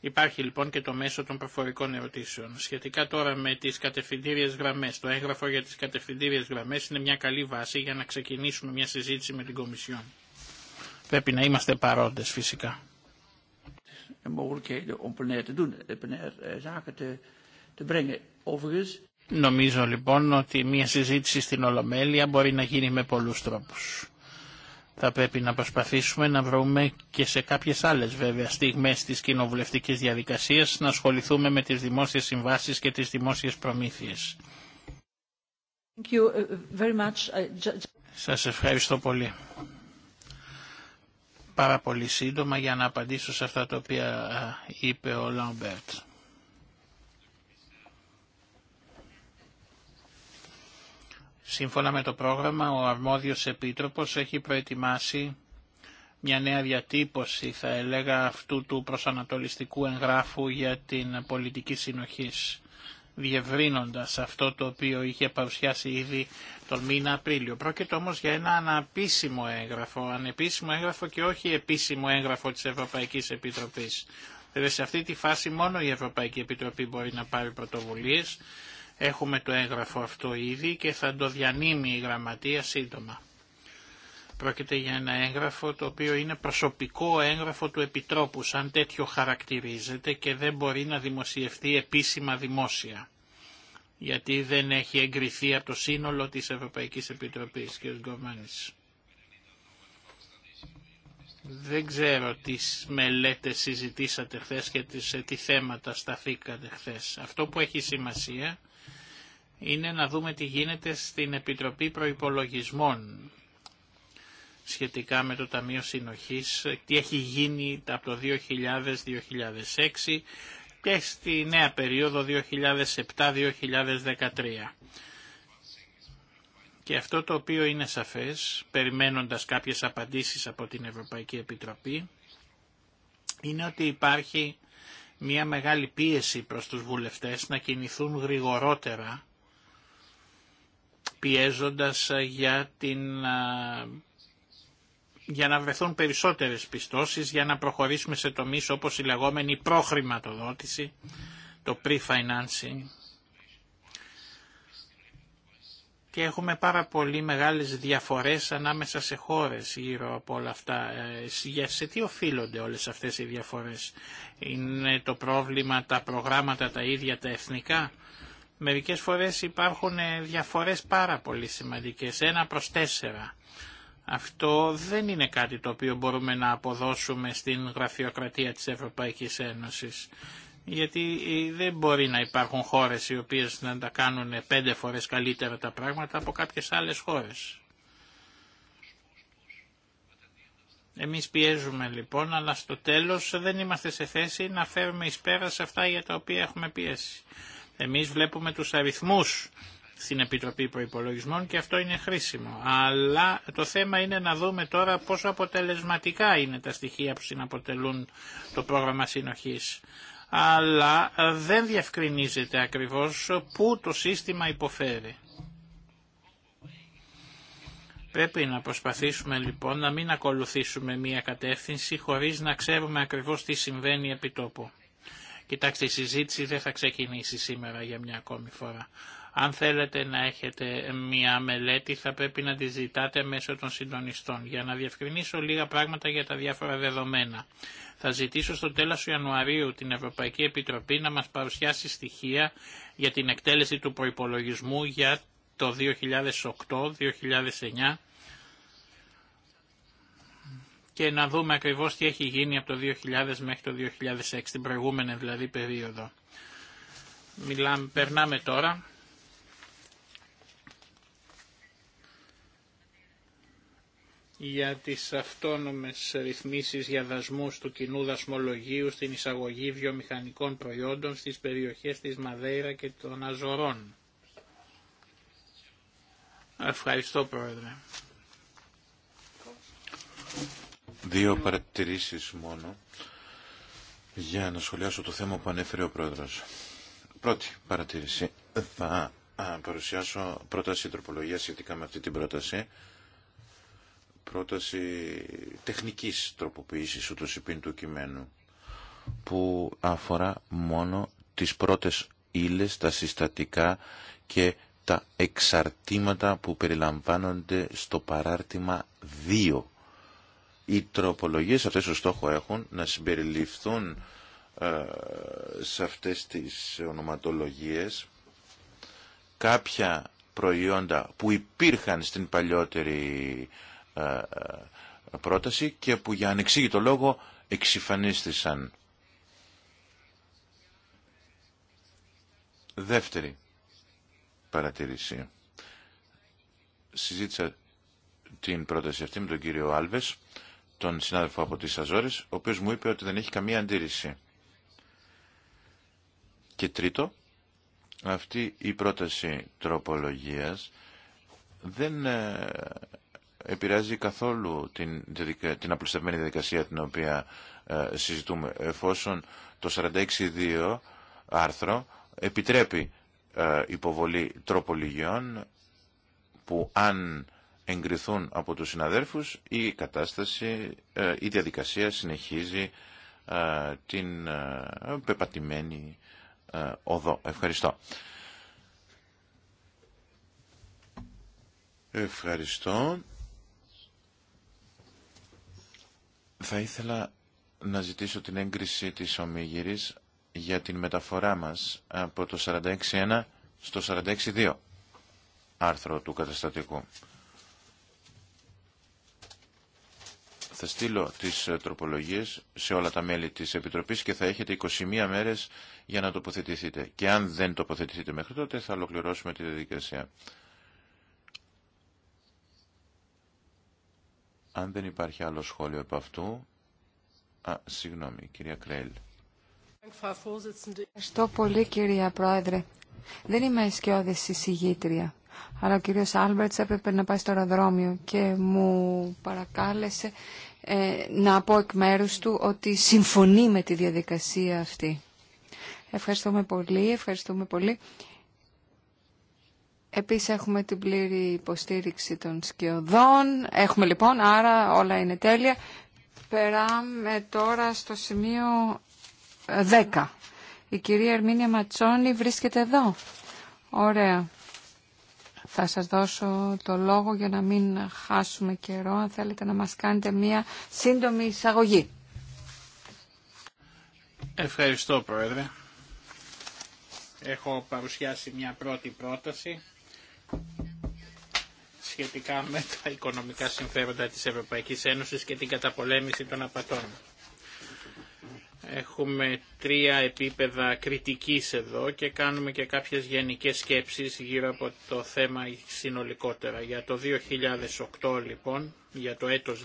Υπάρχει λοιπόν και το μέσο των προφορικών ερωτήσεων. Σχετικά τώρα με τις κατευθυντήριες γραμμές, το έγγραφο για τις κατευθυντήριες γραμμές είναι μια καλή βάση για να ξεκινήσουμε μια συζήτηση με την Κομισιόν. Πρέπει να είμαστε παρόντες φυσικά en mogelijkheden om plenair te doen, plenair eh, zaken te, te brengen. Overigens... Νομίζω λοιπόν ότι μια συζήτηση στην Ολομέλεια μπορεί να γίνει με πολλούς τρόπους. Θα πρέπει να προσπαθήσουμε να βρούμε και σε κάποιες άλλες βέβαια στιγμές της κοινοβουλευτική διαδικασίας να ασχοληθούμε με τις δημόσιες συμβάσεις και τις δημόσιες προμήθειες. Thank eh, Σας ευχαριστώ πολύ πάρα πολύ σύντομα για να απαντήσω σε αυτά τα οποία είπε ο Λαμπέρτ. Σύμφωνα με το πρόγραμμα, ο αρμόδιος επίτροπος έχει προετοιμάσει μια νέα διατύπωση, θα έλεγα, αυτού του προσανατολιστικού εγγράφου για την πολιτική συνοχής διευρύνοντας αυτό το οποίο είχε παρουσιάσει ήδη τον μήνα Απρίλιο. Πρόκειται όμως για ένα αναπίσημο έγγραφο, ανεπίσημο έγγραφο και όχι επίσημο έγγραφο της Ευρωπαϊκής Επιτροπής. Βέβαια δηλαδή, σε αυτή τη φάση μόνο η Ευρωπαϊκή Επιτροπή μπορεί να πάρει πρωτοβουλίες. Έχουμε το έγγραφο αυτό ήδη και θα το διανύμει η γραμματεία σύντομα. Πρόκειται για ένα έγγραφο το οποίο είναι προσωπικό έγγραφο του Επιτρόπου, σαν τέτοιο χαρακτηρίζεται και δεν μπορεί να δημοσιευτεί επίσημα δημόσια. Γιατί δεν έχει εγκριθεί από το σύνολο της Ευρωπαϊκής Επιτροπής, κ. Γκομάνης. Δεν ξέρω τις μελέτες συζητήσατε χθε και σε τι θέματα σταθήκατε χθε. Αυτό που έχει σημασία είναι να δούμε τι γίνεται στην Επιτροπή Προϋπολογισμών σχετικά με το Ταμείο Συνοχής, τι έχει γίνει από το 2000-2006 και στη νέα περίοδο 2007-2013. Και αυτό το οποίο είναι σαφές, περιμένοντας κάποιες απαντήσεις από την Ευρωπαϊκή Επιτροπή, είναι ότι υπάρχει μια μεγάλη πίεση προς τους βουλευτές να κινηθούν γρηγορότερα πιέζοντας για την για να βρεθούν περισσότερες πιστώσεις, για να προχωρήσουμε σε τομείς όπως η λεγόμενη προχρηματοδότηση, το pre-financing. Και έχουμε πάρα πολύ μεγάλες διαφορές ανάμεσα σε χώρες γύρω από όλα αυτά. Ε, για σε τι οφείλονται όλες αυτές οι διαφορές. Είναι το πρόβλημα τα προγράμματα τα ίδια τα εθνικά. Μερικές φορές υπάρχουν ε, διαφορές πάρα πολύ σημαντικές, ένα προς τέσσερα αυτό δεν είναι κάτι το οποίο μπορούμε να αποδώσουμε στην γραφειοκρατία της Ευρωπαϊκής Ένωσης. Γιατί ε, δεν μπορεί να υπάρχουν χώρες οι οποίες να τα κάνουν πέντε φορές καλύτερα τα πράγματα από κάποιες άλλες χώρες. Εμείς πιέζουμε λοιπόν, αλλά στο τέλος δεν είμαστε σε θέση να φέρουμε εις πέρα σε αυτά για τα οποία έχουμε πιέσει. Εμείς βλέπουμε τους αριθμούς στην Επιτροπή Προϋπολογισμών και αυτό είναι χρήσιμο. Αλλά το θέμα είναι να δούμε τώρα πόσο αποτελεσματικά είναι τα στοιχεία που συναποτελούν το πρόγραμμα συνοχής. Αλλά δεν διευκρινίζεται ακριβώς πού το σύστημα υποφέρει. Πρέπει να προσπαθήσουμε λοιπόν να μην ακολουθήσουμε μία κατεύθυνση χωρίς να ξέρουμε ακριβώς τι συμβαίνει επί τόπου. Κοιτάξτε, η συζήτηση δεν θα ξεκινήσει σήμερα για μια ακόμη φορά. Αν θέλετε να έχετε μια μελέτη θα πρέπει να τη ζητάτε μέσω των συντονιστών. Για να διευκρινίσω λίγα πράγματα για τα διάφορα δεδομένα. Θα ζητήσω στο τέλος Ιανουαρίου την Ευρωπαϊκή Επιτροπή να μας παρουσιάσει στοιχεία για την εκτέλεση του προϋπολογισμού για το 2008-2009 και να δούμε ακριβώς τι έχει γίνει από το 2000 μέχρι το 2006, την προηγούμενη δηλαδή περίοδο. Μιλάμε, περνάμε τώρα για τις αυτόνομες ρυθμίσεις για δασμούς του κοινού δασμολογίου στην εισαγωγή βιομηχανικών προϊόντων στις περιοχές της Μαδέιρα και των Αζωρών. Ευχαριστώ Πρόεδρε. Δύο παρατηρήσεις μόνο για να σχολιάσω το θέμα που ανέφερε ο Πρόεδρος. Πρώτη παρατήρηση. Θα παρουσιάσω πρόταση τροπολογία σχετικά με αυτή την πρόταση πρόταση τεχνικής τροποποίησης ούτως υπήν του κειμένου που αφορά μόνο τις πρώτες ύλες, τα συστατικά και τα εξαρτήματα που περιλαμβάνονται στο παράρτημα 2. Οι τροπολογίες αυτές ο στόχο έχουν να συμπεριληφθούν ε, σε αυτές τις ονοματολογίες κάποια προϊόντα που υπήρχαν στην παλιότερη ε, ε, πρόταση και που για ανεξήγητο λόγο εξυφανίστησαν. Δεύτερη παρατήρηση. Συζήτησα την πρόταση αυτή με τον κύριο Άλβες, τον συνάδελφο από τις Αζόρες, ο οποίος μου είπε ότι δεν έχει καμία αντίρρηση. Και τρίτο, αυτή η πρόταση τροπολογίας δεν ε, επηρεάζει καθόλου την, την απλουστευμένη διαδικασία την οποία ε, συζητούμε εφόσον το 46.2 άρθρο επιτρέπει ε, υποβολή τροπολογιών που αν εγκριθούν από τους συναδέρφους η κατάσταση, ε, η διαδικασία συνεχίζει ε, την πεπατημένη οδό. Ευχαριστώ. Ευχαριστώ. Θα ήθελα να ζητήσω την έγκριση της ομίγυρης για την μεταφορά μας από το 46.1 στο 46.2 άρθρο του καταστατικού. Θα στείλω τις ε, τροπολογίες σε όλα τα μέλη της Επιτροπής και θα έχετε 21 μέρες για να τοποθετηθείτε. Και αν δεν τοποθετηθείτε μέχρι τότε θα ολοκληρώσουμε τη διαδικασία. Αν δεν υπάρχει άλλο σχόλιο από αυτού... Α, συγγνώμη, κυρία Κρέλ. Ευχαριστώ πολύ, κυρία Πρόεδρε. Δεν είμαι αισκιώδης συζηγήτρια. Αλλά ο κύριος Άλμπερτς έπρεπε να πάει στο αεροδρόμιο και μου παρακάλεσε ε, να πω εκ μέρους του ότι συμφωνεί με τη διαδικασία αυτή. Ευχαριστούμε πολύ, ευχαριστούμε πολύ. Επίσης έχουμε την πλήρη υποστήριξη των σκιωδών. Έχουμε λοιπόν, άρα όλα είναι τέλεια. Περάμε τώρα στο σημείο 10. Ε, Η κυρία Ερμίνια Ματσόνη βρίσκεται εδώ. Ωραία. Θα σας δώσω το λόγο για να μην χάσουμε καιρό, αν θέλετε να μας κάνετε μία σύντομη εισαγωγή. Ευχαριστώ Πρόεδρε. Έχω παρουσιάσει μια πρώτη πρόταση σχετικά με τα οικονομικά συμφέροντα της Ευρωπαϊκής Ένωσης και την καταπολέμηση των απατών. Έχουμε τρία επίπεδα κριτικής εδώ και κάνουμε και κάποιες γενικές σκέψεις γύρω από το θέμα συνολικότερα. Για το 2008 λοιπόν, για το έτος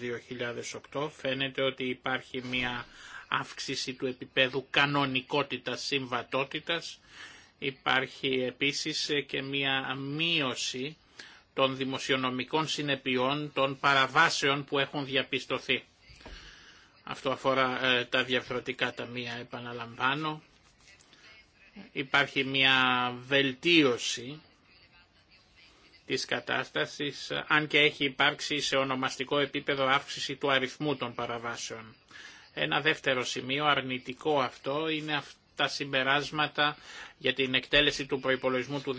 2008 φαίνεται ότι υπάρχει μια αύξηση του επίπεδου κανονικότητας συμβατότητας. Υπάρχει επίσης και μια μείωση των δημοσιονομικών συνεπειών των παραβάσεων που έχουν διαπιστωθεί. Αυτό αφορά ε, τα διαφορετικά ταμεία, επαναλαμβάνω. Υπάρχει μια βελτίωση της κατάστασης, αν και έχει υπάρξει σε ονομαστικό επίπεδο αύξηση του αριθμού των παραβάσεων. Ένα δεύτερο σημείο αρνητικό αυτό είναι αυτό τα συμπεράσματα για την εκτέλεση του προϋπολογισμού του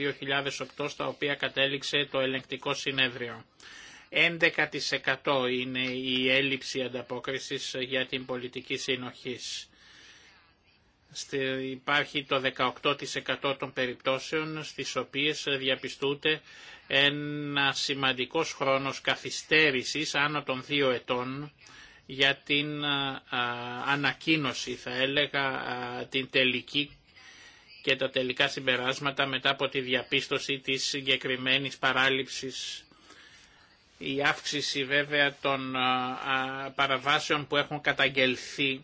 2008 στα οποία κατέληξε το ελεγκτικό συνέδριο. 11% είναι η έλλειψη ανταπόκρισης για την πολιτική συνοχής. Υπάρχει το 18% των περιπτώσεων στις οποίες διαπιστούνται ένα σημαντικός χρόνος καθυστέρησης άνω των δύο ετών για την ανακοίνωση θα έλεγα την τελική και τα τελικά συμπεράσματα μετά από τη διαπίστωση της συγκεκριμένη παράληψης. Η αύξηση βέβαια των παραβάσεων που έχουν καταγγελθεί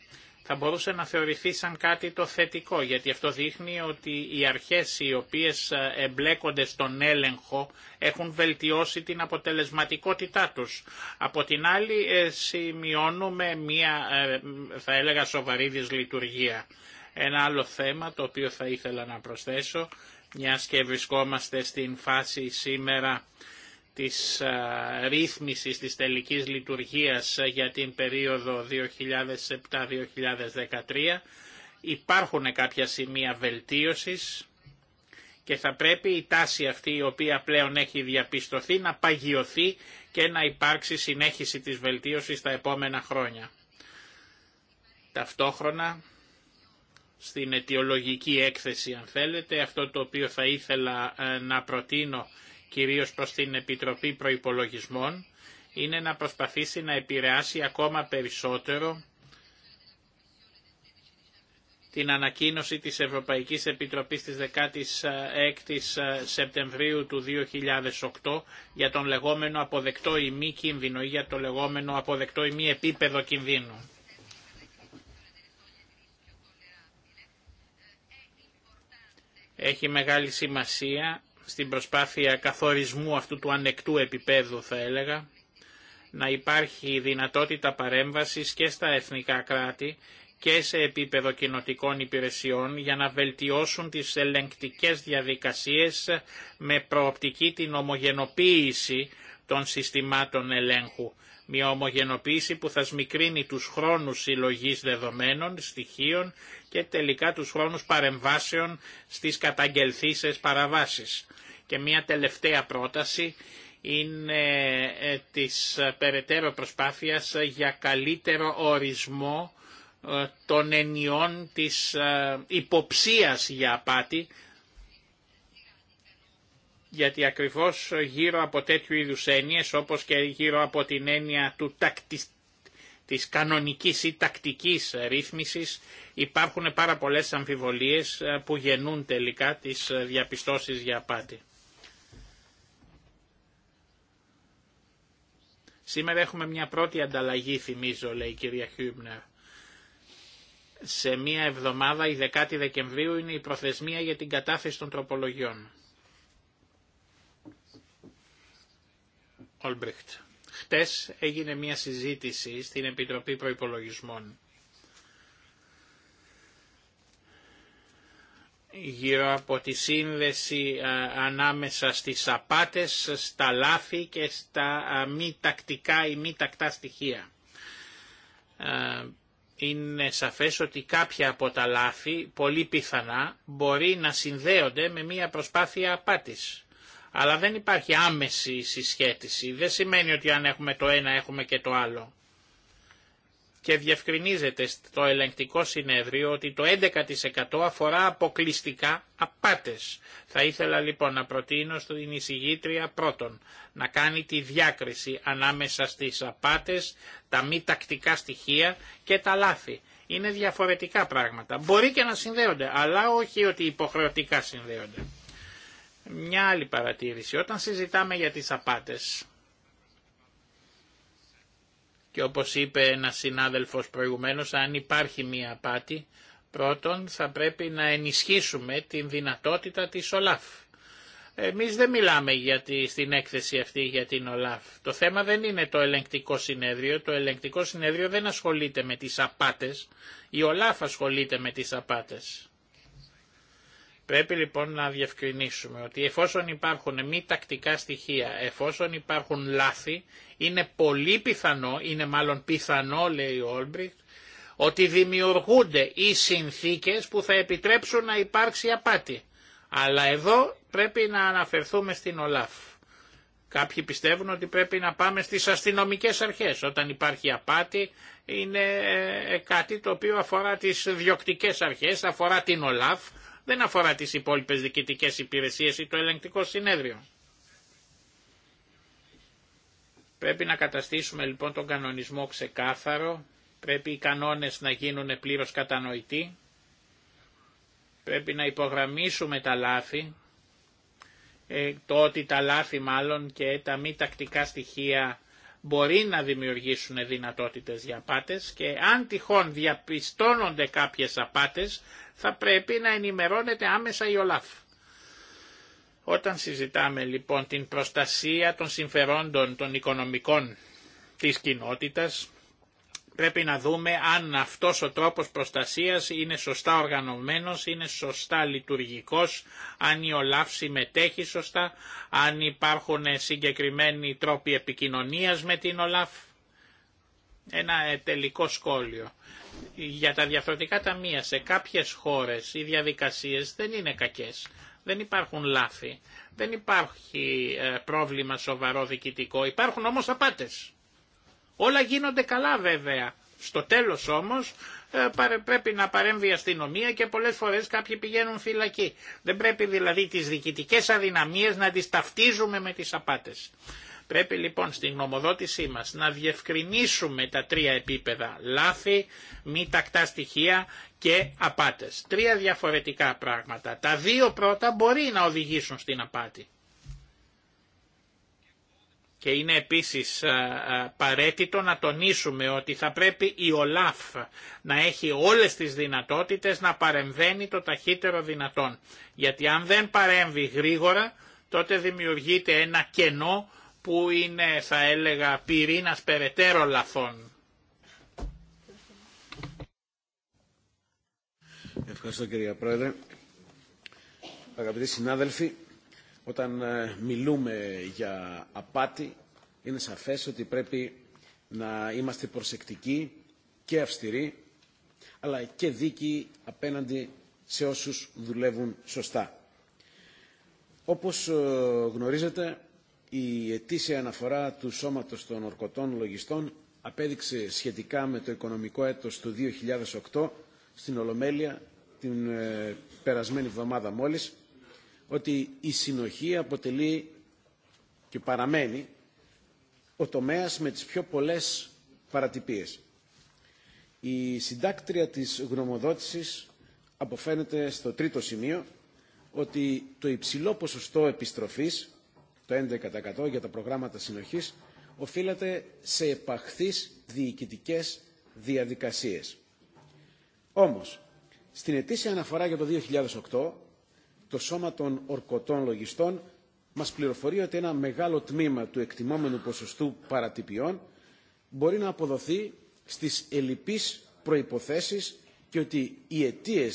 θα μπορούσε να θεωρηθεί σαν κάτι το θετικό, γιατί αυτό δείχνει ότι οι αρχές οι οποίες ε, εμπλέκονται στον έλεγχο έχουν βελτιώσει την αποτελεσματικότητά τους. Από την άλλη ε, σημειώνουμε μία, ε, θα έλεγα, σοβαρή δυσλειτουργία. Ένα άλλο θέμα το οποίο θα ήθελα να προσθέσω, μια και βρισκόμαστε στην φάση σήμερα της ε, ρύθμισης της τελικής λειτουργίας ε, για την περίοδο 2007-2013 υπάρχουν κάποια σημεία βελτίωσης και θα πρέπει η τάση αυτή η οποία πλέον έχει διαπιστωθεί να παγιωθεί και να υπάρξει συνέχιση της βελτίωσης τα επόμενα χρόνια. Ταυτόχρονα στην αιτιολογική έκθεση αν θέλετε αυτό το οποίο θα ήθελα ε, να προτείνω κυρίως προς την Επιτροπή Προϋπολογισμών, είναι να προσπαθήσει να επηρεάσει ακόμα περισσότερο την ανακοίνωση της Ευρωπαϊκής Επιτροπής της 16ης Σεπτεμβρίου του 2008 για τον λεγόμενο αποδεκτό ή μη κίνδυνο ή για το λεγόμενο αποδεκτό ή μη επίπεδο κινδύνου. Έχει μεγάλη σημασία στην προσπάθεια καθορισμού αυτού του ανεκτού επίπεδου θα έλεγα, να υπάρχει δυνατότητα παρέμβασης και στα εθνικά κράτη και σε επίπεδο κοινοτικών υπηρεσιών για να βελτιώσουν τις ελεγκτικές διαδικασίες με προοπτική την ομογενοποίηση των συστημάτων ελέγχου. Μια ομογενοποίηση που θα σμικρύνει τους χρόνους συλλογής δεδομένων, στοιχείων και τελικά τους χρόνους παρεμβάσεων στις καταγγελθήσεις παραβάσεις. Και μια τελευταία πρόταση είναι ε, της ε, περαιτέρω προσπάθειας για καλύτερο ορισμό ε, των ενιών της υποψίας για απάτη γιατί ακριβώς γύρω από τέτοιου είδους έννοιες όπως και γύρω από την έννοια του τακτισ... της κανονικής ή τακτικής ρύθμισης υπάρχουν πάρα πολλές αμφιβολίες ε, που γεννούν τελικά τις ε, διαπιστώσεις για απάτη. Σήμερα έχουμε μια πρώτη ανταλλαγή, θυμίζω, λέει η κυρία Χιούμπνερ. Σε μία εβδομάδα, η 10η Δεκεμβρίου, είναι η προθεσμία για την κατάθεση των τροπολογιών. Χτες έγινε μια συζήτηση στην Επιτροπή Προϋπολογισμών γύρω από τη σύνδεση ανάμεσα στις απάτες, στα λάθη και στα μη τακτικά ή μη τακτά στοιχεία. Είναι σαφές ότι κάποια από τα λάθη, πολύ πιθανά, μπορεί να συνδέονται με μια προσπάθεια απάτης. Αλλά δεν υπάρχει άμεση συσχέτιση. Δεν σημαίνει ότι αν έχουμε το ένα έχουμε και το άλλο. Και διευκρινίζεται στο ελεγκτικό συνέδριο ότι το 11% αφορά αποκλειστικά απάτες. Θα ήθελα λοιπόν να προτείνω στην εισηγήτρια πρώτον να κάνει τη διάκριση ανάμεσα στις απάτες, τα μη τακτικά στοιχεία και τα λάθη. Είναι διαφορετικά πράγματα. Μπορεί και να συνδέονται, αλλά όχι ότι υποχρεωτικά συνδέονται. Μια άλλη παρατήρηση. Όταν συζητάμε για τις απάτες, και όπως είπε ένας συνάδελφος προηγουμένως, αν υπάρχει μία απάτη, πρώτον θα πρέπει να ενισχύσουμε την δυνατότητα της ΟΛΑΦ. Εμείς δεν μιλάμε για τη, στην έκθεση αυτή για την ΟΛΑΦ. Το θέμα δεν είναι το ελεγκτικό συνέδριο. Το ελεγκτικό συνέδριο δεν ασχολείται με τις απάτες. Η ΟΛΑΦ ασχολείται με τις απάτες. Πρέπει λοιπόν να διευκρινίσουμε ότι εφόσον υπάρχουν μη τακτικά στοιχεία, εφόσον υπάρχουν λάθη, είναι πολύ πιθανό, είναι μάλλον πιθανό λέει ο Όλμπριχτ, ότι δημιουργούνται οι συνθήκες που θα επιτρέψουν να υπάρξει απάτη. Αλλά εδώ πρέπει να αναφερθούμε στην ΟΛΑΦ. Κάποιοι πιστεύουν ότι πρέπει να πάμε στις αστυνομικές αρχές. Όταν υπάρχει απάτη είναι ε, ε, κάτι το οποίο αφορά τις διοκτικές αρχές, αφορά την ΟΛΑΦ δεν αφορά τις υπόλοιπες διοικητικές υπηρεσίες ή το ελεγκτικό συνέδριο. Πρέπει να καταστήσουμε λοιπόν τον κανονισμό ξεκάθαρο, πρέπει οι κανόνες να γίνουν πλήρως κατανοητοί, πρέπει να υπογραμμίσουμε τα λάθη, ε, το ότι τα λάθη μάλλον και τα μη τακτικά στοιχεία μπορεί να δημιουργήσουν δυνατότητες για απάτες και αν τυχόν διαπιστώνονται κάποιες απάτες θα πρέπει να ενημερώνεται άμεσα η ΟΛΑΦ. Όταν συζητάμε λοιπόν την προστασία των συμφερόντων των οικονομικών της κοινότητας, Πρέπει να δούμε αν αυτός ο τρόπος προστασίας είναι σωστά οργανωμένος, είναι σωστά λειτουργικός, αν η ΟΛΑΦ συμμετέχει σωστά, αν υπάρχουν συγκεκριμένοι τρόποι επικοινωνίας με την ΟΛΑΦ. Ένα ε, τελικό σχόλιο. Για τα διαφορετικά ταμεία σε κάποιες χώρες οι διαδικασίες δεν είναι κακές, δεν υπάρχουν λάθη, δεν υπάρχει ε, πρόβλημα σοβαρό διοικητικό, υπάρχουν όμως απάτες. Όλα γίνονται καλά βέβαια. Στο τέλος όμως ε, πρέπει να παρέμβει η αστυνομία και πολλές φορές κάποιοι πηγαίνουν φυλακή. Δεν πρέπει δηλαδή τις διοικητικές αδυναμίες να τις ταυτίζουμε με τις απάτες. Πρέπει λοιπόν στην νομοδότησή μας να διευκρινίσουμε τα τρία επίπεδα λάθη, μη τακτά στοιχεία και απάτες. Τρία διαφορετικά πράγματα. Τα δύο πρώτα μπορεί να οδηγήσουν στην απάτη. Και είναι επίσης ε, ε, παρέτητο να τονίσουμε ότι θα πρέπει η ΟΛΑΦ να έχει όλες τις δυνατότητες να παρεμβαίνει το ταχύτερο δυνατόν. Γιατί αν δεν παρέμβει γρήγορα τότε δημιουργείται ένα κενό που είναι θα έλεγα πυρήνας περαιτέρω λαθών. Ευχαριστώ κυρία Πρόεδρε. Αγαπητοί συνάδελφοι, όταν ε, μιλούμε για απάτη, είναι σαφές ότι πρέπει να είμαστε προσεκτικοί και αυστηροί, αλλά και δίκοι απέναντι σε όσους δουλεύουν σωστά. Όπως ε, γνωρίζετε, η ετήσια αναφορά του Σώματος των Ορκωτών Λογιστών απέδειξε σχετικά με το οικονομικό έτος του 2008 στην Ολομέλεια την ε, περασμένη εβδομάδα μόλις ότι η συνοχή αποτελεί και παραμένει ο τομέας με τις πιο πολλές παρατυπίες. Η συντάκτρια της γνωμοδότησης αποφαίνεται στο τρίτο σημείο ότι το υψηλό ποσοστό επιστροφής, το 11% για τα προγράμματα συνοχής, οφείλεται σε επαχθείς διοικητικές διαδικασίες. Όμως, στην ετήσια αναφορά για το 2008 το Σώμα των Ορκωτών Λογιστών μας πληροφορεί ότι ένα μεγάλο τμήμα του εκτιμόμενου ποσοστού παρατυπιών μπορεί να αποδοθεί στις ελλειπείς προϋποθέσεις και ότι οι αιτίε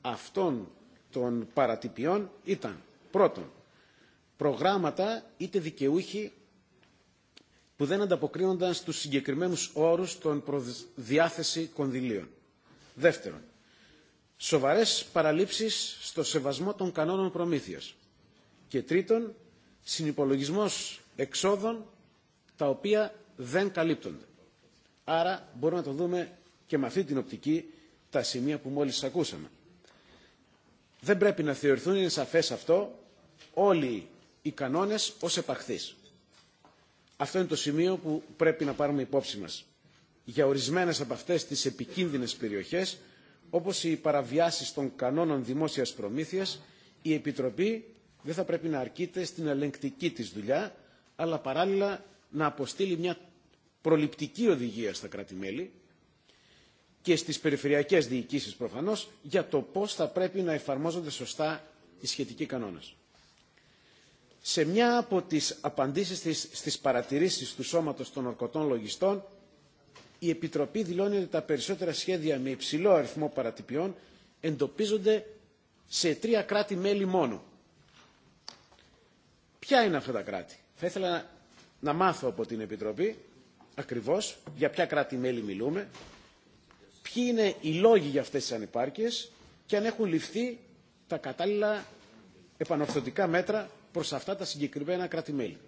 αυτών των παρατυπιών ήταν πρώτον προγράμματα είτε δικαιούχοι που δεν ανταποκρίνονταν στους συγκεκριμένους όρους των προδιάθεση κονδυλίων. Δεύτερον, σοβαρές παραλήψεις στο σεβασμό των κανόνων προμήθειας και τρίτον, συνυπολογισμός εξόδων τα οποία δεν καλύπτονται. Άρα μπορούμε να το δούμε και με αυτή την οπτική τα σημεία που μόλις ακούσαμε. Δεν πρέπει να θεωρηθούν, είναι σαφές αυτό, όλοι οι κανόνες ως επαχθείς. Αυτό είναι το σημείο που πρέπει να πάρουμε υπόψη μας. Για ορισμένες από αυτές τις επικίνδυνες περιοχές όπως οι παραβιάσεις των κανόνων δημόσιας προμήθειας, η Επιτροπή δεν θα πρέπει να αρκείται στην ελεγκτική της δουλειά, αλλά παράλληλα να αποστείλει μια προληπτική οδηγία στα κράτη-μέλη και στις περιφερειακές διοικήσεις προφανώς για το πώς θα πρέπει να εφαρμόζονται σωστά οι σχετικοί κανόνες. Σε μια από τις απαντήσεις στις παρατηρήσεις του Σώματος των Ορκωτών Λογιστών η Επιτροπή δηλώνει ότι τα περισσότερα σχέδια με υψηλό αριθμό παρατυπιών εντοπίζονται σε τρία κράτη-μέλη μόνο. Ποια είναι αυτά τα κράτη. Θα ήθελα να μάθω από την Επιτροπή ακριβώς για ποια κράτη-μέλη μιλούμε, ποιοι είναι οι λόγοι για αυτές τις ανυπάρκειες και αν έχουν ληφθεί τα κατάλληλα επανορθωτικά μέτρα προς αυτά τα συγκεκριμένα κράτη-μέλη.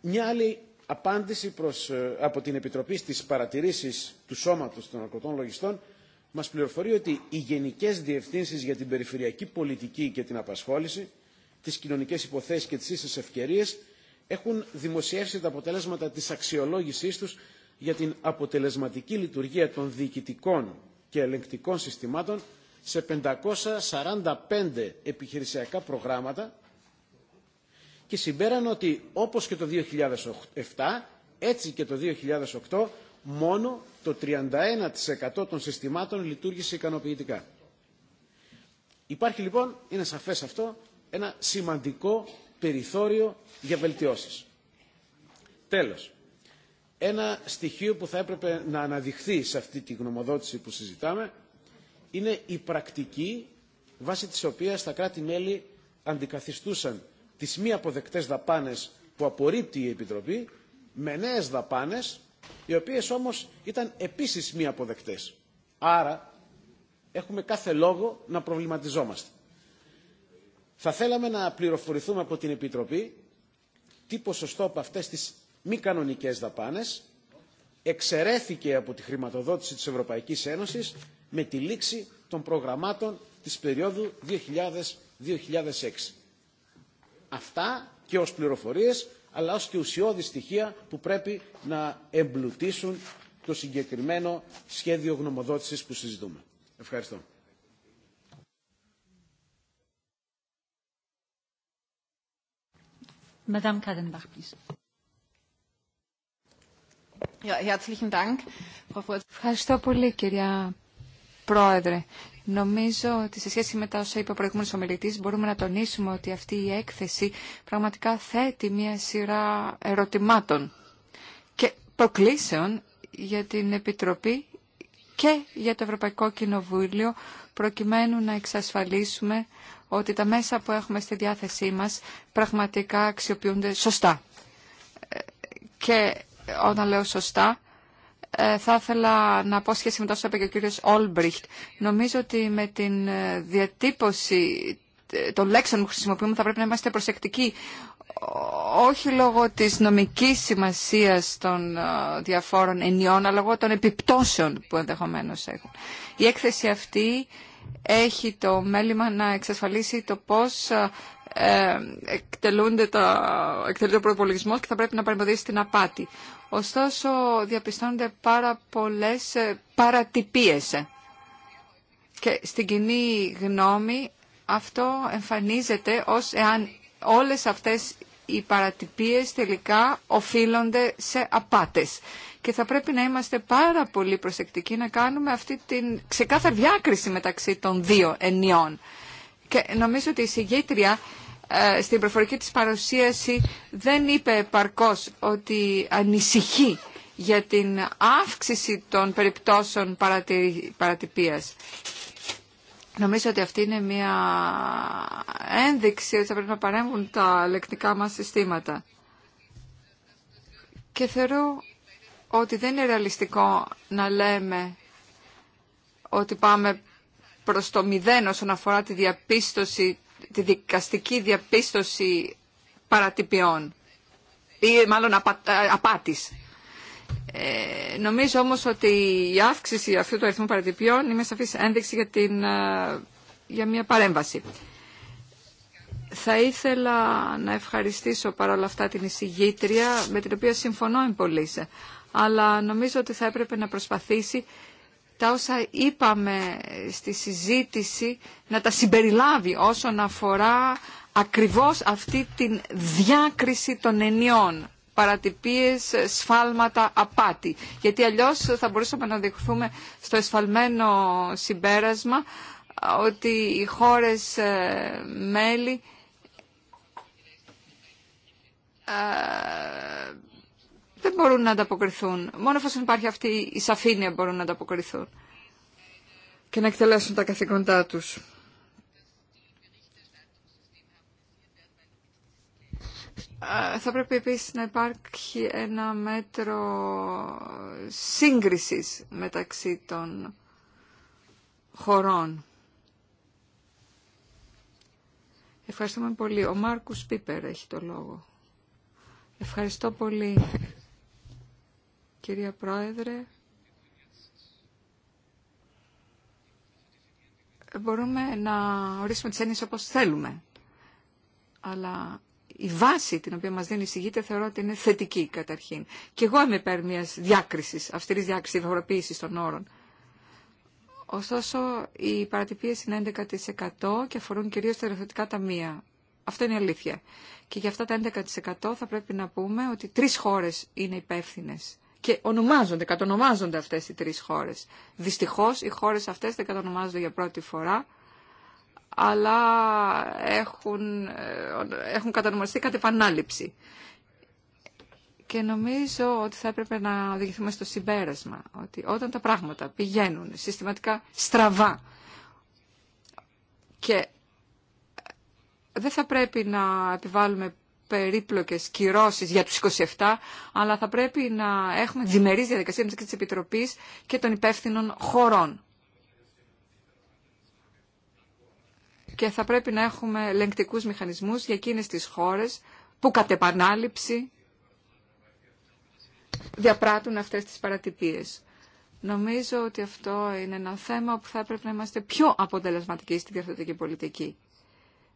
Μια άλλη απάντηση προς, ε, από την Επιτροπή στις παρατηρήσεις του Σώματος των Αρκωτών Λογιστών μας πληροφορεί ότι οι Γενικές Διευθύνσεις για την Περιφερειακή Πολιτική και την Απασχόληση, τις Κοινωνικές Υποθέσεις και τις Ίσες Ευκαιρίες έχουν δημοσιεύσει τα αποτελέσματα της αξιολόγησής τους για την αποτελεσματική λειτουργία των διοικητικών και ελεγκτικών συστημάτων σε 545 επιχειρησιακά προγράμματα και συμπέραν ότι όπως και το 2007 έτσι και το 2008 μόνο το 31% των συστημάτων λειτουργήσε ικανοποιητικά. Υπάρχει λοιπόν, είναι σαφές αυτό, ένα σημαντικό περιθώριο για βελτιώσεις. Τέλος, ένα στοιχείο που θα έπρεπε να αναδειχθεί σε αυτή τη γνωμοδότηση που συζητάμε είναι η πρακτική βάσει της οποίας τα κράτη-μέλη αντικαθιστούσαν τις μη αποδεκτές δαπάνες που απορρίπτει η Επιτροπή με νέες δαπάνες, οι οποίες όμως ήταν επίσης μη αποδεκτές. Άρα έχουμε κάθε λόγο να προβληματιζόμαστε. Θα θέλαμε να πληροφορηθούμε από την Επιτροπή τι ποσοστό από αυτές τις μη κανονικές δαπάνες εξαιρέθηκε από τη χρηματοδότηση της Ευρωπαϊκής Ένωσης με τη λήξη των προγραμμάτων της περίοδου 2000-2006 αυτά και ως πληροφορίες αλλά ως και ουσιώδη στοιχεία που πρέπει να εμπλουτίσουν το συγκεκριμένο σχέδιο γνωμοδότησης που συζητούμε. Ευχαριστώ. please. Ευχαριστώ πολύ κυρία Πρόεδρε. Νομίζω ότι σε σχέση με τα όσα είπε ο προηγούμενο ομιλητή, μπορούμε να τονίσουμε ότι αυτή η έκθεση πραγματικά θέτει μια σειρά ερωτημάτων και προκλήσεων για την Επιτροπή και για το Ευρωπαϊκό Κοινοβούλιο προκειμένου να εξασφαλίσουμε ότι τα μέσα που έχουμε στη διάθεσή μας πραγματικά αξιοποιούνται σωστά. Ε, και όταν λέω σωστά, ε, θα ήθελα να πω σχέση με όσο είπε και ο κύριος Όλμπριχτ. Νομίζω ότι με την ε, διατύπωση ε, των λέξεων που χρησιμοποιούμε θα πρέπει να είμαστε προσεκτικοί όχι λόγω της νομικής σημασίας των διαφόρων ενιών, αλλά λόγω των επιπτώσεων που ενδεχομένως έχουν. Η έκθεση αυτή έχει το μέλημα να εξασφαλίσει το πώς ε, εκτελούνται το, εκτελείται ο προπολογισμό και θα πρέπει να παρεμποδίσει την απάτη. Ωστόσο, διαπιστώνονται πάρα πολλέ ε, παρατυπίε. Και στην κοινή γνώμη αυτό εμφανίζεται ως εάν όλες αυτές οι παρατυπίες τελικά οφείλονται σε απάτες. Και θα πρέπει να είμαστε πάρα πολύ προσεκτικοί να κάνουμε αυτή την ξεκάθαρη διάκριση μεταξύ των δύο ενιών. Και νομίζω ότι η συγγήτρια ε, στην προφορική της παρουσίαση δεν είπε παρκώς ότι ανησυχεί για την αύξηση των περιπτώσεων παρατυπίας. Νομίζω ότι αυτή είναι μια ένδειξη ότι θα πρέπει να παρέμβουν τα λεκτικά μας συστήματα. Και θεωρώ ότι δεν είναι ρεαλιστικό να λέμε ότι πάμε προς το μηδέν όσον αφορά τη, διαπίστωση, τη δικαστική διαπίστωση παρατυπιών ή μάλλον απα, ε, απάτης. Ε, νομίζω όμως ότι η μαλλον απα απατης νομιζω αυτού του αριθμού παρατυπιών είναι σαφής ένδειξη για, την, ε, για μια παρέμβαση. Θα ήθελα να ευχαριστήσω παρόλα αυτά την εισηγήτρια με την οποία συμφωνώ πολύ. Αλλά νομίζω ότι θα έπρεπε να προσπαθήσει τα όσα είπαμε στη συζήτηση να τα συμπεριλάβει όσον αφορά ακριβώς αυτή την διάκριση των ενιών παρατυπίες, σφάλματα, απάτη. Γιατί αλλιώς θα μπορούσαμε να δεχθούμε στο εσφαλμένο συμπέρασμα ότι οι χώρες ε, μέλη ε, δεν μπορούν να ανταποκριθούν. Μόνο εφόσον υπάρχει αυτή η σαφήνεια μπορούν να ανταποκριθούν και να εκτελέσουν τα καθήκοντά τους. Θα πρέπει επίσης να υπάρχει ένα μέτρο σύγκρισης μεταξύ των χωρών. Ευχαριστούμε πολύ. Ο Μάρκους Πίπερ έχει το λόγο. Ευχαριστώ πολύ. Κυρία Πρόεδρε, μπορούμε να ορίσουμε τις έννοιες όπως θέλουμε. Αλλά η βάση την οποία μας δίνει η συγγύητα θεωρώ ότι είναι θετική καταρχήν. Και εγώ είμαι υπέρ μιας διάκρισης, αυστηρής διάκρισης, ευρωποίησης των όρων. Ωστόσο, οι παρατυπίες είναι 11% και αφορούν κυρίως τα ερευνητικά ταμεία. Αυτό είναι η αλήθεια. Και για αυτά τα 11% θα πρέπει να πούμε ότι τρεις χώρες είναι υπεύθυνε και ονομάζονται, κατονομάζονται αυτές οι τρεις χώρες. Δυστυχώς οι χώρες αυτές δεν κατονομάζονται για πρώτη φορά, αλλά έχουν, ε, έχουν κατανομαστεί κατ' επανάληψη. Και νομίζω ότι θα έπρεπε να οδηγηθούμε στο συμπέρασμα, ότι όταν τα πράγματα πηγαίνουν συστηματικά στραβά και δεν θα πρέπει να επιβάλλουμε περίπλοκες κυρώσεις για τους 27, αλλά θα πρέπει να έχουμε διμερείς διαδικασία μεταξύ της Επιτροπής και των υπεύθυνων χωρών. Και θα πρέπει να έχουμε λεγκτικούς μηχανισμούς για εκείνες τις χώρες που κατ' επανάληψη διαπράττουν αυτές τις παρατυπίες. Νομίζω ότι αυτό είναι ένα θέμα που θα πρέπει να είμαστε πιο αποτελεσματικοί στη διευθυντική πολιτική.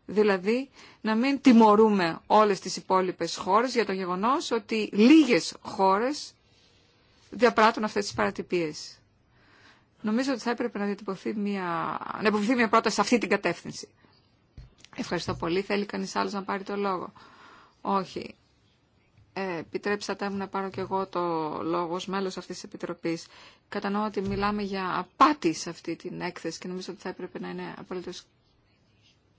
Δηλαδή να μην τιμωρούμε όλες τις υπόλοιπες χώρες για το γεγονός ότι λίγες χώρες διαπράττουν αυτές τις παρατυπίες. Νομίζω ότι θα έπρεπε να διατυπωθεί μια, να μια πρόταση σε αυτή την κατεύθυνση. Ευχαριστώ πολύ. Θέλει κανείς άλλος να πάρει το λόγο. Όχι. Ε, επιτρέψατε μου να πάρω και εγώ το λόγο ως μέλος αυτής της Επιτροπής. Κατανοώ ότι μιλάμε για απάτη σε αυτή την έκθεση και νομίζω ότι θα έπρεπε να είναι απολύτως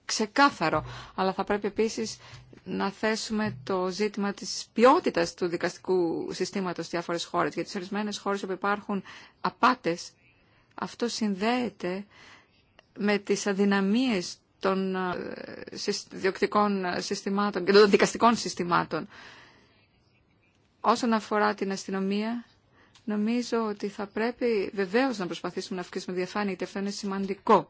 ξεκάθαρο. Αλλά θα πρέπει επίσης να θέσουμε το ζήτημα της ποιότητας του δικαστικού συστήματος στι διάφορες χώρες. Γιατί σε ορισμένε χώρες όπου υπάρχουν απάτες, αυτό συνδέεται με τις αδυναμίες των ε, διοκτικών συστημάτων και των δικαστικών συστημάτων. Όσον αφορά την αστυνομία, νομίζω ότι θα πρέπει βεβαίως να προσπαθήσουμε να αυξήσουμε διαφάνεια, γιατί αυτό είναι σημαντικό.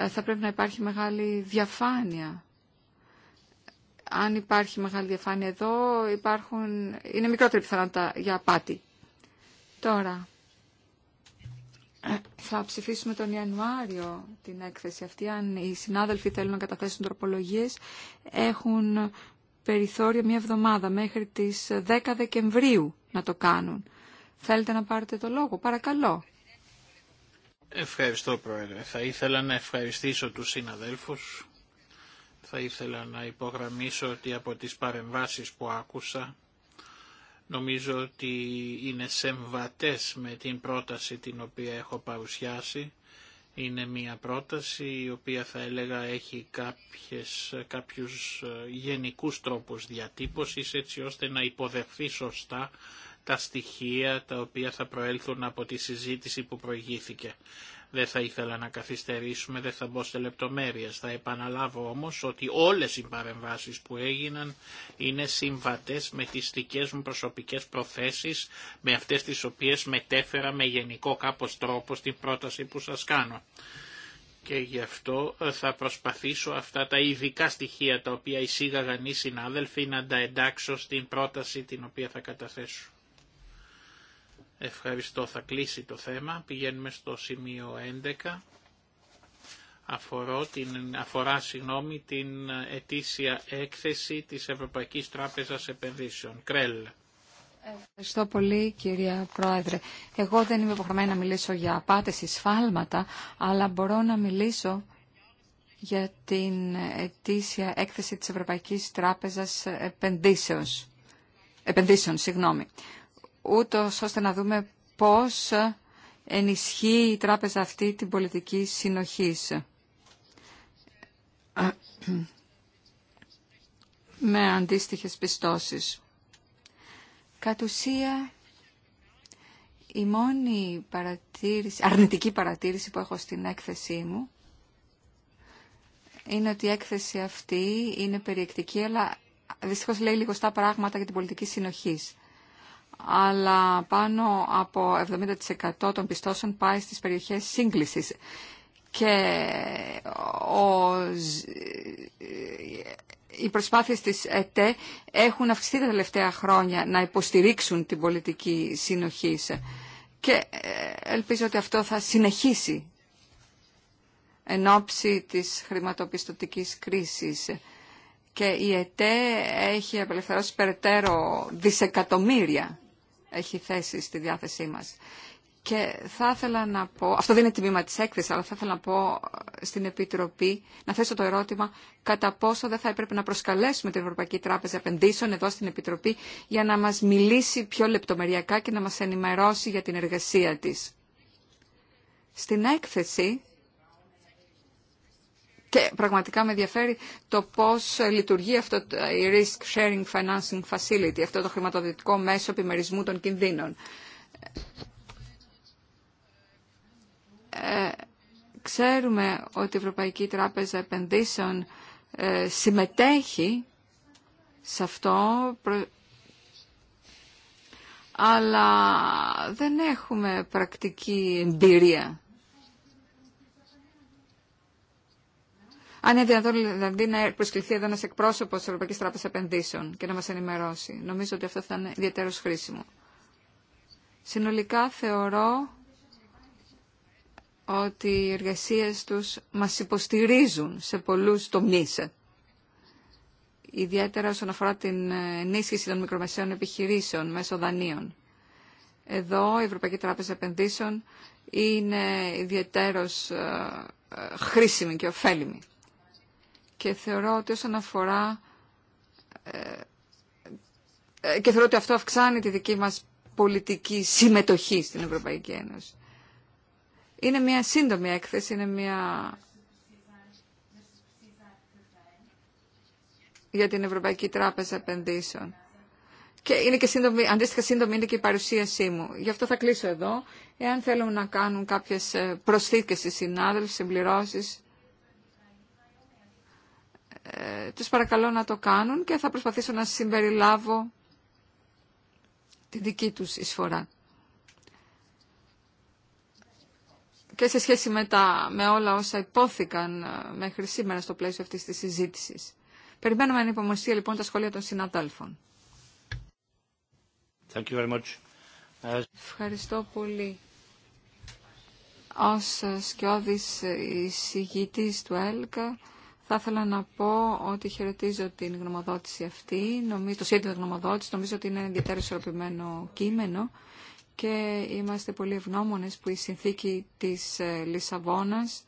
Ε, θα πρέπει να υπάρχει μεγάλη διαφάνεια. Αν υπάρχει μεγάλη διαφάνεια εδώ, υπάρχουν... είναι μικρότερη πιθανότητα για απάτη. Τώρα, θα ψηφίσουμε τον Ιανουάριο την έκθεση αυτή. Αν οι συνάδελφοι θέλουν να καταθέσουν τροπολογίες, έχουν περιθώριο μία εβδομάδα μέχρι τις 10 Δεκεμβρίου να το κάνουν. Θέλετε να πάρετε το λόγο, παρακαλώ. Ευχαριστώ Πρόεδρε. Θα ήθελα να ευχαριστήσω τους συναδέλφους. Θα ήθελα να υπογραμμίσω ότι από τις παρεμβάσεις που άκουσα νομίζω ότι είναι σεμβατές με την πρόταση την οποία έχω παρουσιάσει. Είναι μια πρόταση η οποία θα έλεγα έχει κάποιες, κάποιους ε, γενικούς τρόπους διατύπωσης έτσι ώστε να υποδεχθεί σωστά τα στοιχεία τα οποία θα προέλθουν από τη συζήτηση που προηγήθηκε. Δεν θα ήθελα να καθυστερήσουμε, δεν θα μπω σε λεπτομέρειες. Θα επαναλάβω όμως ότι όλες οι παρεμβάσεις που έγιναν είναι συμβατές με τις δικές μου προσωπικές προθέσεις, με αυτές τις οποίες μετέφερα με γενικό κάπως τρόπο στην πρόταση που σας κάνω. Και γι' αυτό ε, θα προσπαθήσω αυτά τα ειδικά στοιχεία τα οποία εισήγαγαν οι συνάδελφοι να τα εντάξω στην πρόταση την οποία θα καταθέσω. Ευχαριστώ, θα κλείσει το θέμα. Πηγαίνουμε στο σημείο 11. Αφορώ την, αφορά συγγνώμη, την ετήσια έκθεση της Ευρωπαϊκής Τράπεζας Επενδύσεων. Κρέλ. Ευχαριστώ πολύ κυρία Πρόεδρε. Εγώ δεν είμαι υποχρεωμένη να μιλήσω για απάτες ή σφάλματα, αλλά μπορώ να μιλήσω για την ετήσια έκθεση της Ευρωπαϊκής Τράπεζας Επενδύσεων. Επενδύσεων συγγνώμη ούτω ώστε να δούμε πώς ενισχύει η τράπεζα αυτή την πολιτική συνοχής. Με αντίστοιχες πιστώσεις. Κατ' ουσία, η μόνη αρνητική παρατήρηση που έχω στην έκθεσή μου είναι ότι η έκθεση αυτή είναι περιεκτική, αλλά δυστυχώς λέει στα πράγματα για την πολιτική συνοχής αλλά πάνω από 70% των πιστώσεων πάει στις περιοχές σύγκλησης. Και ο... οι προσπάθειες της ΕΤΕ έχουν αυξηθεί τα τελευταία χρόνια να υποστηρίξουν την πολιτική συνοχή. Και ε, ελπίζω ότι αυτό θα συνεχίσει εν ώψη της χρηματοπιστωτικής κρίσης. Και η ΕΤΕ έχει απελευθερώσει περαιτέρω δισεκατομμύρια έχει θέση στη διάθεσή μας. Και θα ήθελα να πω, αυτό δεν είναι τμήμα της έκθεσης, αλλά θα ήθελα να πω ε, στην Επιτροπή, να θέσω το ερώτημα κατά πόσο δεν θα έπρεπε να προσκαλέσουμε την Ευρωπαϊκή Τράπεζα Επενδύσεων εδώ στην Επιτροπή για να μας μιλήσει πιο λεπτομεριακά και να μας ενημερώσει για την εργασία της. Στην έκθεση και πραγματικά με ενδιαφέρει το πώς λειτουργεί αυτό το Risk Sharing Financing Facility, αυτό το χρηματοδοτικό μέσο επιμερισμού των κινδύνων. Ε, ξέρουμε ότι η Ευρωπαϊκή Τράπεζα Επενδύσεων ε, συμμετέχει σε αυτό, αλλά δεν έχουμε πρακτική εμπειρία. Αν είναι δυνατόν δηλαδή να προσκληθεί εδώ ένα εκπρόσωπο τη Ευρωπαϊκή Τράπεζα Επενδύσεων και να μα ενημερώσει, νομίζω ότι αυτό θα είναι ιδιαίτερο χρήσιμο. Συνολικά θεωρώ ότι οι εργασίες τους μας υποστηρίζουν σε πολλούς τομείς. Ιδιαίτερα όσον αφορά την ενίσχυση των μικρομεσαίων επιχειρήσεων μέσω δανείων. Εδώ η Ευρωπαϊκή Τράπεζα Επενδύσεων είναι ιδιαίτερος ε, ε, χρήσιμη και ωφέλιμη και θεωρώ ότι όσον αφορά ε, ε, και θεωρώ ότι αυτό αυξάνει τη δική μας πολιτική συμμετοχή στην Ευρωπαϊκή Ένωση. Είναι μια σύντομη έκθεση, είναι μια για την Ευρωπαϊκή Τράπεζα Επενδύσεων. Και είναι και σύντομη, αντίστοιχα σύντομη είναι και η παρουσίασή μου. Γι' αυτό θα κλείσω εδώ. Εάν θέλουν να κάνουν κάποιες ε, προσθήκες οι συνάδελφοι, συμπληρώσεις, ε, τους παρακαλώ να το κάνουν και θα προσπαθήσω να συμπεριλάβω τη δική τους εισφορά. Και σε σχέση με, τα, με όλα όσα υπόθηκαν ε, μέχρι σήμερα στο πλαίσιο αυτής της συζήτησης. Περιμένουμε ανυπομονησία λοιπόν τα σχόλια των συναδέλφων. Thank you very much. Ευχαριστώ πολύ. Ως σκιώδης εισηγητής του ΕΛΚΑ, θα ήθελα να πω ότι χαιρετίζω την γνωμοδότηση αυτή, νομίζω, το σχέδιο γνωμοδότηση, νομίζω ότι είναι ιδιαίτερα ισορροπημένο κείμενο και είμαστε πολύ ευγνώμονες που η συνθήκη της ε, Λισαβόνας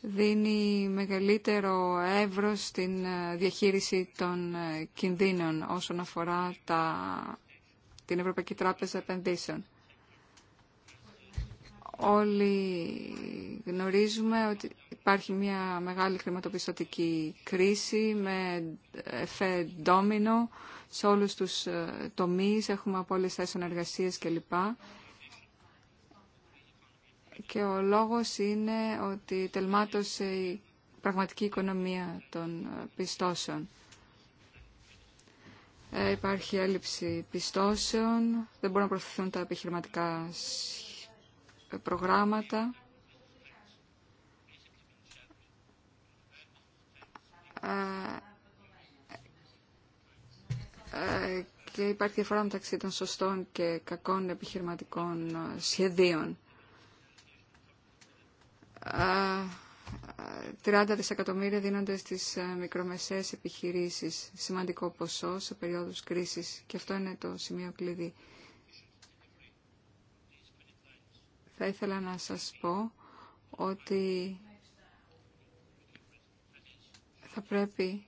δίνει μεγαλύτερο εύρος στην ε, διαχείριση των ε, κινδύνων όσον αφορά τα, την Ευρωπαϊκή Τράπεζα Επενδύσεων. Όλοι γνωρίζουμε ότι Υπάρχει μια μεγάλη χρηματοπιστωτική κρίση με εφέ ντόμινο σε όλους τους ε, τομείς. Έχουμε απόλυτες θέσεις και κλπ. Και ο λόγος είναι ότι τελμάτωσε η πραγματική οικονομία των ε, πιστώσεων. Ε, υπάρχει έλλειψη πιστώσεων, δεν μπορούν να προωθηθούν τα επιχειρηματικά προγράμματα. και υπάρχει διαφορά μεταξύ των σωστών και κακών επιχειρηματικών ε, σχεδίων. 30 δισεκατομμύρια δίνονται στις ε, μικρομεσαίες επιχειρήσεις, σημαντικό ποσό σε περίοδους κρίσης και αυτό είναι το σημείο κλειδί. Θα ήθελα να σας πω ότι θα πρέπει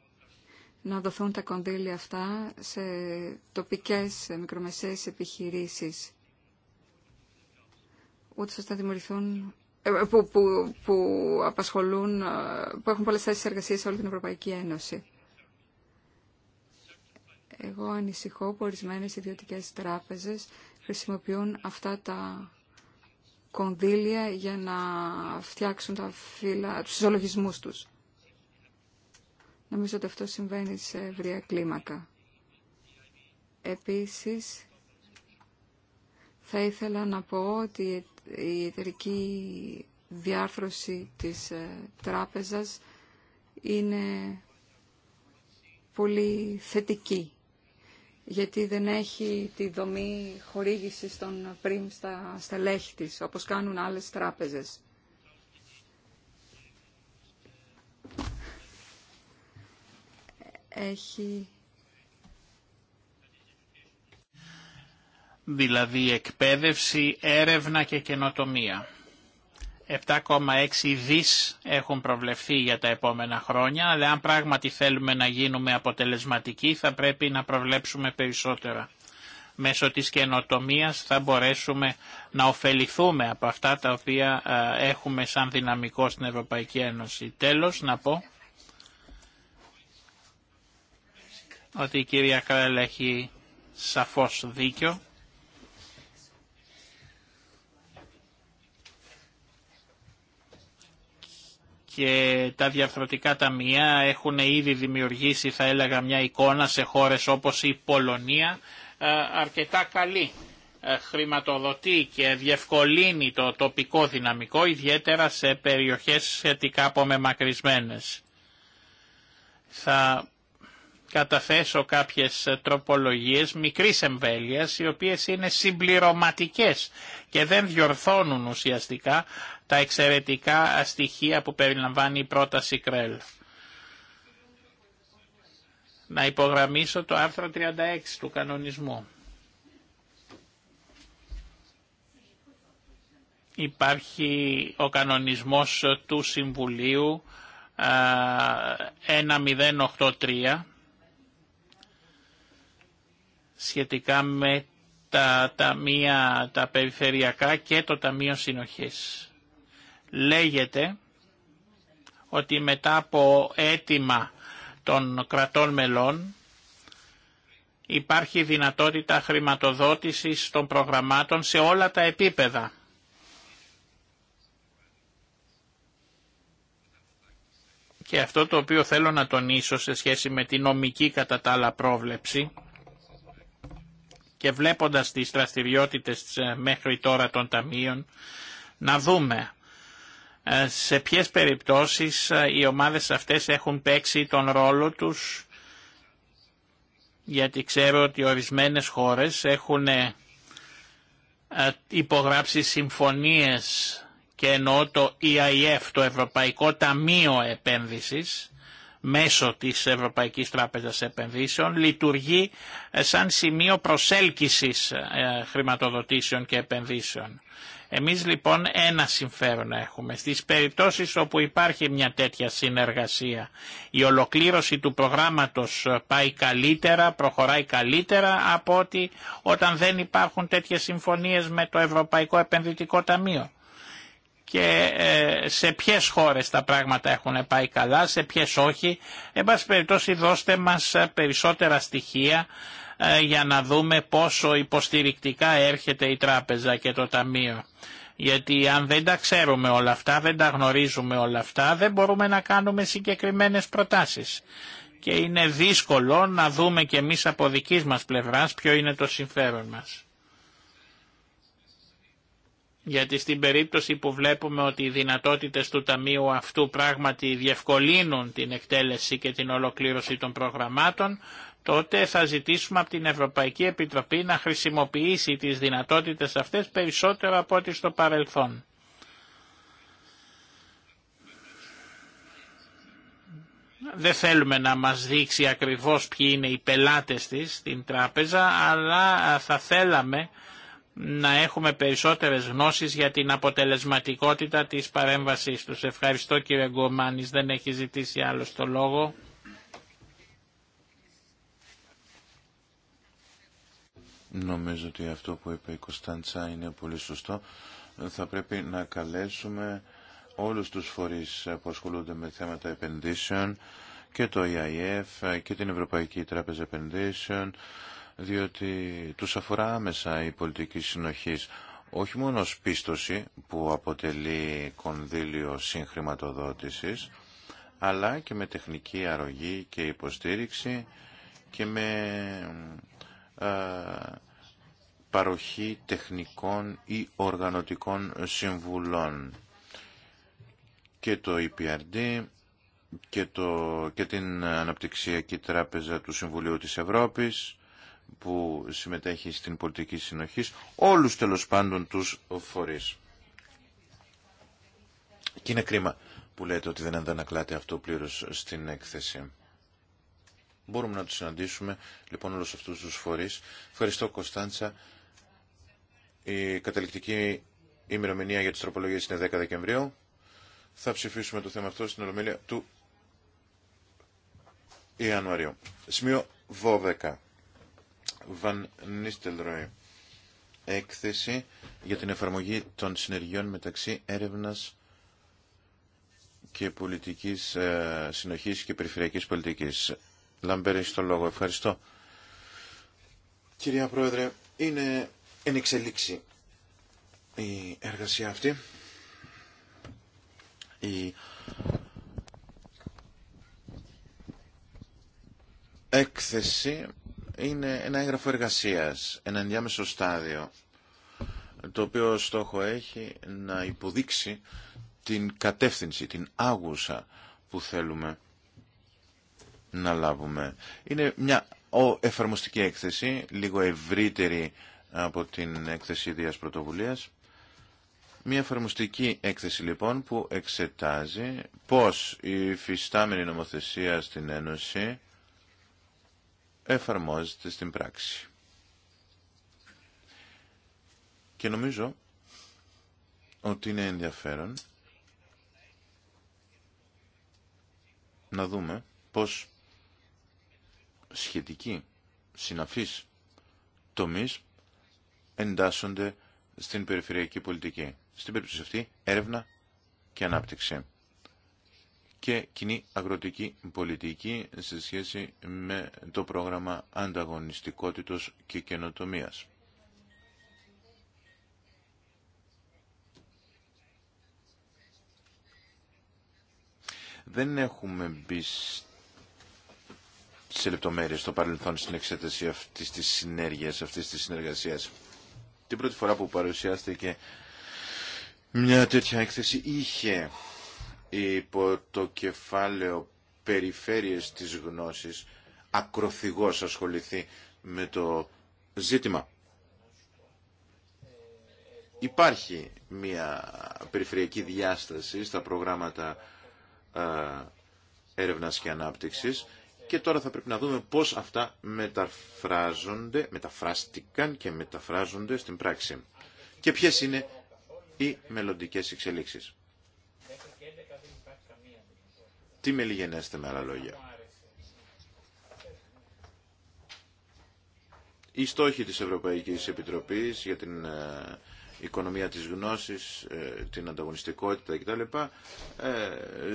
να δοθούν τα κονδύλια αυτά σε τοπικές μικρομεσαίες επιχειρήσεις ούτως ώστε ε, που, που, που απασχολούν, ε, που έχουν πολλές θέσεις εργασίας σε όλη την Ευρωπαϊκή Ένωση. Εγώ ανησυχώ που ορισμένε ιδιωτικέ τράπεζες χρησιμοποιούν αυτά τα κονδύλια για να φτιάξουν τα φύλλα, του συζολογισμούς τους. Νομίζω ότι αυτό συμβαίνει σε ευρεία κλίμακα. Επίσης, θα ήθελα να πω ότι η εταιρική διάρθρωση της ε, τράπεζας είναι πολύ θετική γιατί δεν έχει τη δομή χορήγησης των πριμ στα στελέχη της, όπως κάνουν άλλες τράπεζες. δηλαδή εκπαίδευση, έρευνα και καινοτομία. 7,6 δις έχουν προβλεφθεί για τα επόμενα χρόνια, αλλά αν πράγματι θέλουμε να γίνουμε αποτελεσματικοί θα πρέπει να προβλέψουμε περισσότερα. Μέσω της καινοτομίας θα μπορέσουμε να ωφεληθούμε από αυτά τα οποία έχουμε σαν δυναμικό στην Ευρωπαϊκή Ένωση. Τέλος να πω ότι η κυρία Κρέλ έχει σαφώς δίκιο. και τα διαφθορτικά ταμεία έχουν ήδη δημιουργήσει θα έλεγα μια εικόνα σε χώρες όπως η Πολωνία ε, αρκετά καλή. Ε, χρηματοδοτεί και διευκολύνει το τοπικό δυναμικό ιδιαίτερα σε περιοχές σχετικά απομεμακρυσμένες. Θα καταθέσω κάποιες ε, τροπολογίες μικρής εμβέλειας οι οποίες είναι συμπληρωματικές και δεν διορθώνουν ουσιαστικά τα εξαιρετικά στοιχεία που περιλαμβάνει η πρόταση ΚΡΕΛ. Να υπογραμμίσω το άρθρο 36 του κανονισμού. Υπάρχει ο κανονισμός του Συμβουλίου 1083 σχετικά με τα ταμεία, τα περιφερειακά και το Ταμείο Συνοχής. Λέγεται ότι μετά από αίτημα των κρατών μελών υπάρχει δυνατότητα χρηματοδότησης των προγραμμάτων σε όλα τα επίπεδα. Και αυτό το οποίο θέλω να τονίσω σε σχέση με τη νομική κατά τα άλλα πρόβλεψη και βλέποντας τις δραστηριότητες ε, μέχρι τώρα των ταμείων να δούμε ε, σε ποιες περιπτώσεις ε, οι ομάδες αυτές έχουν παίξει τον ρόλο τους γιατί ξέρω ότι ορισμένες χώρες έχουν υπογράψει συμφωνίες και εννοώ το EIF, το Ευρωπαϊκό Ταμείο Επένδυσης, μέσω της Ευρωπαϊκής Τράπεζας Επενδύσεων λειτουργεί ε, σαν σημείο προσέλκυσης ε, χρηματοδοτήσεων και επενδύσεων. Εμείς λοιπόν ένα συμφέρον έχουμε. Στις περιπτώσεις όπου υπάρχει μια τέτοια συνεργασία, η ολοκλήρωση του προγράμματος ε, πάει καλύτερα, προχωράει καλύτερα από ότι όταν δεν υπάρχουν τέτοιες συμφωνίες με το Ευρωπαϊκό Επενδυτικό Ταμείο και ε, σε ποιες χώρες τα πράγματα έχουν πάει καλά, σε ποιες όχι. Εν πάση περιπτώσει δώστε μας ε, περισσότερα στοιχεία ε, για να δούμε πόσο υποστηρικτικά έρχεται η τράπεζα και το ταμείο. Γιατί αν δεν τα ξέρουμε όλα αυτά, δεν τα γνωρίζουμε όλα αυτά, δεν μπορούμε να κάνουμε συγκεκριμένες προτάσεις. Και είναι δύσκολο να δούμε και εμείς από δικής μας πλευράς ποιο είναι το συμφέρον μας γιατί στην περίπτωση που βλέπουμε ότι οι δυνατότητες του Ταμείου αυτού πράγματι διευκολύνουν την εκτέλεση και την ολοκλήρωση των προγραμμάτων, τότε θα ζητήσουμε από την Ευρωπαϊκή Επιτροπή να χρησιμοποιήσει τις δυνατότητες αυτές περισσότερο από ό,τι στο παρελθόν. δεν θέλουμε να μας δείξει ακριβώς ποιοι είναι οι πελάτες της στην τράπεζα, αλλά θα θέλαμε να έχουμε περισσότερες γνώσεις για την αποτελεσματικότητα της παρέμβασής τους. Ευχαριστώ κύριε Γκομάνης, δεν έχει ζητήσει άλλο το λόγο. Νομίζω ότι αυτό που είπε η Κωνσταντσα είναι πολύ σωστό. Θα πρέπει να καλέσουμε όλους τους φορείς που ασχολούνται με θέματα επενδύσεων και το EIF και την Ευρωπαϊκή Τράπεζα Επενδύσεων διότι τους αφορά άμεσα η πολιτική συνοχής. Όχι μόνο πίστοση που αποτελεί κονδύλιο συγχρηματοδότησης, αλλά και με τεχνική αρρωγή και υποστήριξη και με ε, παροχή τεχνικών ή οργανωτικών συμβουλών και το EPRD και, το, και την Αναπτυξιακή Τράπεζα του Συμβουλίου της Ευρώπης που συμμετέχει στην πολιτική συνοχής, όλους τέλος πάντων τους φορείς. Και είναι κρίμα που λέτε ότι δεν αντανακλάτε αυτό πλήρως στην έκθεση. Μπορούμε να τους συναντήσουμε λοιπόν όλους αυτούς τους φορείς. Ευχαριστώ Κωνσταντσα. Η καταληκτική ημερομηνία για τις τροπολογίες είναι 10 Δεκεμβρίου. Θα ψηφίσουμε το θέμα αυτό στην Ολομέλεια του Ιανουαρίου. Σημείο 12. Βαν Νίστελροε. Έκθεση για την εφαρμογή των συνεργειών μεταξύ έρευνας και πολιτικής ε, συνοχής και περιφερειακής πολιτικής. Λαμπέρι στο λόγο. Ευχαριστώ. Κυρία Πρόεδρε, είναι εν εξελίξη η εργασία αυτή. Η έκθεση είναι ένα έγγραφο εργασίας, ένα ενδιάμεσο στάδιο, το οποίο στόχο έχει να υποδείξει την κατεύθυνση, την άγουσα που θέλουμε να λάβουμε. Είναι μια εφαρμοστική έκθεση, λίγο ευρύτερη από την έκθεση Δίας Πρωτοβουλίας. Μια εφαρμοστική έκθεση λοιπόν που εξετάζει πώς η φυστάμενη νομοθεσία στην Ένωση εφαρμόζεται στην πράξη. Και νομίζω ότι είναι ενδιαφέρον να δούμε πως σχετικοί συναφείς τομείς εντάσσονται στην περιφερειακή πολιτική. Στην περίπτωση αυτή έρευνα και ανάπτυξη και κοινή αγροτική πολιτική σε σχέση με το πρόγραμμα ανταγωνιστικότητος και καινοτομίας. Δεν έχουμε μπει σε λεπτομέρειες στο παρελθόν στην εξέταση αυτής της συνέργειας, αυτής της συνεργασίας. Την πρώτη φορά που παρουσιάστηκε μια τέτοια έκθεση είχε υπό το κεφάλαιο περιφέρειες της γνώσης ακροθυγός ασχοληθεί με το ζήτημα. Υπάρχει μια περιφερειακή διάσταση στα προγράμματα έρευνας και ανάπτυξης και τώρα θα πρέπει να δούμε πώς αυτά μεταφράζονται, μεταφράστηκαν και μεταφράζονται στην πράξη και ποιες είναι οι μελλοντικές εξελίξεις. Τι με λιγενέστε με άλλα λόγια. Οι στόχοι της Ευρωπαϊκής Επιτροπής για την ε, οικονομία της γνώσης, ε, την ανταγωνιστικότητα κτλ. Ε,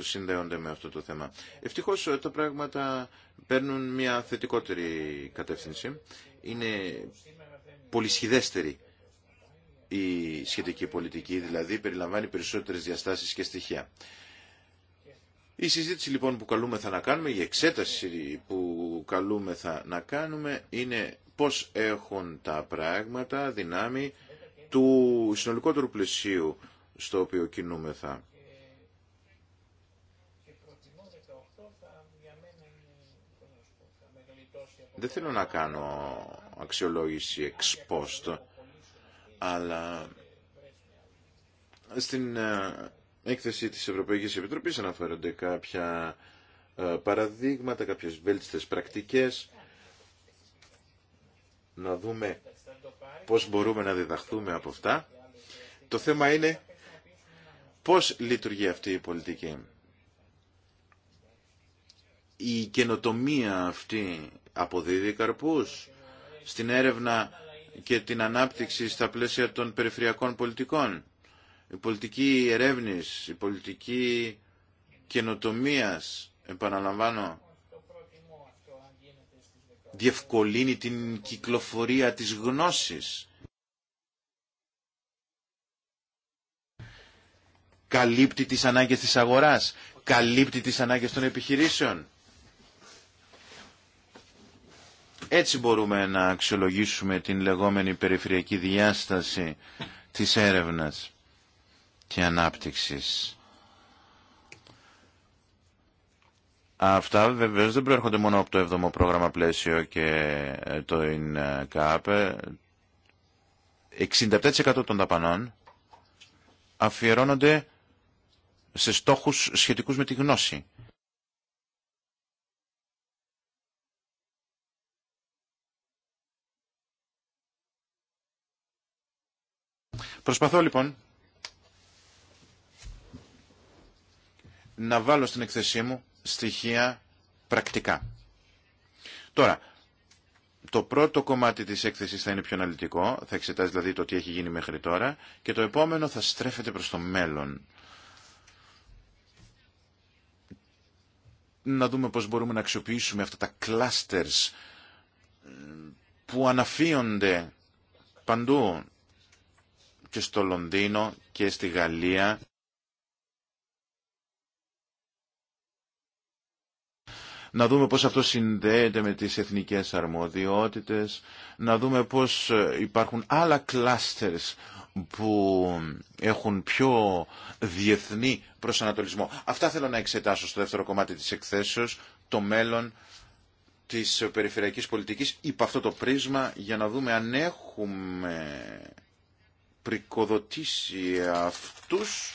συνδέονται με αυτό το θέμα. Ευτυχώς τα πράγματα παίρνουν μια θετικότερη κατεύθυνση. Είναι πολυσχηδέστερη η σχετική πολιτική, δηλαδή περιλαμβάνει περισσότερες διαστάσεις και στοιχεία. Η συζήτηση λοιπόν που καλούμεθα να κάνουμε, η εξέταση που καλούμεθα να κάνουμε είναι πώς έχουν τα πράγματα δυνάμει του συνολικότερου πλαισίου στο οποίο κινούμεθα. Δεν θέλω να κάνω αξιολόγηση εξ αλλά στην ε, έκθεση της Ευρωπαϊκής Επιτροπής αναφέρονται κάποια ε, παραδείγματα, κάποιες βέλτιστες πρακτικές. Να δούμε πώς μπορούμε να διδαχθούμε από αυτά. Το θέμα είναι πώς λειτουργεί αυτή η πολιτική. Η καινοτομία αυτή αποδίδει καρπούς στην έρευνα και την ανάπτυξη στα πλαίσια των περιφερειακών πολιτικών. Η πολιτική ερεύνης, η πολιτική καινοτομίας, επαναλαμβάνω, διευκολύνει την κυκλοφορία της γνώσης. Καλύπτει τις ανάγκες της αγοράς, καλύπτει τις ανάγκες των επιχειρήσεων. Έτσι μπορούμε να αξιολογήσουμε την λεγόμενη περιφερειακή διάσταση της έρευνας και ανάπτυξης. Αυτά βεβαίως δεν προέρχονται μόνο από το 7ο πρόγραμμα πλαίσιο και ε, το ΙΝΚΑΠ. Ε, 67% των ταπανών αφιερώνονται σε στόχους σχετικούς με τη γνώση. Προσπαθώ λοιπόν να βάλω στην εκθεσή μου στοιχεία πρακτικά. Τώρα, το πρώτο κομμάτι της έκθεσης θα είναι πιο αναλυτικό, θα εξετάζει δηλαδή το τι έχει γίνει μέχρι τώρα και το επόμενο θα στρέφεται προς το μέλλον. Να δούμε πώς μπορούμε να αξιοποιήσουμε αυτά τα clusters ε, που αναφύονται παντού και στο Λονδίνο και στη Γαλλία να δούμε πώς αυτό συνδέεται με τις εθνικές αρμοδιότητες, να δούμε πώς υπάρχουν άλλα κλάστερς που έχουν πιο διεθνή προσανατολισμό. Αυτά θέλω να εξετάσω στο δεύτερο κομμάτι της εκθέσεως, το μέλλον της περιφερειακής πολιτικής υπό αυτό το πρίσμα για να δούμε αν έχουμε πρικοδοτήσει αυτούς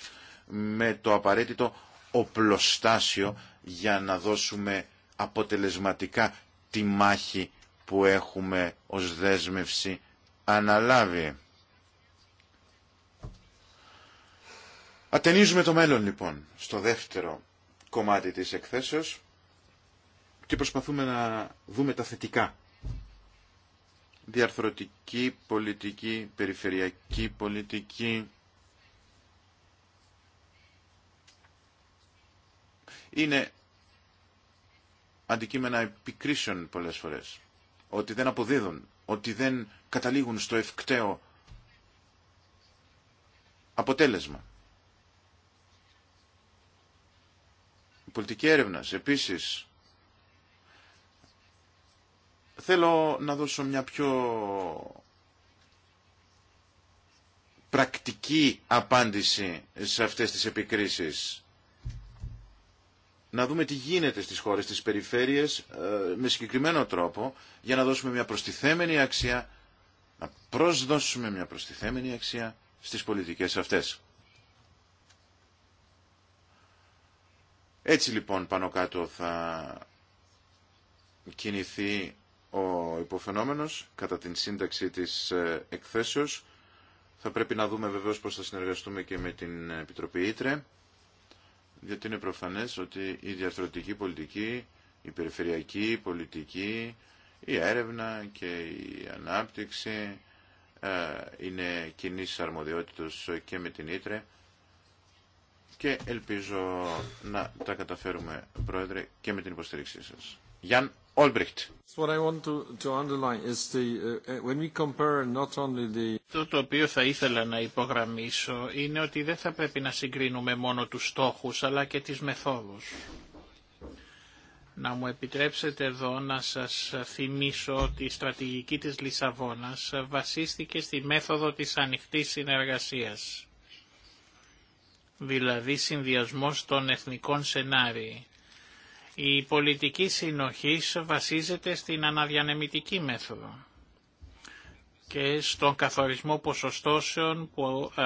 με το απαραίτητο οπλοστάσιο για να δώσουμε αποτελεσματικά τη μάχη που έχουμε ως δέσμευση αναλάβει. Ατενίζουμε το μέλλον λοιπόν στο δεύτερο κομμάτι της εκθέσεως και προσπαθούμε να δούμε τα θετικά. Διαρθρωτική πολιτική, περιφερειακή πολιτική. Είναι αντικείμενα επικρίσεων πολλές φορές. Ότι δεν αποδίδουν, ότι δεν καταλήγουν στο ευκταίο αποτέλεσμα. Η πολιτική έρευνα επίσης θέλω να δώσω μια πιο πρακτική απάντηση σε αυτές τις επικρίσεις να δούμε τι γίνεται στις χώρες, στις περιφέρειες ε, με συγκεκριμένο τρόπο για να δώσουμε μια προστιθέμενη αξία, να προσδώσουμε μια προστιθέμενη αξία στις πολιτικές αυτές. Έτσι λοιπόν πάνω κάτω θα κινηθεί ο υποφαινόμενος κατά την σύνταξη της ε, εκθέσεως. Θα πρέπει να δούμε βεβαίως πώς θα συνεργαστούμε και με την Επιτροπή Ήτρε διότι είναι προφανές ότι η διαρθρωτική πολιτική, η περιφερειακή πολιτική, η έρευνα και η ανάπτυξη ε, είναι κοινή αρμοδιότητος και με την Ήτρε και ελπίζω να τα καταφέρουμε, Πρόεδρε, και με την υποστήριξή σας. Αυτό το οποίο θα ήθελα να υπογραμμίσω είναι ότι δεν θα πρέπει να συγκρίνουμε μόνο τους στόχους αλλά και τις μεθόδους. Να μου επιτρέψετε εδώ να σας θυμίσω ότι η στρατηγική της Λισαβόνας βασίστηκε στη μέθοδο της ανοιχτής συνεργασίας, δηλαδή συνδυασμός των εθνικών σενάριων η πολιτική συνοχή βασίζεται στην αναδιανεμητική μέθοδο και στον καθορισμό ποσοστώσεων που ε,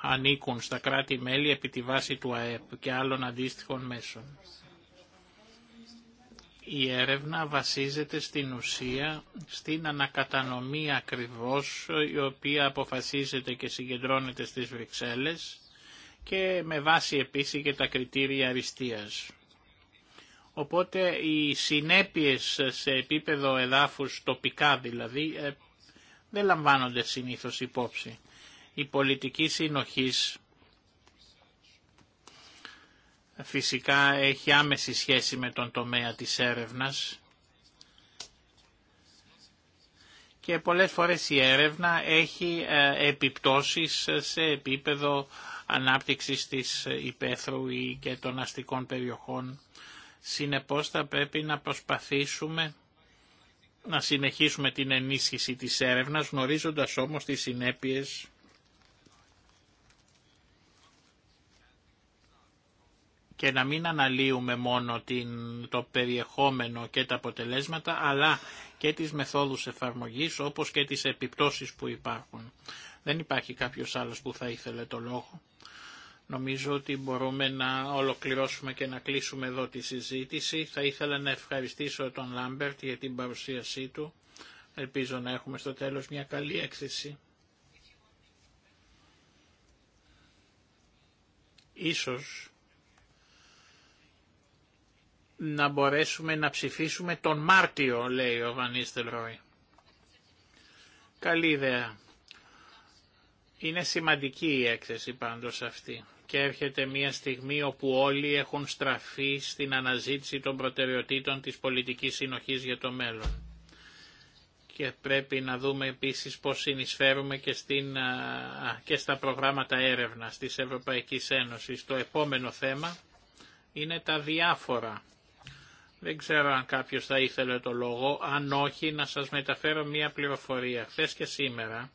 ανήκουν στα κράτη-μέλη επί τη βάση του ΑΕΠ και άλλων αντίστοιχων μέσων. Η έρευνα βασίζεται στην ουσία στην ανακατανομή ακριβώς η οποία αποφασίζεται και συγκεντρώνεται στις Βρυξέλλες και με βάση επίσης και τα κριτήρια αριστείας. Οπότε οι συνέπειες σε επίπεδο εδάφους τοπικά δηλαδή ε, δεν λαμβάνονται συνήθως υπόψη. Η πολιτική συνοχής φυσικά έχει άμεση σχέση με τον τομέα της έρευνας και πολλές φορές η έρευνα έχει ε, επιπτώσεις σε επίπεδο ανάπτυξης της υπαίθρου ή και των αστικών περιοχών Συνεπώς θα πρέπει να προσπαθήσουμε να συνεχίσουμε την ενίσχυση της έρευνας γνωρίζοντας όμως τις συνέπειες και να μην αναλύουμε μόνο την, το περιεχόμενο και τα αποτελέσματα, αλλά και τις μεθόδους εφαρμογής, όπως και τις επιπτώσεις που υπάρχουν. Δεν υπάρχει κάποιος άλλος που θα ήθελε το λόγο. Νομίζω ότι μπορούμε να ολοκληρώσουμε και να κλείσουμε εδώ τη συζήτηση. Θα ήθελα να ευχαριστήσω τον Λάμπερτ για την παρουσίασή του. Ελπίζω να έχουμε στο τέλος μια καλή έκθεση. Ίσως να μπορέσουμε να ψηφίσουμε τον Μάρτιο, λέει ο Βανίστελ Ρόι. Καλή ιδέα. Είναι σημαντική η έκθεση πάντως αυτή και έρχεται μια στιγμή όπου όλοι έχουν στραφεί στην αναζήτηση των προτεραιοτήτων της πολιτικής συνοχής για το μέλλον. Και πρέπει να δούμε επίσης πώς συνεισφέρουμε και, στην, και στα προγράμματα έρευνας της Ευρωπαϊκής Ένωσης. Το επόμενο θέμα είναι τα διάφορα. Δεν ξέρω αν κάποιος θα ήθελε το λόγο, αν όχι να σας μεταφέρω μία πληροφορία. Χθε και σήμερα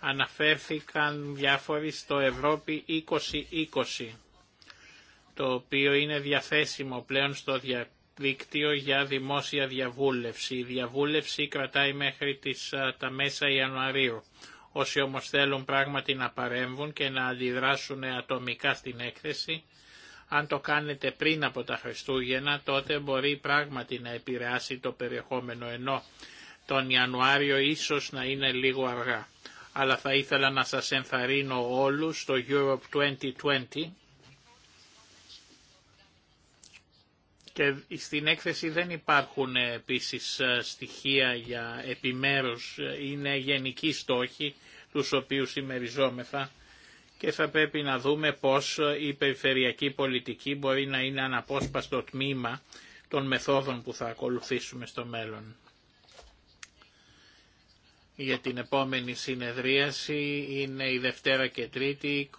αναφέρθηκαν διάφοροι στο Ευρώπη 2020, το οποίο είναι διαθέσιμο πλέον στο διαδίκτυο για δημόσια διαβούλευση. Η διαβούλευση κρατάει μέχρι τις, τα μέσα Ιανουαρίου. Όσοι όμως θέλουν πράγματι να παρέμβουν και να αντιδράσουν ατομικά στην έκθεση, αν το κάνετε πριν από τα Χριστούγεννα, τότε μπορεί πράγματι να επηρεάσει το περιεχόμενο, ενώ τον Ιανουάριο ίσως να είναι λίγο αργά αλλά θα ήθελα να σας ενθαρρύνω όλους στο Europe 2020 και στην έκθεση δεν υπάρχουν ε, επίσης ε, στοιχεία για επιμέρους, ε, είναι γενικοί στόχοι τους οποίους ημεριζόμεθα και θα πρέπει να δούμε πώς η περιφερειακή πολιτική μπορεί να είναι αναπόσπαστο τμήμα των μεθόδων που θα ακολουθήσουμε στο μέλλον για την επόμενη συνεδρίαση είναι η Δευτέρα και Τρίτη